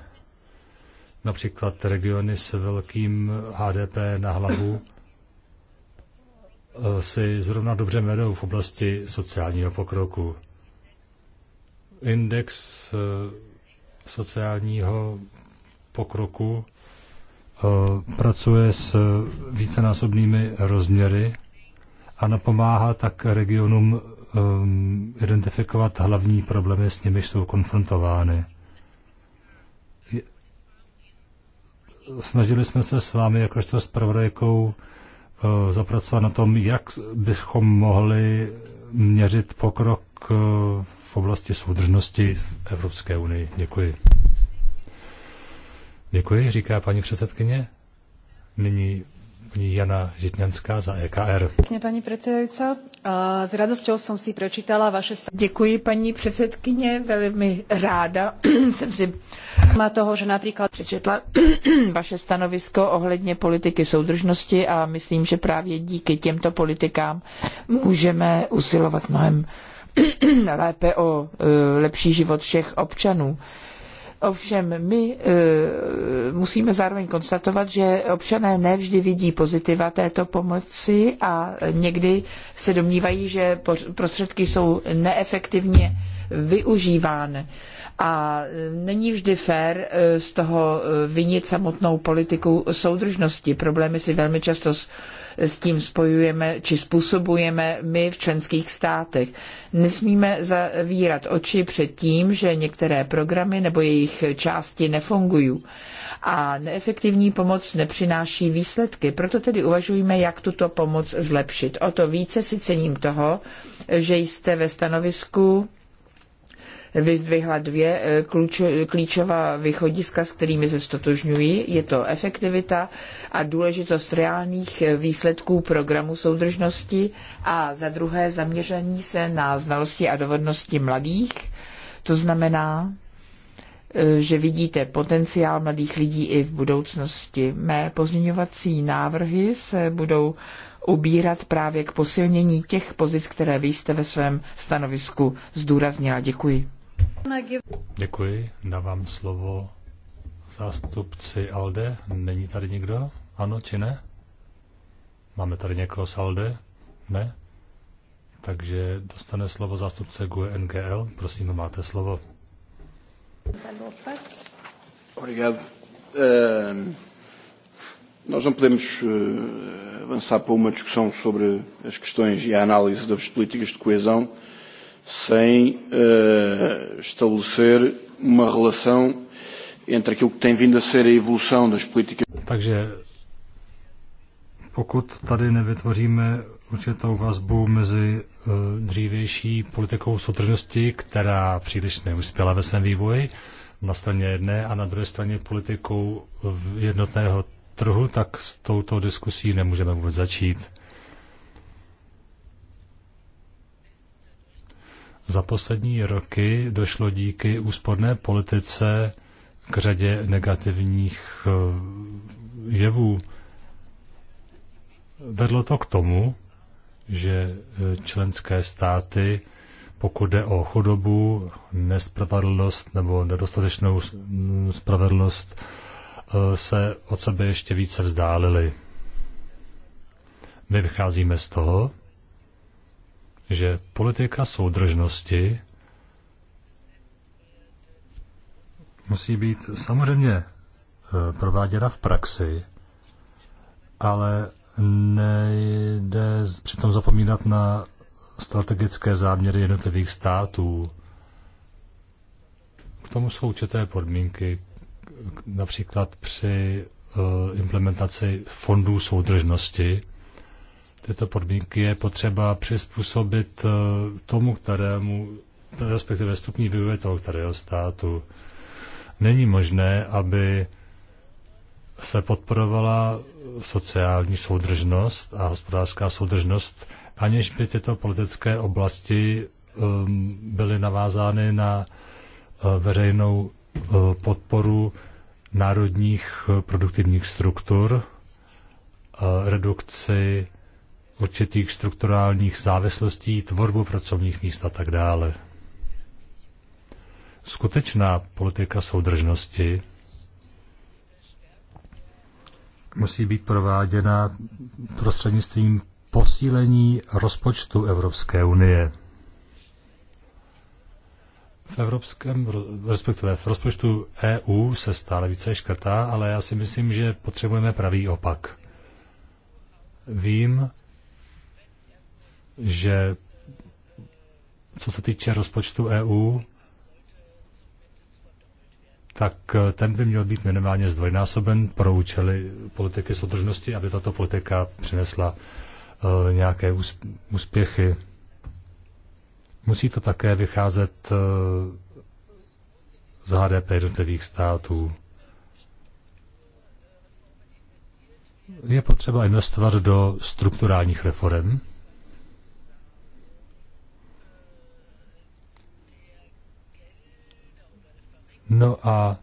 Například regiony s velkým HDP na hlavu eh, si zrovna dobře vedou v oblasti sociálního pokroku. Index uh, sociálního pokroku eh, pracuje s vícenásobnými rozměry a napomáhá tak regionům ehm, identifikovat hlavní problémy, s nimiž jsou konfrontovány. Snažili jsme se s vámi, jakožto s pravodajkou, eh, zapracovat na tom, jak bychom mohli měřit pokrok v eh, oblasti soudržnosti v Evropské unii. Děkuji. Děkuji, říká paní předsedkyně. Nyní paní Jana Žitňanská za EKR. Děkuji, paní předsedkyně. S radostí jsem si pročítala vaše stav... Děkuji, paní předsedkyně, velmi ráda jsem si má toho, že například přečetla vaše stanovisko ohledně politiky soudržnosti a myslím, že právě díky těmto politikám můžeme usilovat mnohem lépe o e, lepší život všech občanů. Ovšem my e, musíme zároveň konstatovat, že občané nevždy vidí pozitiva této pomoci a někdy se domnívají, že prostředky jsou neefektivně využívány. A e, není vždy fér e, z toho vinit samotnou politiku soudržnosti. Problémy si velmi často s tím spojujeme či způsobujeme my v členských státech. Nesmíme zavírat oči před tím, že některé programy nebo jejich části nefungují a neefektivní pomoc nepřináší výsledky. Proto tedy uvažujeme, jak tuto pomoc zlepšit. O to více si cením toho, že jste ve stanovisku vyzdvihla dvě eh, klíčová východiska, s kterými se stotožňují. Je to efektivita a důležitost reálných eh, výsledků programu soudržnosti a za druhé zaměření se na znalosti a dovednosti mladých. To znamená, eh, že vidíte potenciál mladých lidí i v budoucnosti. Mé pozměňovací návrhy se budou ubírat právě k posilnění těch pozic, které vy jste ve svém stanovisku zdůraznila. Děkuji. Děkuji, dávám slovo zástupci ALDE. Není tady nikdo? Ano či ne? Máme tady někoho z ALDE? Ne? Takže dostane slovo zástupce GUE NGL. Prosím, máte slovo. Eh, nós não podemos eh, avançar para uma discussão sobre as questões e a análise das políticas de coesão sem uh, estabelecer uma relação entre aquilo que tem vindo a ser a evolução das políticas. Takže pokud tady nevytvoříme určitou vazbu mezi uh, dřívější politikou soudržnosti, která příliš neuspěla ve svém vývoji, na straně jedné a na druhé straně politikou jednotného trhu, tak s touto diskusí nemůžeme vůbec začít. Za poslední roky došlo díky úsporné politice k řadě negativních eh, jevů. Vedlo to k tomu, že eh, členské státy, pokud jde o chudobu, nespravedlnost nebo nedostatečnou spravedlnost, eh, se od sebe ještě více vzdálily. My vycházíme z toho, že politika soudržnosti musí být samozřejmě e, prováděna v praxi, ale nejde přitom zapomínat na strategické záměry jednotlivých států. K tomu jsou určité podmínky, například při e, implementaci fondů soudržnosti, tyto podmínky je potřeba přizpůsobit eh, tomu, kterému, respektive stupní vývoje toho, kterého státu. Není možné, aby se podporovala sociální soudržnost a hospodářská soudržnost, aniž by tyto politické oblasti ehm, byly navázány na eh, veřejnou eh, podporu národních produktivních struktur, redukci určitých strukturálních závislostí, tvorbu pracovních míst a tak dále. Skutečná politika soudržnosti musí být prováděna prostřednictvím posílení rozpočtu Evropské unie. V evropském, respektive v rozpočtu EU se stále více škrtá, ale já si myslím, že potřebujeme pravý opak. Vím, že co se týče rozpočtu EU, tak eh, ten by měl být minimálně zdvojnásoben pro účely politiky soudržnosti, aby tato politika přinesla uh, nějaké úspěchy. Musí to také vycházet uh, z HDP jednotlivých států. Je potřeba investovat do strukturálních reform, No a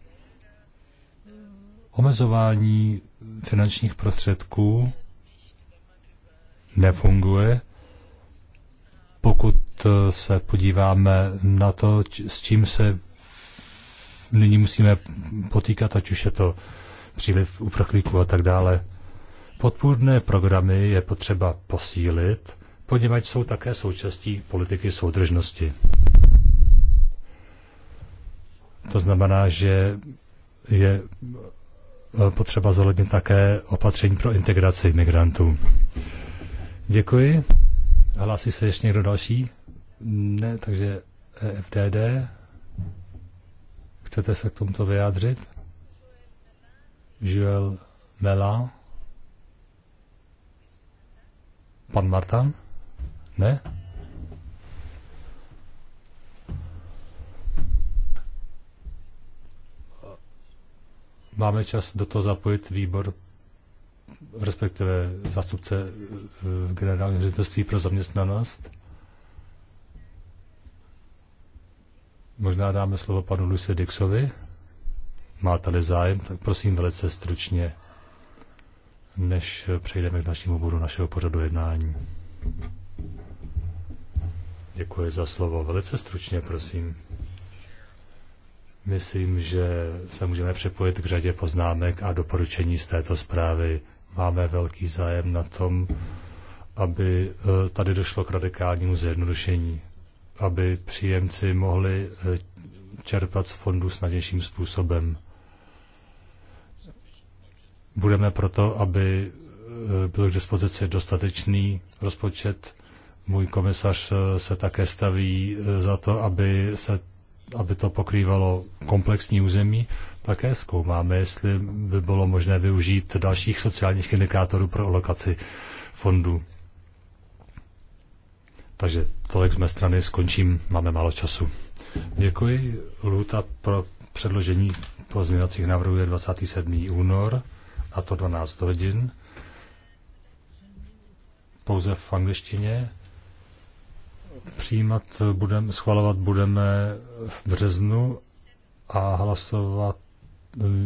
omezování finančních prostředků nefunguje, pokud eh, se podíváme na to, s čím se nyní musíme potýkat, ať už je to příliv uprchlíků a tak dále. Podpůrné programy je potřeba posílit, poněvadž jsou také součástí politiky soudržnosti. To znamená, že je eh, potřeba zohlednit také opatření pro integraci migrantů. Děkuji. Hlásí se ještě někdo další? Ne, takže e FDD. Chcete se k tomuto vyjádřit? Joel Mela. Pan Martan? Ne? máme čas do toho zapojit výbor, respektive zástupce eh, generálního ředitelství pro zaměstnanost. Možná dáme slovo panu Luise Dixovi. Má tady zájem, tak prosím velice stručně, než přejdeme k dalšímu bodu našeho pořadu jednání. Děkuji za slovo. Velice stručně, prosím. Myslím, že se můžeme připojit k řadě poznámek a doporučení z této zprávy. Máme velký zájem na tom, aby eh, tady došlo k radikálnímu zjednodušení, aby příjemci mohli eh, čerpat z fondu snadnějším způsobem. Budeme proto, aby eh, byl k dispozici dostatečný rozpočet. Můj komisař se také staví za to, aby se aby to pokrývalo komplexní území, také zkoumáme, jestli by bylo možné využít dalších sociálních indikátorů pro alokaci fondů. Takže tolik z mé strany, skončím, máme málo času. Děkuji. Lhuta pro předložení pozměňovacích návrhů je 27. únor, a to 12 hodin. Pouze v angličtině. Přijímat budeme, schvalovat budeme v březnu a hlasovat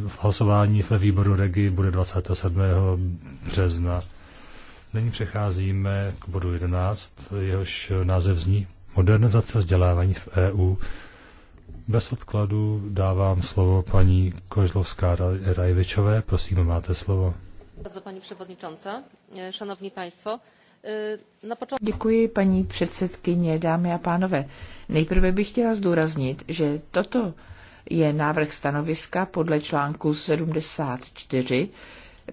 v hlasování ve výboru Regi bude 27. března. Nyní přecházíme k bodu 11, jehož název zní Modernizace vzdělávání v EU. Bez odkladu dávám slovo paní Kožlovská Rajvičové. Prosím, máte slovo. Bardzo Pani Przewodnicząca, e, Szanowni Państwo, Eh, Děkuji, paní předsedkyně, dámy a pánové. Nejprve bych chtěla zdůraznit, že toto je návrh stanoviska podle článku 74,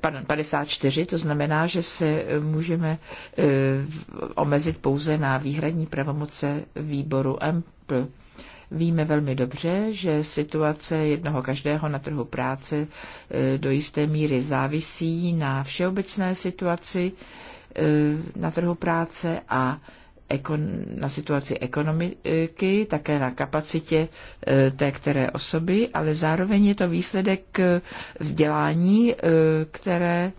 pardon, 54, to znamená, že se můžeme eh, omezit pouze na výhradní pravomoce výboru EMPL. Víme velmi dobře, že situace jednoho každého na trhu práce eh, do jisté míry závisí na všeobecné situaci E, na trhu práce a na situaci ekonomiky, také na kapacitě e, té které osoby, ale zároveň je to výsledek vzdělání, e, které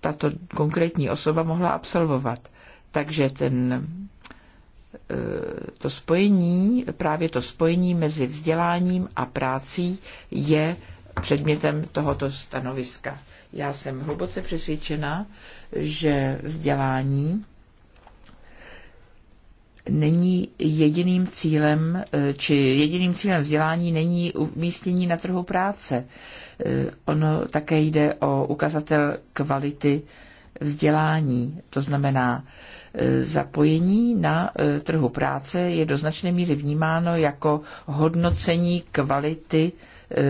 tato konkrétní osoba mohla absolvovat. Takže ten, to spojení, právě to spojení mezi vzděláním a prácí je předmětem tohoto stanoviska. Já jsem hluboce přesvědčena, že vzdělání není jediným cílem, eh, či jediným cílem vzdělání není umístění na trhu práce. Eh, ono také jde o ukazatel kvality vzdělání, to znamená eh, zapojení na trhu práce je do značné míry vnímáno jako hodnocení kvality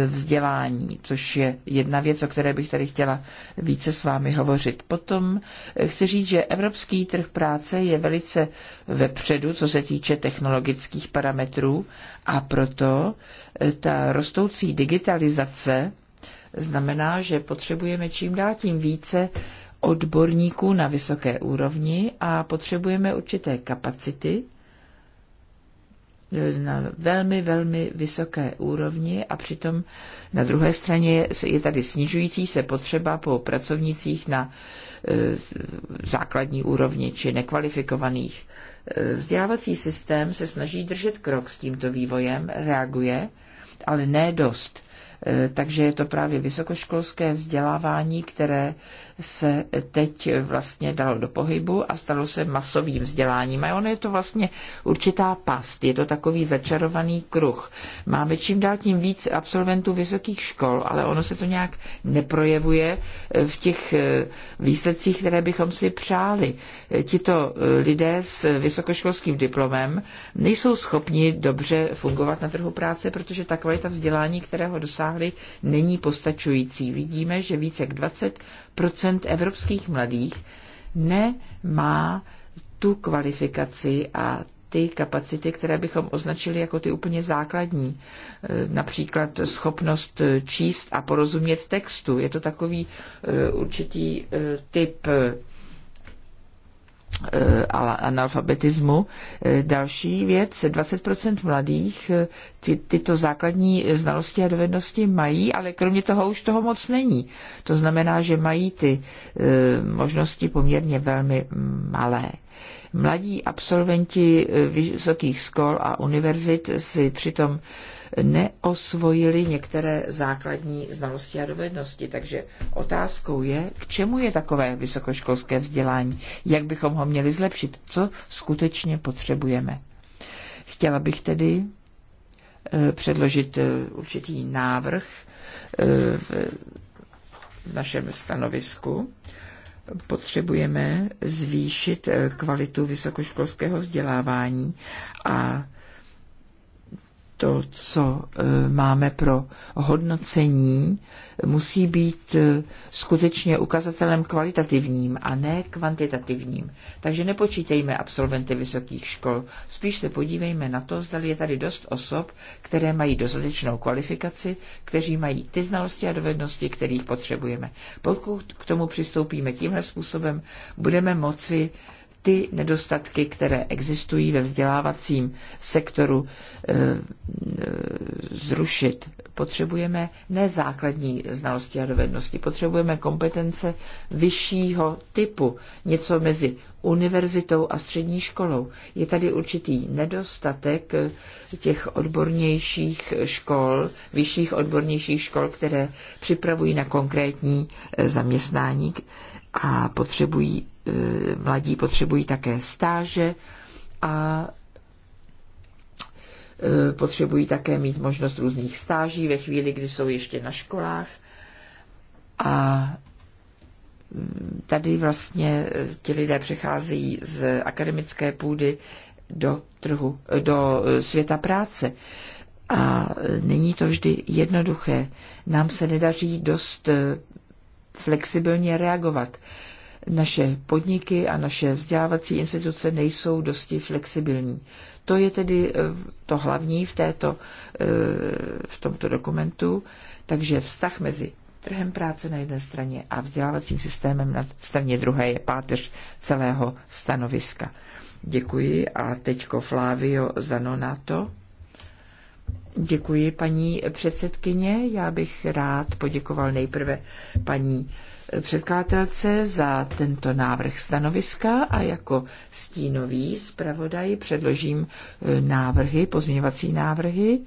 vzdělání, což je jedna věc, o které bych tady chtěla více s vámi hovořit. Potom eh, chci říct, že evropský trh práce je velice vepředu, co se týče technologických parametrů a proto eh, ta rostoucí digitalizace znamená, že potřebujeme čím dál tím více odborníků na vysoké úrovni a potřebujeme určité kapacity, na velmi, velmi vysoké úrovni a přitom na druhé straně je tady snižující se potřeba po pracovnicích na e, základní úrovni či nekvalifikovaných. E, vzdělávací systém se snaží držet krok s tímto vývojem, reaguje, ale ne dost. E, takže je to právě vysokoškolské vzdělávání, které se teď vlastně dalo do pohybu a stalo se masovým vzděláním. A ono je to vlastně určitá past, je to takový začarovaný kruh. Máme čím dál tím víc absolventů vysokých škol, ale ono se to nějak neprojevuje eh, v těch eh, výsledcích, které bychom si přáli. Eh, tito lidé s vysokoškolským diplomem nejsou schopni dobře fungovat na trhu práce, protože ta kvalita vzdělání, kterého dosáhli, není postačující. Vidíme, že více jak 20 evropských mladých nemá tu kvalifikaci a ty kapacity, které bychom označili jako ty úplně základní. E, například schopnost e, číst a porozumět textu. Je to takový e, určitý typ Eh, analfabetismu. Eh, další věc, 20% mladých eh, ty, tyto základní znalosti a dovednosti mají, ale kromě toho už toho moc není. To znamená, že mají ty možnosti poměrně velmi malé. Mladí absolventi vysokých škol a univerzit si přitom neosvojili některé základní znalosti a dovednosti. Takže otázkou je, k čemu je takové vysokoškolské vzdělání, jak bychom ho měli zlepšit, co skutečně potřebujeme. Chtěla bych tedy e, předložit e, určitý návrh e, v našem stanovisku. Potřebujeme zvýšit kvalitu vysokoškolského vzdělávání a to, co eh, máme pro hodnocení, musí být eh, skutečně ukazatelem kvalitativním a ne kvantitativním. Takže nepočítejme absolventy vysokých škol, spíš se podívejme na to, zda je tady dost osob, které mají dostatečnou kvalifikaci, kteří mají ty znalosti a dovednosti, kterých potřebujeme. Pokud k tomu přistoupíme tímhle způsobem, budeme moci ty nedostatky, které existují ve vzdělávacím sektoru, eh, eh, zrušit. Potřebujeme ne základní znalosti a dovednosti, potřebujeme kompetence vyššího typu, něco mezi univerzitou a střední školou. Je tady určitý nedostatek eh, těch odbornějších škol, vyšších odbornějších škol, které připravují na konkrétní zaměstnání a potřebují Eh, mladí potřebují také stáže a eh, potřebují také mít možnost různých stáží ve chvíli, kdy jsou ještě na školách. A mm, tady vlastně eh, ti lidé přecházejí z akademické půdy do trhu, do světa práce. A není to vždy jednoduché. Nám se nedaří dost flexibilně reagovat naše podniky a naše vzdělávací instituce nejsou dosti flexibilní. To je tedy eh, to hlavní v, této, eh, v tomto dokumentu, takže vztah mezi trhem práce na jedné straně a vzdělávacím systémem na straně druhé je páteř celého stanoviska. Děkuji a teďko Flavio Zanonato. Děkuji, paní předsedkyně. Já bych rád poděkoval nejprve paní předkátelce za tento návrh stanoviska a jako stínový zpravodaj předložím e, návrhy, pozměňovací návrhy,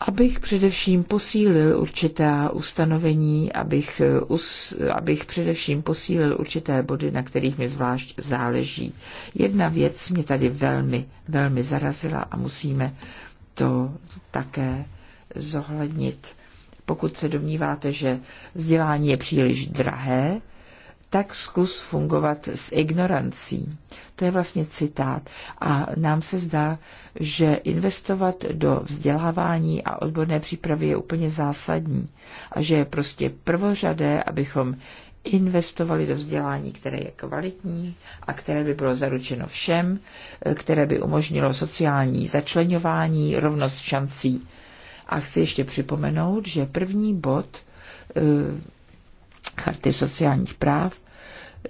abych především posílil určitá ustanovení, abych, e, us, abych především posílil určité body, na kterých mi zvlášť záleží. Jedna věc mě tady velmi, velmi zarazila a musíme to také zohlednit. Pokud se domníváte, že vzdělání je příliš drahé, tak zkus fungovat s ignorancí. To je vlastně citát. A nám se zdá, že investovat do vzdělávání a odborné přípravy je úplně zásadní a že je prostě prvořadé, abychom investovali do vzdělání, které je kvalitní a které by bylo zaručeno všem, které by umožnilo sociální začlenování, rovnost šancí. A chci ještě připomenout, že první bod eh, charty sociálních práv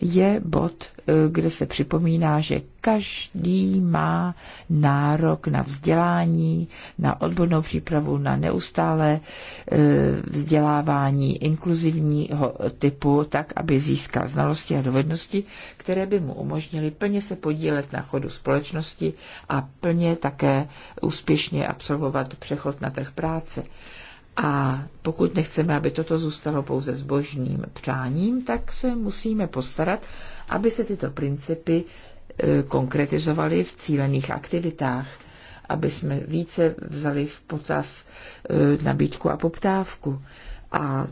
je bod, eh, kde se připomíná, že každý má nárok na vzdělání, na odbornou přípravu, na neustále eh, vzdělávání inkluzivního typu, tak, aby získal znalosti a dovednosti, které by mu umožnily plně se podílet na chodu společnosti a plně také úspěšně absolvovat přechod na trh práce. A pokud nechceme, aby toto zůstalo pouze zbožným přáním, tak se musíme postarat, aby se tyto principy e, konkretizovaly v cílených aktivitách, aby jsme více vzali v potaz e, nabídku a poptávku, a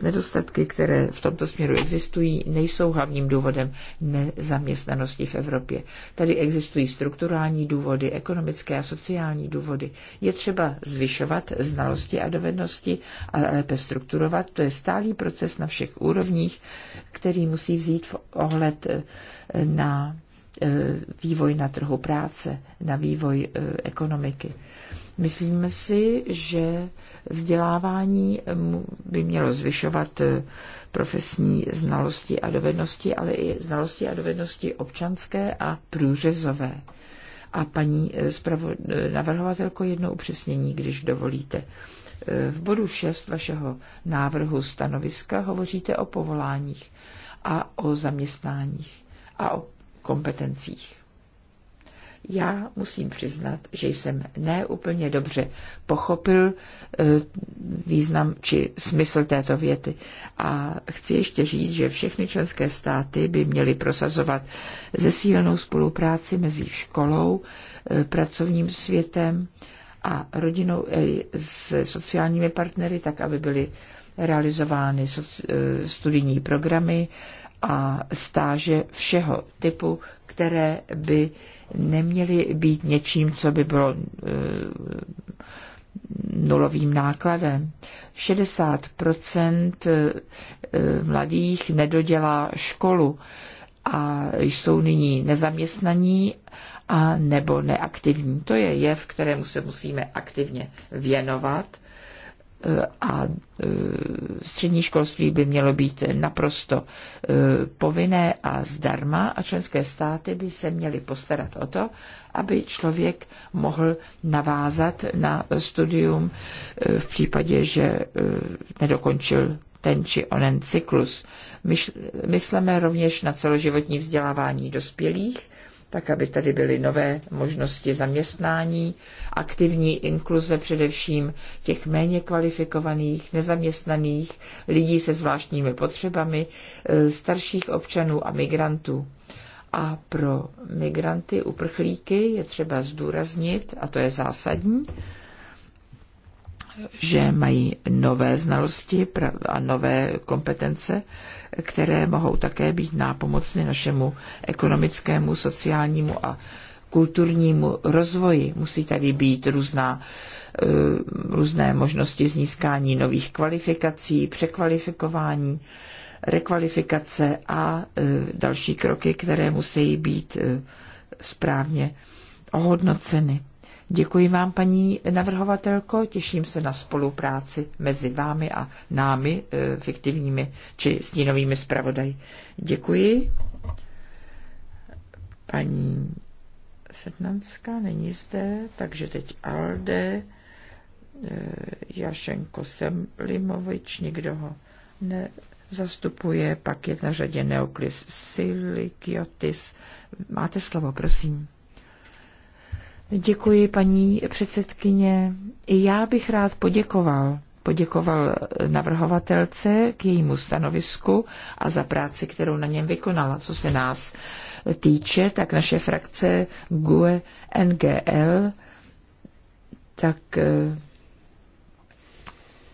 nedostatky, které v tomto směru existují, nejsou hlavním důvodem nezaměstnanosti v Evropě. Tady existují strukturální důvody, ekonomické a sociální důvody. Je třeba zvyšovat znalosti a dovednosti a lépe strukturovat. To je stálý proces na všech úrovních, který musí vzít v ohled eh, na eh, vývoj na trhu práce, na vývoj eh, ekonomiky. Myslíme si, že vzdělávání by mělo zvyšovat eh, profesní znalosti a dovednosti, ale i znalosti a dovednosti občanské a průřezové. A paní eh, eh, navrhovatelko, jedno upřesnění, když dovolíte. V bodu 6 vašeho návrhu stanoviska hovoříte o povoláních a o zaměstnáních a o kompetencích. Já musím přiznat, že jsem neúplně dobře pochopil eh, význam či smysl této věty. A chci ještě říct, že všechny členské státy by měly prosazovat zesílenou spolupráci mezi školou, eh, pracovním světem a rodinou eh, s sociálními partnery, tak aby byly realizovány studijní programy, a stáže všeho typu, které by neměly být něčím, co by bylo e, nulovým nákladem. 60 e, mladých nedodělá školu a jsou nyní nezaměstnaní a nebo neaktivní. To je jev, kterému se musíme aktivně věnovat a e, střední školství by mělo být naprosto e, povinné a zdarma a členské státy by se měly postarat o to, aby člověk mohl navázat na studium e, v případě, že nedokončil ten či onen cyklus. Myslíme rovněž na celoživotní vzdělávání dospělých, tak aby tady byly nové možnosti zaměstnání, aktivní inkluze především těch méně kvalifikovaných, nezaměstnaných, lidí se zvláštními potřebami, e, starších občanů a migrantů. A pro migranty, uprchlíky je třeba zdůraznit, a to je zásadní, že mají nové znalosti a nové kompetence, které mohou také být nápomocny našemu ekonomickému, sociálnímu a kulturnímu rozvoji. Musí tady být různá, eh, různé možnosti získání nových kvalifikací, překvalifikování, rekvalifikace a eh, další kroky, které musí být eh, správně ohodnoceny. Děkuji vám, paní navrhovatelko, těším se na spolupráci mezi vámi a námi, eh, fiktivními či stínovými zpravodaji. Děkuji. Paní Sednanská není zde, takže teď Alde, eh, Jašenko Semlimovič, nikdo ho nezastupuje, pak je na řadě Neoklis Silikiotis. Máte slovo, prosím. Děkuji, paní předsedkyně. I já bych rád poděkoval poděkoval navrhovatelce k jejímu stanovisku a za práci, kterou na něm vykonala. Co se nás týče, tak naše frakce GUE NGL, tak eh,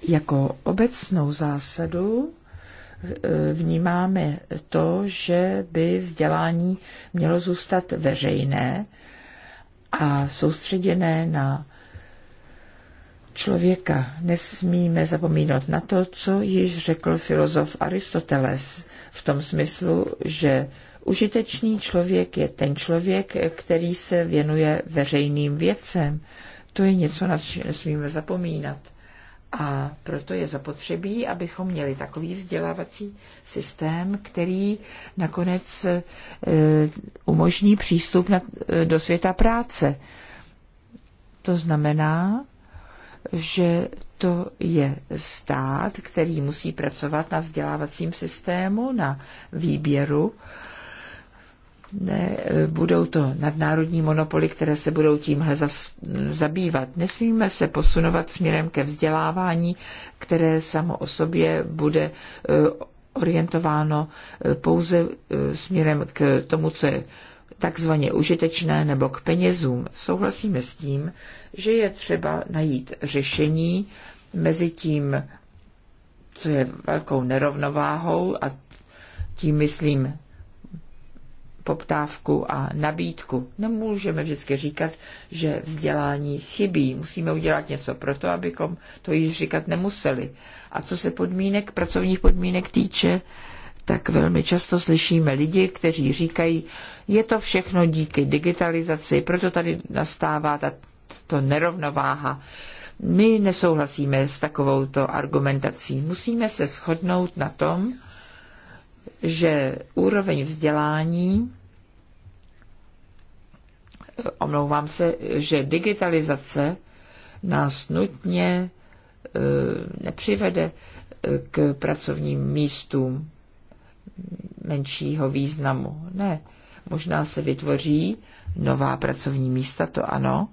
jako obecnou zásadu eh, vnímáme to, že by vzdělání mělo zůstat veřejné a soustředěné na člověka. Nesmíme zapomínat na to, co již řekl filozof Aristoteles, v tom smyslu, že užitečný člověk je ten člověk, který se věnuje veřejným věcem. To je něco, na co nesmíme zapomínat. A proto je zapotřebí, abychom měli takový vzdělávací systém, který nakonec e, umožní přístup e, do světa práce. To znamená, že to je stát, který musí pracovat na vzdělávacím systému, na výběru ne, budou to nadnárodní monopoly, které se budou tímhle zas, zabývat. Nesmíme se posunovat směrem ke vzdělávání, které samo o sobě bude e, orientováno e, pouze e, směrem k tomu, co je takzvaně užitečné nebo k penězům. Souhlasíme s tím, že je třeba najít řešení mezi tím, co je velkou nerovnováhou a tím myslím poptávku a nabídku. Nemůžeme vždycky říkat, že vzdělání chybí. Musíme udělat něco pro to, abychom to již říkat nemuseli. A co se podmínek, pracovních podmínek týče, tak velmi často slyšíme lidi, kteří říkají, je to všechno díky digitalizaci, proto tady nastává ta, to nerovnováha. My nesouhlasíme s takovouto argumentací. Musíme se shodnout na tom, že úroveň vzdělání omlouvám se, že digitalizace nás nutně e, nepřivede e, k pracovním místům menšího významu. Ne, možná se vytvoří nová pracovní místa, to ano,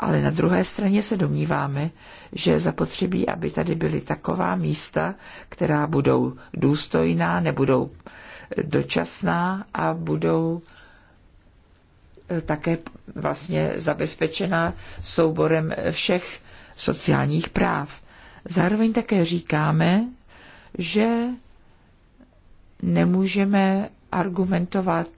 ale na druhé straně se domníváme, že zapotřebí, aby tady byly taková místa, která budou důstojná, nebudou dočasná a budou také vlastně zabezpečena souborem všech sociálních práv. Zároveň také říkáme, že nemůžeme argumentovat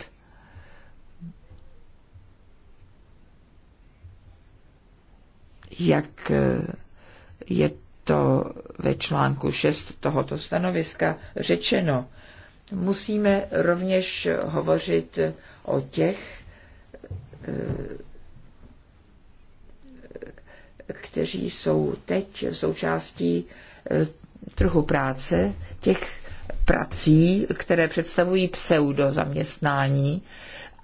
jak je to ve článku 6 tohoto stanoviska řečeno. Musíme rovněž hovořit o těch, Eh, kteří jsou teď součástí eh, trhu práce, těch prací, které představují pseudo zaměstnání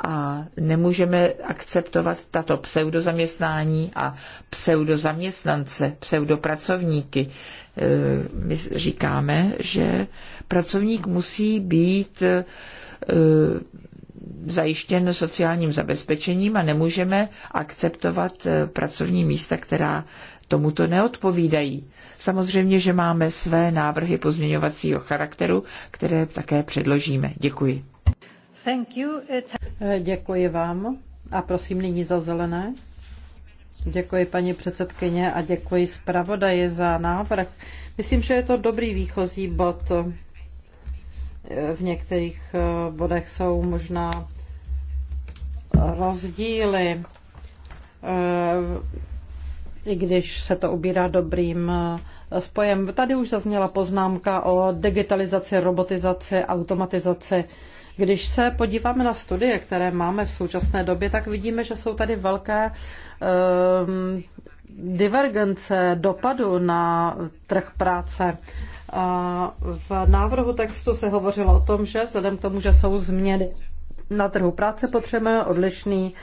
a nemůžeme akceptovat tato pseudo zaměstnání a pseudo zaměstnance, pseudo pracovníky. Eh, my říkáme, že pracovník musí být zajištěn sociálním zabezpečením a nemůžeme akceptovat eh, pracovní místa, která tomuto neodpovídají. Samozřejmě, že máme své návrhy pozměňovacího charakteru, které také předložíme. Děkuji. Thank you. Eh, děkuji vám a prosím nyní za zelené. Děkuji paní předsedkyně a děkuji zpravodaji za návrh. Myslím, že je to dobrý výchozí bod v některých eh, bodech jsou možná rozdíly, eh, i když se to ubírá dobrým eh, spojem. Tady už zazněla poznámka o digitalizaci, robotizaci, automatizaci. Když se podíváme na studie, které máme v současné době, tak vidíme, že jsou tady velké um, divergence dopadu na trh práce. A v návrhu textu se hovořilo o tom, že vzhledem k tomu, že jsou změny na trhu práce, potřebujeme odlišný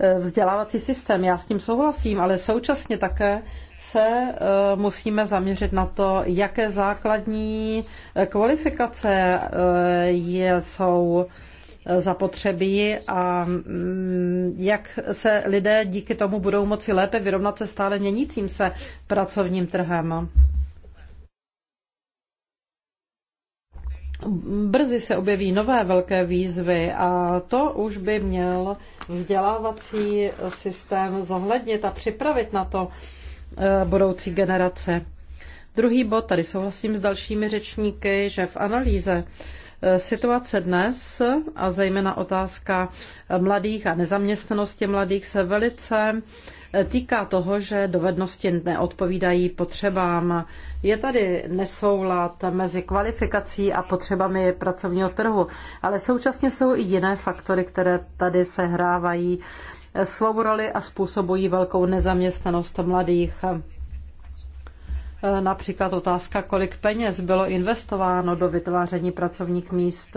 eh, vzdělávací systém. Já s tím souhlasím, ale současně také se eh, musíme zaměřit na to, jaké základní eh, kvalifikace jsou zapotřebí a mm, jak se lidé díky tomu budou moci lépe vyrovnat se stále měnícím se pracovním trhem. Brzy se objeví nové velké výzvy a to už by měl vzdělávací systém zohlednit a připravit na to eh, budoucí generace. Druhý bod, tady souhlasím s dalšími řečníky, že v analýze eh, Situace dnes a zejména otázka mladých a nezaměstnanosti mladých se velice týká toho, že dovednosti neodpovídají potřebám. Je tady nesoulad mezi kvalifikací a potřebami pracovního trhu, ale současně jsou i jiné faktory, které tady sehrávají svou roli a způsobují velkou nezaměstnanost mladých. Eh, například otázka, kolik peněz bylo investováno do vytváření pracovních míst.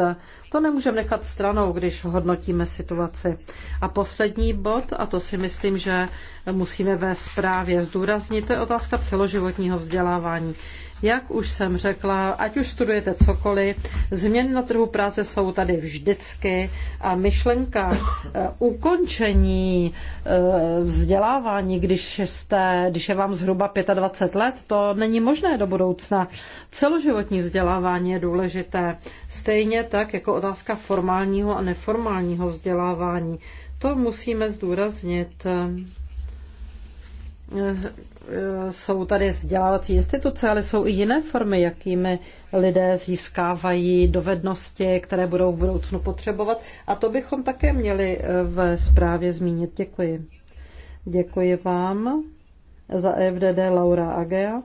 To nemůžeme nechat stranou, když hodnotíme situaci. A poslední bod, a to si myslím, že musíme ve zprávě zdůraznit, to je otázka celoživotního vzdělávání. Jak už jsem řekla, ať už studujete cokoliv, změny na trhu práce jsou tady vždycky a myšlenka eh, ukončení eh, vzdělávání, když, jste, když je vám zhruba 25 let, to není možné do budoucna. Celoživotní vzdělávání je důležité. Stejně tak jako otázka formálního a neformálního vzdělávání. To musíme zdůraznit jsou tady vzdělávací instituce, ale jsou i jiné formy, jakými lidé získávají dovednosti, které budou v budoucnu potřebovat. A to bychom také měli eh, v zprávě zmínit. Děkuji. Děkuji vám za FDD Laura Agea.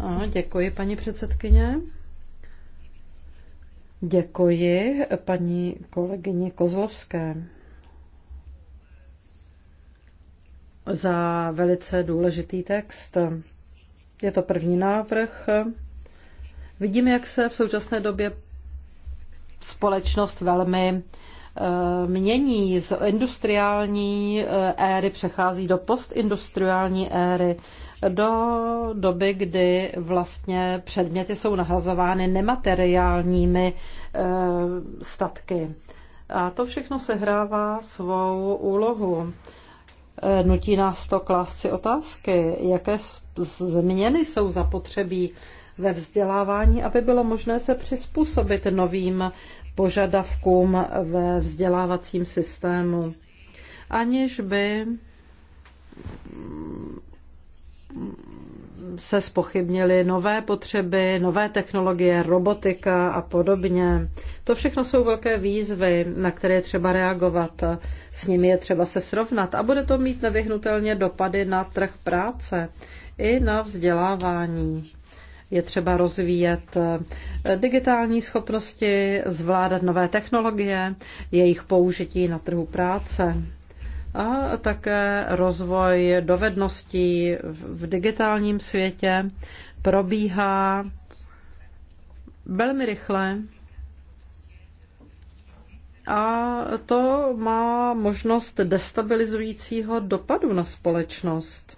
A, děkuji, paní předsedkyně. Děkuji paní kolegyni Kozlovské. za velice důležitý text. Je to první návrh. Vidím, jak se v současné době společnost velmi eh, mění. Z industriální eh, éry přechází do postindustriální éry, do doby, kdy vlastně předměty jsou nahazovány nemateriálními eh, statky. A to všechno sehrává svou úlohu. Eh, nutí nás to k si otázky, jaké změny jsou zapotřebí ve vzdělávání, aby bylo možné se přizpůsobit novým požadavkům ve vzdělávacím systému, aniž by se spochybnily nové potřeby, nové technologie, robotika a podobně. To všechno jsou velké výzvy, na které je třeba reagovat. S nimi je třeba se srovnat a bude to mít nevyhnutelně dopady na trh práce i na vzdělávání. Je třeba rozvíjet eh, digitální schopnosti, zvládat nové technologie, jejich použití na trhu práce a také rozvoj dovedností v digitálním světě probíhá velmi rychle a to má možnost destabilizujícího dopadu na společnost.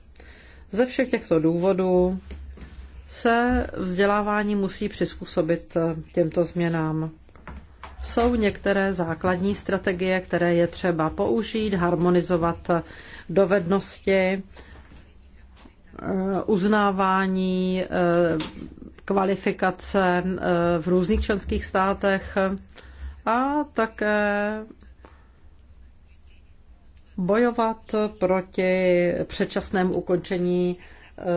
Ze všech těchto důvodů se vzdělávání musí přizpůsobit těmto změnám jsou některé základní strategie, které je třeba použít, harmonizovat dovednosti, eh, uznávání eh, kvalifikace eh, v různých členských státech a také bojovat proti předčasnému ukončení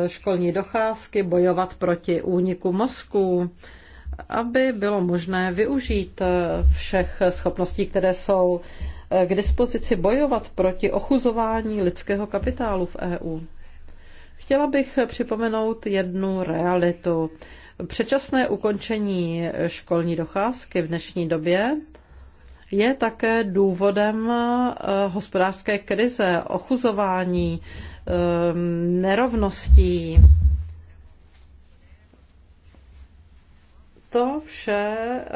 školní docházky, bojovat proti úniku mozku, aby bylo možné využít eh, všech schopností, které jsou eh, k dispozici bojovat proti ochuzování lidského kapitálu v EU. Chtěla bych připomenout jednu realitu. Předčasné ukončení školní docházky v dnešní době je také důvodem eh, hospodářské krize, ochuzování, nerovností, to vše eh,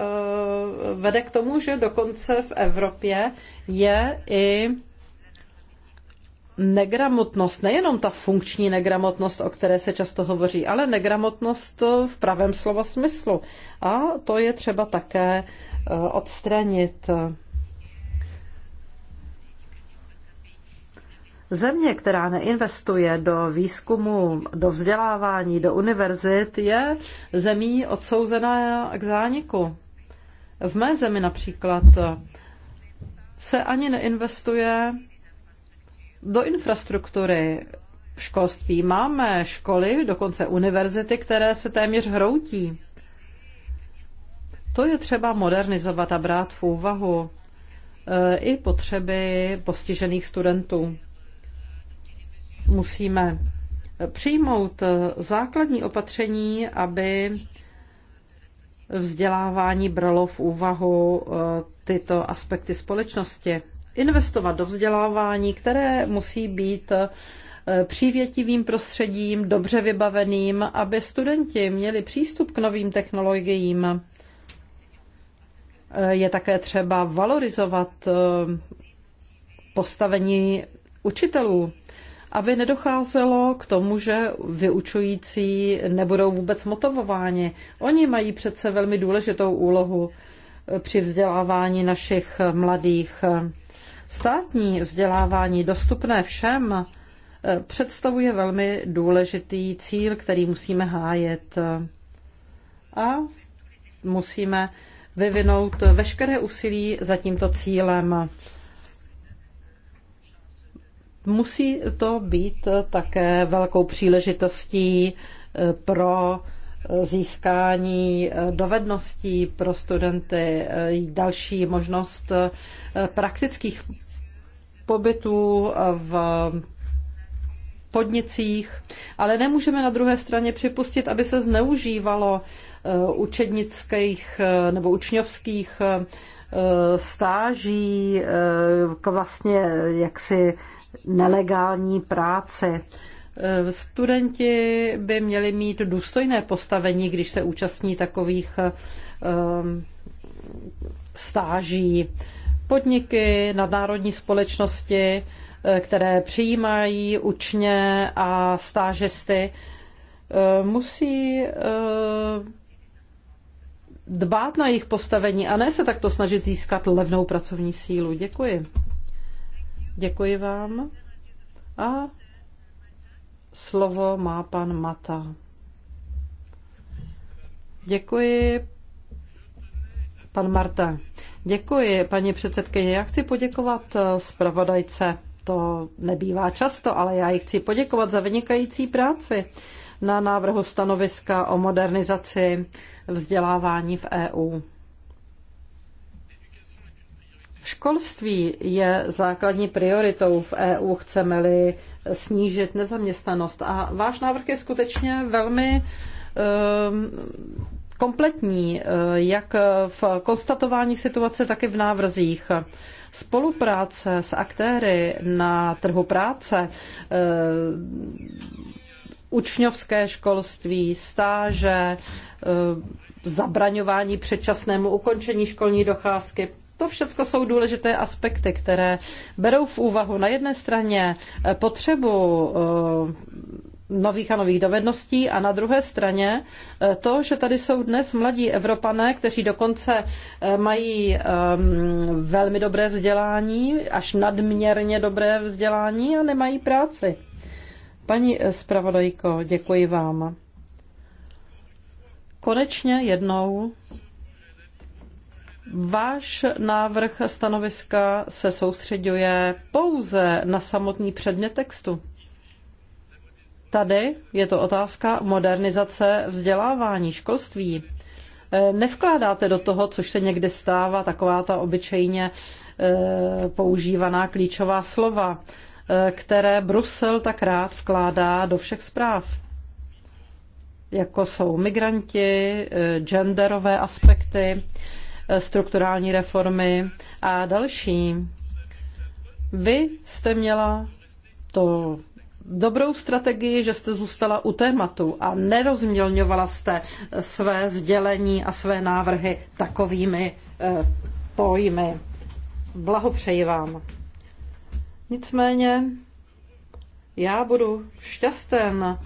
vede k tomu, že dokonce v Evropě je i negramotnost, nejenom ta funkční negramotnost, o které se často hovoří, ale negramotnost v pravém slova smyslu. A to je třeba také eh, odstranit. Země, která neinvestuje do výzkumu, do vzdělávání, do univerzit, je zemí odsouzená k zániku. V mé zemi například se ani neinvestuje do infrastruktury školství. Máme školy, dokonce univerzity, které se téměř hroutí. To je třeba modernizovat a brát v úvahu e, i potřeby postižených studentů musíme přijmout základní opatření, aby vzdělávání bralo v úvahu eh, tyto aspekty společnosti. Investovat do vzdělávání, které musí být eh, přívětivým prostředím, dobře vybaveným, aby studenti měli přístup k novým technologiím. Eh, je také třeba valorizovat postavení učitelů aby nedocházelo k tomu, že vyučující nebudou vůbec motivováni. Oni mají přece velmi důležitou úlohu eh, při vzdělávání našich eh, mladých. Státní vzdělávání dostupné všem eh, představuje velmi důležitý cíl, který musíme hájet. A musíme vyvinout veškeré úsilí za tímto cílem. Musí to být také velkou příležitostí eh, pro eh, získání eh, dovedností pro studenty, další možnost praktických pobytů v podnicích, ale nemůžeme na druhé straně připustit, aby se zneužívalo učednických nebo učňovských stáží k vlastně jaksi nelegální práce. Eh, studenti by měli mít důstojné postavení, když se účastní takových ehm, stáží. Podniky, nadnárodní společnosti, eh, které přijímají učně a stážisty, eh, musí dbát na jejich postavení a ne se takto snažit získat levnou pracovní sílu. Děkuji. Děkuji vám. A slovo má pan Mata. Děkuji, pan Marta. Děkuji, paní předsedkyně. Já chci poděkovat eh, zpravodajce. To nebývá často, ale já jí chci poděkovat za vynikající práci na návrhu stanoviska o modernizaci vzdělávání v EU. Školství je základní prioritou v EU, chceme-li snížit nezaměstnanost. A váš návrh je skutečně velmi ehm, kompletní, eh, jak v konstatování situace, tak i v návrzích. Spolupráce s aktéry na trhu práce, eh, učňovské školství, stáže, eh, zabraňování předčasnému ukončení školní docházky, to všechno jsou důležité aspekty, které berou v úvahu na jedné straně eh, potřebu eh, nových a nových dovedností a na druhé straně eh, to, že tady jsou dnes mladí Evropané, kteří dokonce mají ehm, velmi dobré vzdělání, až nadměrně dobré vzdělání a nemají práci. Paní zpravodajko, děkuji vám. Konečně jednou Váš návrh stanoviska se soustředuje pouze na samotný předmět textu. Tady je to otázka modernizace vzdělávání, školství. E, nevkládáte do toho, což se někdy stává, taková ta obyčejně e, používaná klíčová slova, e, které Brusel tak rád vkládá do všech zpráv jako jsou migranti, genderové aspekty strukturální reformy a další. Vy jste měla to dobrou strategii, že jste zůstala u tématu a nerozmělňovala jste své sdělení a své návrhy takovými eh, pojmy. Blahopřeji vám. Nicméně já budu šťastná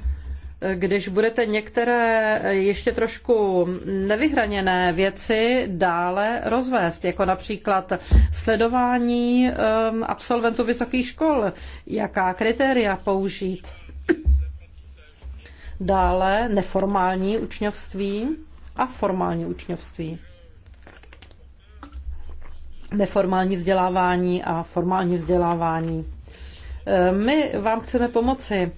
když budete některé ještě trošku nevyhraněné věci dále rozvést, jako například sledování um, absolventů vysokých škol, jaká kritéria použít. Dále neformální učňovství a formální učňovství. Neformální vzdělávání a formální vzdělávání. Um, my vám chceme pomoci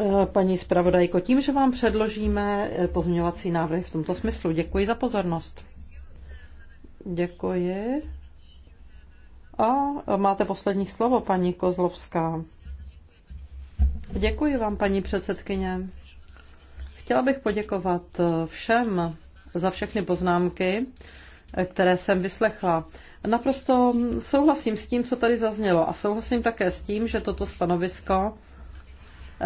Eh, paní zpravodajko, tím, že vám předložíme eh, pozměňovací návrhy v tomto smyslu. Děkuji za pozornost. Děkuji. A máte poslední slovo, paní Kozlovská. Děkuji vám, paní předsedkyně. Chtěla bych poděkovat eh, všem za všechny poznámky, které jsem vyslechla. Naprosto souhlasím s tím, co tady zaznělo a souhlasím také s tím, že toto stanovisko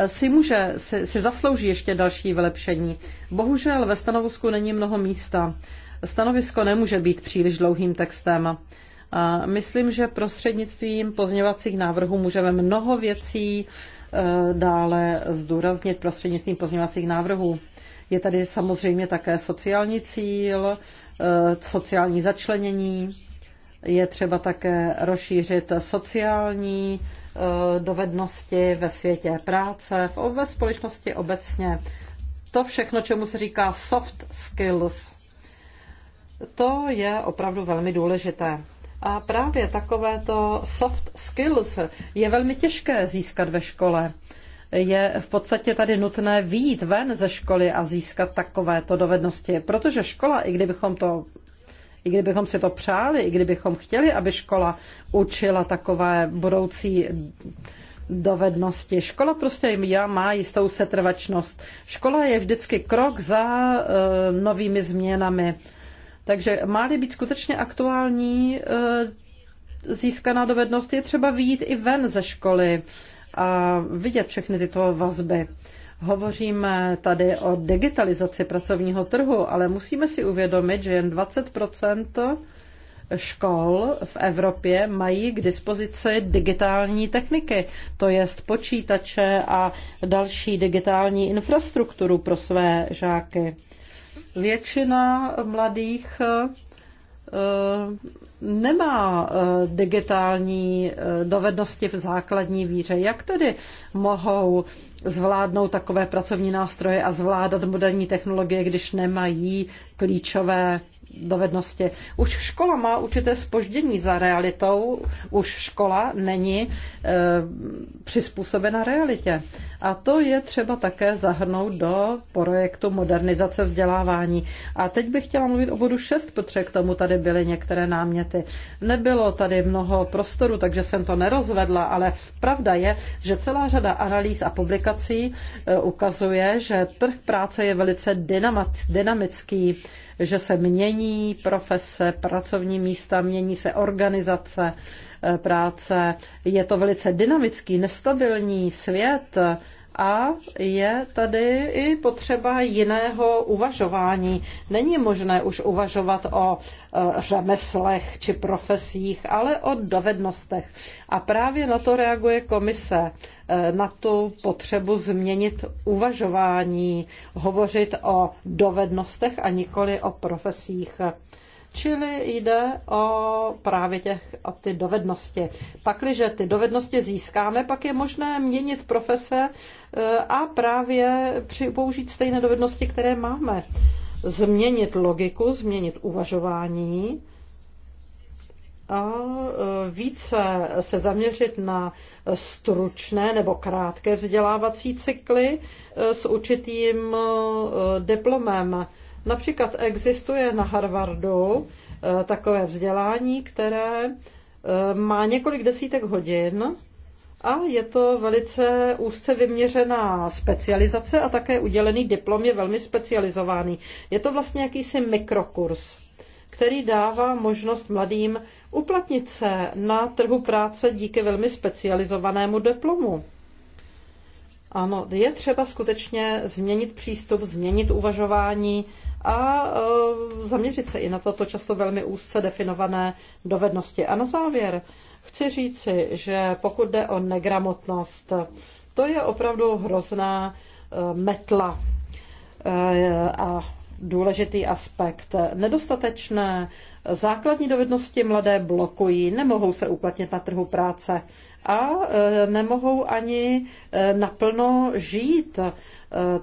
si, může, si, si zaslouží ještě další vylepšení. Bohužel ve stanovisku není mnoho místa. Stanovisko nemůže být příliš dlouhým textem. A myslím, že prostřednictvím pozněvacích návrhů můžeme mnoho věcí e, dále zdůraznit prostřednictvím pozněvacích návrhů. Je tady samozřejmě také sociální cíl, e, sociální začlenění, je třeba také rozšířit sociální Eh, dovednosti ve světě práce, v, ve společnosti obecně. To všechno, čemu se říká soft skills, to je opravdu velmi důležité. A právě takovéto soft skills je velmi těžké získat ve škole. Je v podstatě tady nutné výjít ven ze školy a získat takovéto dovednosti, protože škola, i kdybychom to i kdybychom si to přáli, i kdybychom chtěli, aby škola učila takové budoucí dovednosti. Škola prostě má jistou setrvačnost. Škola je vždycky krok za eh, novými změnami. Takže má-li být skutečně aktuální eh, získaná dovednost, je třeba výjít i ven ze školy a vidět všechny tyto vazby. Hovoříme eh, tady o digitalizaci pracovního trhu, ale musíme si uvědomit, že jen 20 škol v Evropě mají k dispozici digitální techniky, to jest počítače a další digitální infrastrukturu pro své žáky. Většina mladých eh, nemá eh, digitální dovednosti v základní víře. Jak tedy mohou zvládnout takové pracovní nástroje a zvládat moderní technologie, když nemají klíčové dovednosti. Už škola má určité spoždění za realitou, už škola není e, přizpůsobena realitě. A to je třeba také zahrnout do projektu modernizace vzdělávání. A teď bych chtěla mluvit o bodu 6, protože k tomu tady byly některé náměty. Nebylo tady mnoho prostoru, takže jsem to nerozvedla, ale pravda je, že celá řada analýz a publikací e, ukazuje, že trh práce je velice dynamický, že se mění profese, pracovní místa, mění se organizace práce. Je to velice dynamický, nestabilní svět a je tady i potřeba jiného uvažování. Není možné už uvažovat o eh, řemeslech či profesích, ale o dovednostech. A právě na to reaguje komise, eh, na tu potřebu změnit uvažování, hovořit o dovednostech a nikoli o profesích. Čili jde o právě těch, o ty dovednosti. Pakliže ty dovednosti získáme, pak je možné měnit profese eh, a právě při, použít stejné dovednosti, které máme. Změnit logiku, změnit uvažování a eh, více se zaměřit na stručné nebo krátké vzdělávací cykly eh, s určitým diplomem Například existuje na Harvardu eh, takové vzdělání, které eh, má několik desítek hodin a je to velice úzce vyměřená specializace a také udělený diplom je velmi specializovaný. Je to vlastně jakýsi mikrokurs, který dává možnost mladým uplatnit se na trhu práce díky velmi specializovanému diplomu. Ano, je třeba skutečně změnit přístup, změnit uvažování a e, zaměřit se i na toto často velmi úzce definované dovednosti. A na závěr chci říci, že pokud jde o negramotnost, to je opravdu hrozná e, metla e, a důležitý aspekt. Nedostatečné Základní dovednosti mladé blokují, nemohou se uplatnit na trhu práce a e, nemohou ani e, naplno žít. E,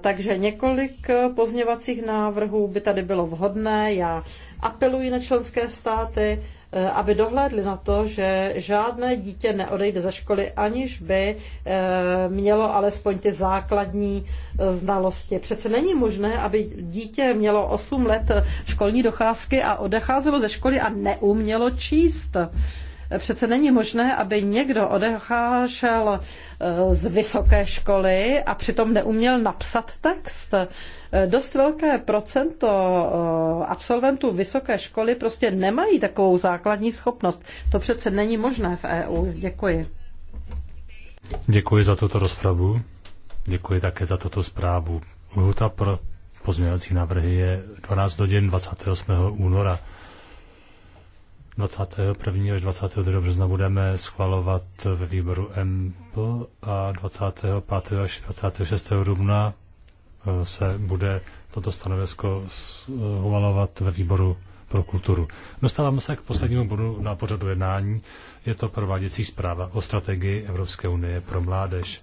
takže několik pozněvacích návrhů by tady bylo vhodné. Já apeluji na členské státy, Eh, aby dohlédli na to, že žádné dítě neodejde ze školy, aniž by eh, mělo alespoň ty základní eh, znalosti. Přece není možné, aby dítě mělo 8 let školní docházky a odecházelo ze školy a neumělo číst. Přece není možné, aby někdo odecházel eh, z vysoké školy a přitom neuměl napsat text. Eh, dost velké procento eh, absolventů vysoké školy prostě nemají takovou základní schopnost. To přece není možné v EU. Děkuji. Děkuji za tuto rozpravu. Děkuji také za tuto zprávu. Lhuta pro pozměňovací návrhy je 12 hodin 28. února. 21. až 22. března budeme schvalovat ve výboru MPL a 25. až 26. dubna eh, se bude toto stanovisko schvalovat ve výboru pro kulturu. Dostáváme se k poslednímu bodu na pořadu jednání. Je to prováděcí zpráva o strategii Evropské unie pro mládež.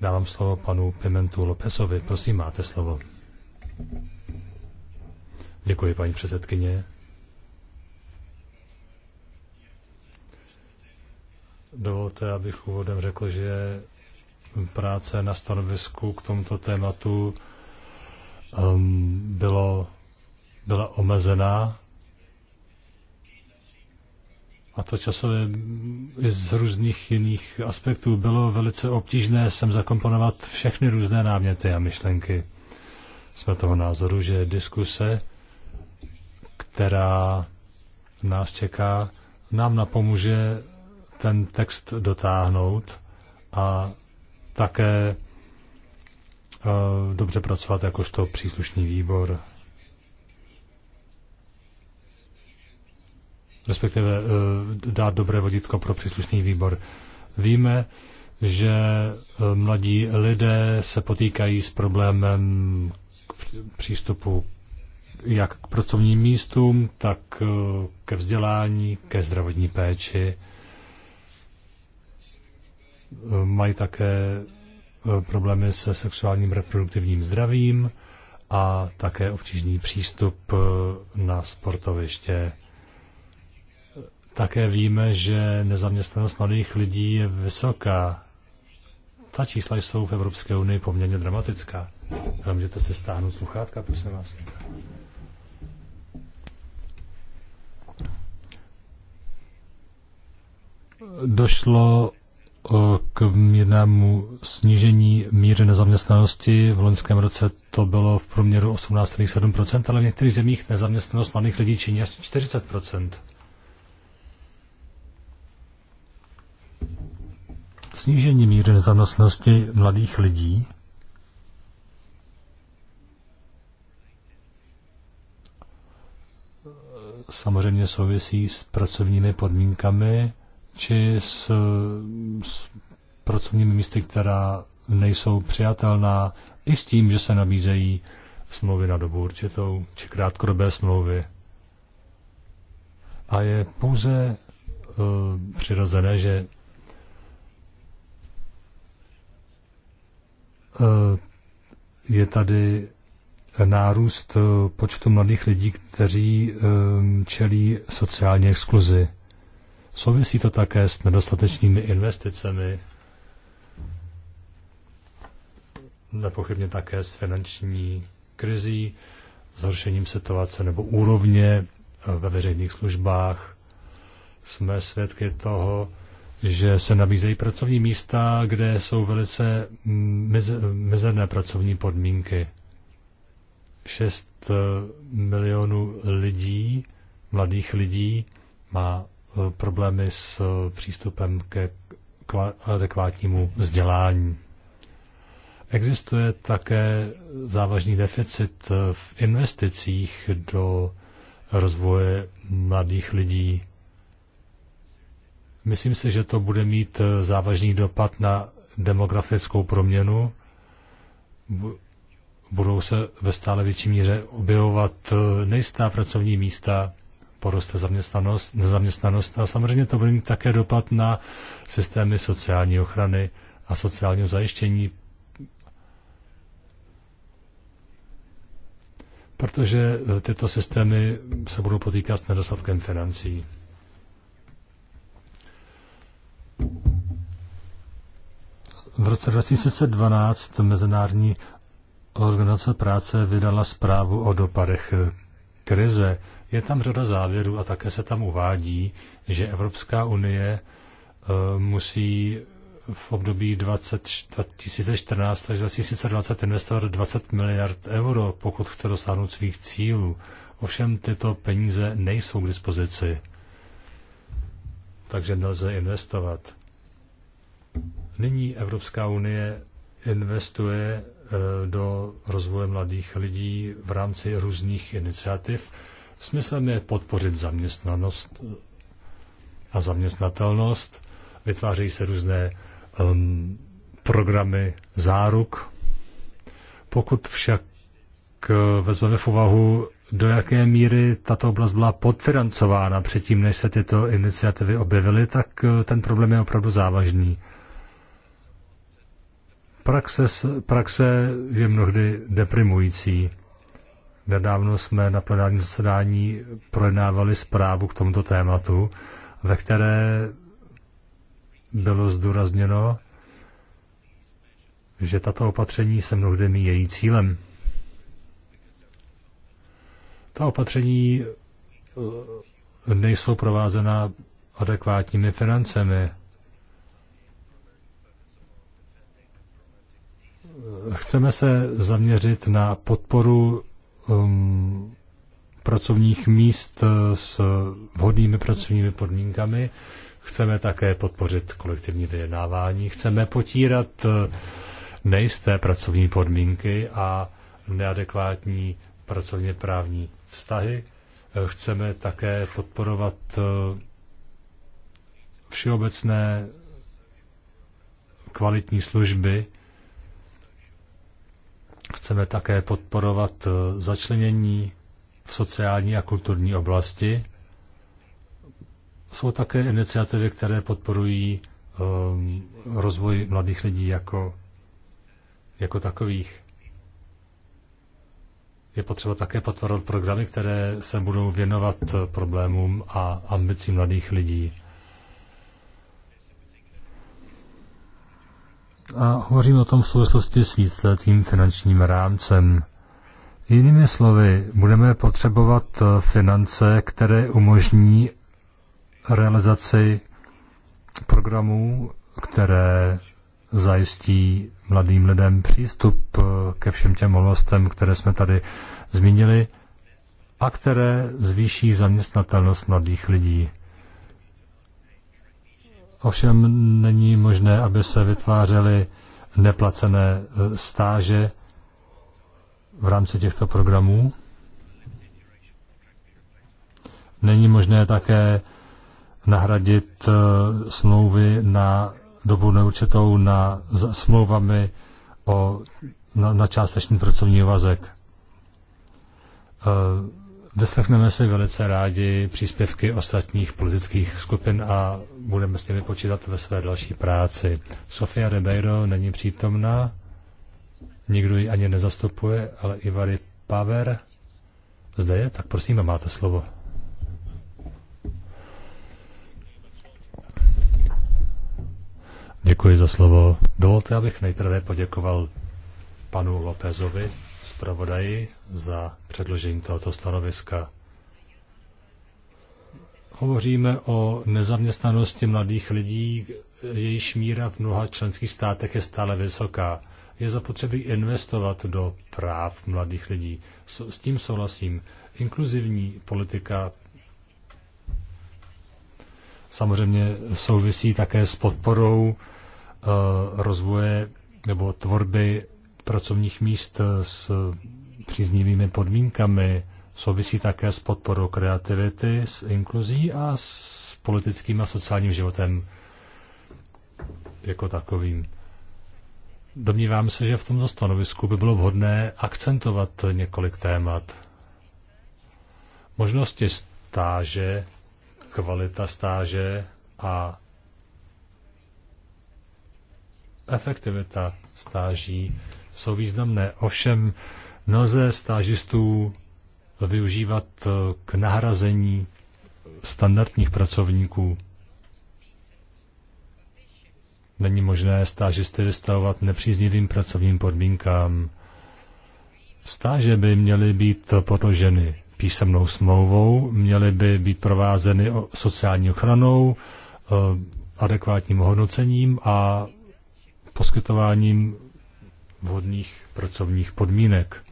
Dávám slovo panu Pimentu Lopesovi. Prosím, máte slovo. Děkuji, paní předsedkyně. Dovolte, abych úvodem řekl, že práce na stanovisku k tomuto tématu um, bylo, byla omezená a to časově i z různých jiných aspektů bylo velice obtížné sem zakomponovat všechny různé náměty a myšlenky. Jsme toho názoru, že diskuse, která nás čeká, nám napomůže ten text dotáhnout a také eh, dobře pracovat jakožto příslušný výbor. Respektive eh, dát dobré vodítko pro příslušný výbor. Víme, že eh, mladí lidé se potýkají s problémem přístupu jak k pracovním místům, tak ke vzdělání, ke zdravotní péči mají také eh, problémy se sexuálním reproduktivním zdravím a také obtížný přístup eh, na sportoviště. Také víme, že nezaměstnanost mladých lidí je vysoká. Ta čísla jsou v Evropské unii poměrně dramatická. Ale můžete si stáhnout sluchátka, prosím vás. Došlo k mírnému snížení míry nezaměstnanosti. V loňském roce to bylo v průměru 18,7%, ale v některých zemích nezaměstnanost mladých lidí činí až 40%. Snížení míry nezaměstnanosti mladých lidí samozřejmě souvisí s pracovními podmínkami či s, s pracovními místy, která nejsou přijatelná, i s tím, že se nabízejí smlouvy na dobu určitou či krátkodobé smlouvy. A je pouze uh, přirozené, že uh, je tady nárůst eh, počtu mladých lidí, kteří čelí sociální exkluzi. Souvisí to také s nedostatečnými investicemi, nepochybně také s finanční krizí, zhoršením situace nebo úrovně eh, ve veřejných službách. Jsme svědky toho, že se nabízejí pracovní místa, kde jsou velice mm, mizerné pracovní podmínky. 6 eh, milionů lidí, mladých lidí, má problémy s eh, přístupem ke adekvátnímu vzdělání. Existuje také závažný deficit eh, v investicích do rozvoje mladých lidí. Myslím si, že to bude mít eh, závažný dopad na demografickou proměnu. Budou se ve stále větší míře objevovat nejistá pracovní místa, poroste zaměstnanost, nezaměstnanost a samozřejmě to bude mít také dopad na systémy sociální ochrany a sociálního zajištění, protože eh, tyto systémy se budou potýkat s nedostatkem financí. V roce 2012 Mezinárodní organizace práce vydala zprávu o dopadech krize. Je tam řada závěrů a také se tam uvádí, že Evropská unie eh, musí v období 20, 2014 až 2020 investovat 20 miliard euro, pokud chce dosáhnout svých cílů. Ovšem tyto peníze nejsou k dispozici, takže nelze investovat. Nyní Evropská unie investuje Eh, do rozvoje mladých lidí v rámci různých iniciativ. Smyslem je podpořit zaměstnanost eh, a zaměstnatelnost. Vytvářejí se různé um, programy záruk. Pokud však eh, vezmeme v úvahu, do jaké míry tato oblast byla podfinancována předtím, než se tyto iniciativy objevily, tak ten problém je opravdu závažný. Praxe, praxe je mnohdy deprimující. Nedávno jsme na plenárním zasedání projednávali zprávu k tomuto tématu, ve které bylo zdůrazněno, že tato opatření se mnohdy míjejí cílem. Ta opatření eh, nejsou provázena adekvátními financemi. chceme se zaměřit na podporu um, pracovních míst s vhodnými pracovními podmínkami. Chceme také podpořit kolektivní vyjednávání. Chceme potírat uh, nejisté pracovní podmínky a neadekvátní pracovně právní vztahy. Chceme také podporovat uh, všeobecné kvalitní služby Chceme také podporovat e, začlenění v sociální a kulturní oblasti. Jsou také iniciativy, které podporují um, rozvoj mladých lidí jako, jako takových. Je potřeba také podporovat programy, které se budou věnovat e, problémům a ambicím mladých lidí. a hovořím o tom v souvislosti s víceletým finančním rámcem. Jinými slovy, budeme potřebovat eh, finance, které umožní realizaci programů, které zajistí mladým lidem přístup eh, ke všem těm možnostem, které jsme tady zmínili, a které zvýší zaměstnatelnost mladých lidí. Ovšem není možné, aby se vytvářely neplacené e, stáže v rámci těchto programů. Není možné také nahradit e, smlouvy na dobu neurčitou na smlouvami o, na, na částečný pracovní vazek. E, Vyslechneme si velice rádi příspěvky ostatních politických skupin a budeme s nimi počítat ve své další práci. Sofia Rebeiro není přítomná, nikdo ji ani nezastupuje, ale Ivary Paver zde je, tak prosím, máte slovo. Děkuji za slovo. Dovolte, abych nejprve poděkoval panu Lopezovi zpravodaji za předložení tohoto stanoviska. Hovoříme o nezaměstnanosti mladých lidí, jejíž míra v mnoha členských státech je stále vysoká. Je zapotřebí investovat do práv mladých lidí. S tím souhlasím. Inkluzivní politika samozřejmě souvisí také s podporou eh, rozvoje nebo tvorby pracovních míst eh, s příznivými podmínkami, souvisí také s podporou kreativity, s inkluzí a s politickým a sociálním životem jako takovým. Domnívám se, že v tomto stanovisku by bylo vhodné akcentovat několik témat. Možnosti stáže, kvalita stáže a efektivita stáží jsou významné. Ovšem mnoze stážistů využívat eh, k nahrazení standardních pracovníků. Není možné stážisty vystavovat nepříznivým pracovním podmínkám. Stáže by měly být podloženy písemnou smlouvou, měly by být provázeny sociální ochranou, eh, adekvátním hodnocením a poskytováním vhodných pracovních podmínek.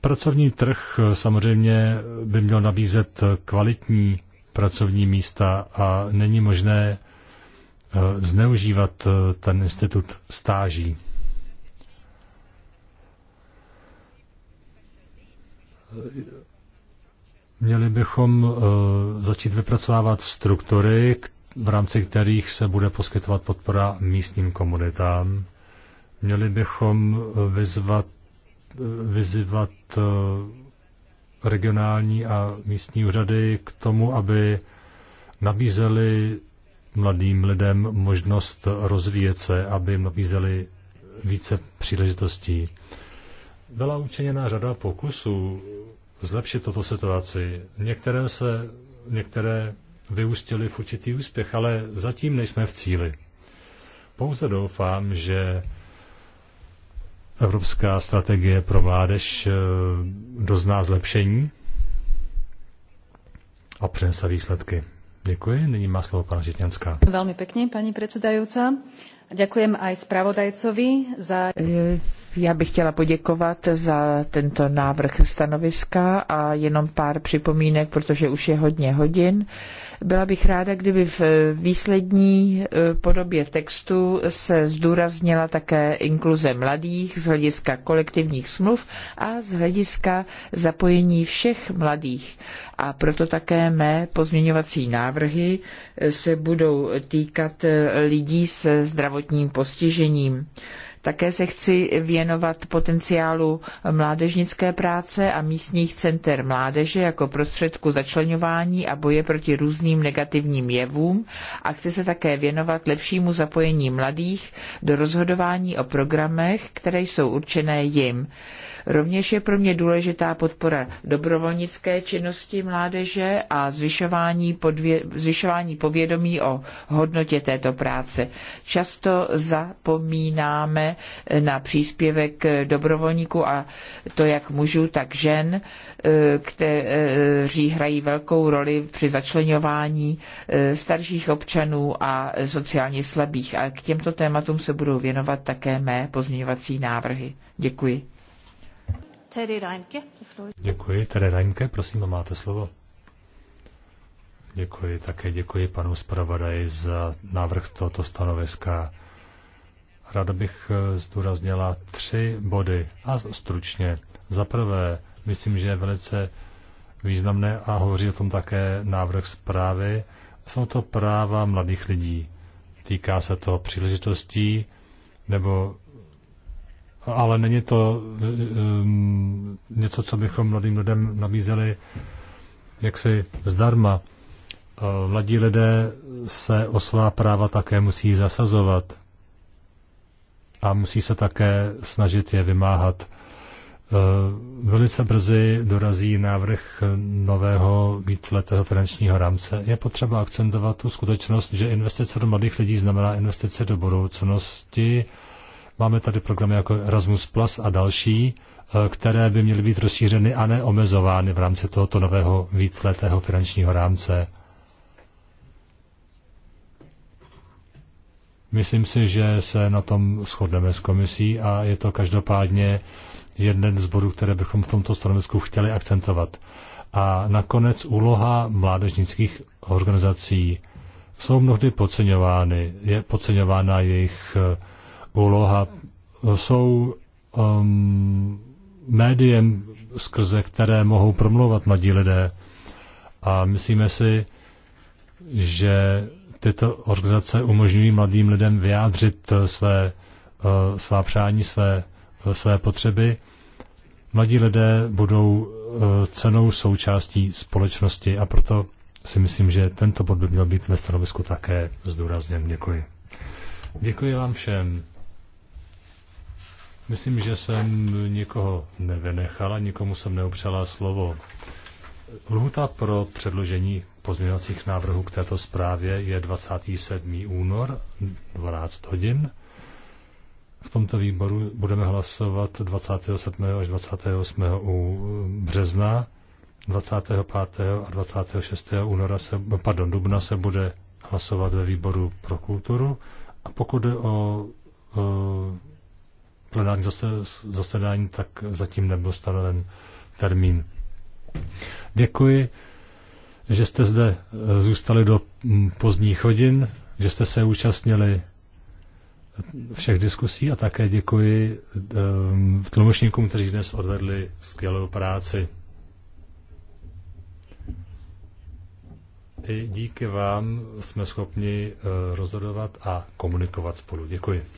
Pracovní trh eh, samozřejmě by měl nabízet eh, kvalitní pracovní místa a není možné eh, zneužívat ten institut stáží. Měli bychom eh, začít vypracovávat struktury, v rámci kterých se bude poskytovat podpora místním komunitám. Měli bychom eh, vyzvat, eh, vyzývat regionální a místní úřady k tomu, aby nabízeli mladým lidem možnost rozvíjet se, aby jim nabízeli více příležitostí. Byla učiněna řada pokusů zlepšit tuto situaci. Některé se, některé vyústily v určitý úspěch, ale zatím nejsme v cíli. Pouze doufám, že Evropská strategie pro mládež eh, dozná zlepšení a přinese výsledky. Děkuji. Nyní má slovo pana Žitňanská. Velmi pěkně, paní předsedající. Děkujem aj spravodajcovi za... Já bych chtěla poděkovat za tento návrh stanoviska a jenom pár připomínek, protože už je hodně hodin. Byla bych ráda, kdyby v výslední e, podobě textu se zdůraznila také inkluze mladých z hlediska kolektivních smluv a z hlediska zapojení všech mladých. A proto také mé pozměňovací návrhy e, se budou týkat e, lidí se zdravotním postižením. Také se chci věnovat potenciálu mládežnické práce a místních center mládeže jako prostředku začlenování a boje proti různým negativním jevům a chci se také věnovat lepšímu zapojení mladých do rozhodování o programech, které jsou určené jim. Rovněž je pro mě důležitá podpora dobrovolnické činnosti mládeže a zvyšování, podvě, zvyšování povědomí o hodnotě této práce. Často zapomínáme na příspěvek dobrovolníků a to jak mužů, tak žen, e, kteří hrají velkou roli při začlenování e, starších občanů a sociálně slabých. A k těmto tématům se budou věnovat také mé pozměňovací návrhy. Děkuji. Terry Reinke. Děkuji, Terry Reinke, prosím, máte slovo. Děkuji, také děkuji panu zpravodaji za návrh tohoto stanoviska. Ráda bych eh, zdůraznila tři body a stručně. Za prvé, myslím, že je velice významné a hovoří o tom také návrh zprávy. Jsou to práva mladých lidí. Týká se to příležitostí nebo ale není to um, něco, co bychom mladým lidem nabízeli jaksi zdarma. E, mladí lidé se o svá práva také musí zasazovat a musí se také snažit je vymáhat. E, velice brzy dorazí návrh nového víceletého finančního rámce. Je potřeba akcentovat tu skutečnost, že investice do mladých lidí znamená investice do budoucnosti, Máme tady programy jako Erasmus Plus a další, eh, které by měly být rozšířeny a neomezovány v rámci tohoto nového víceletého finančního rámce. Myslím si, že se na tom shodneme s komisí a je to každopádně jeden z bodů, které bychom v tomto stanovisku chtěli akcentovat. A nakonec úloha mládežnických organizací jsou mnohdy podceňovány. Je podceňována jejich eh, úloha. Jsou um, médiem, skrze které mohou promlouvat mladí lidé. A myslíme si, že tyto organizace umožňují mladým lidem vyjádřit eh, své, eh, svá přání, své, eh, své potřeby. Mladí lidé budou cenou součástí společnosti a proto si myslím, že tento bod by měl být ve stanovisku také zdůrazněn. Děkuji. Děkuji vám všem. Myslím, že jsem nikoho nevynechala, nikomu jsem neupřela slovo. Lhuta pro předložení pozměňovacích návrhů k této zprávě je 27. únor 12 hodin. V tomto výboru budeme hlasovat 27. až 28. března. 25. a 26. února se, pardon, dubna se bude hlasovat ve výboru pro kulturu. A pokud o, o e, plenární zasedání, tak zatím nebyl stanoven termín. Děkuji, že jste zde eh, zůstali do mm, pozdních hodin, že jste se účastnili všech diskusí a také děkuji ehm, tlumočníkům, kteří dnes odvedli skvělou práci. I díky vám jsme schopni eh, rozhodovat a komunikovat spolu. Děkuji.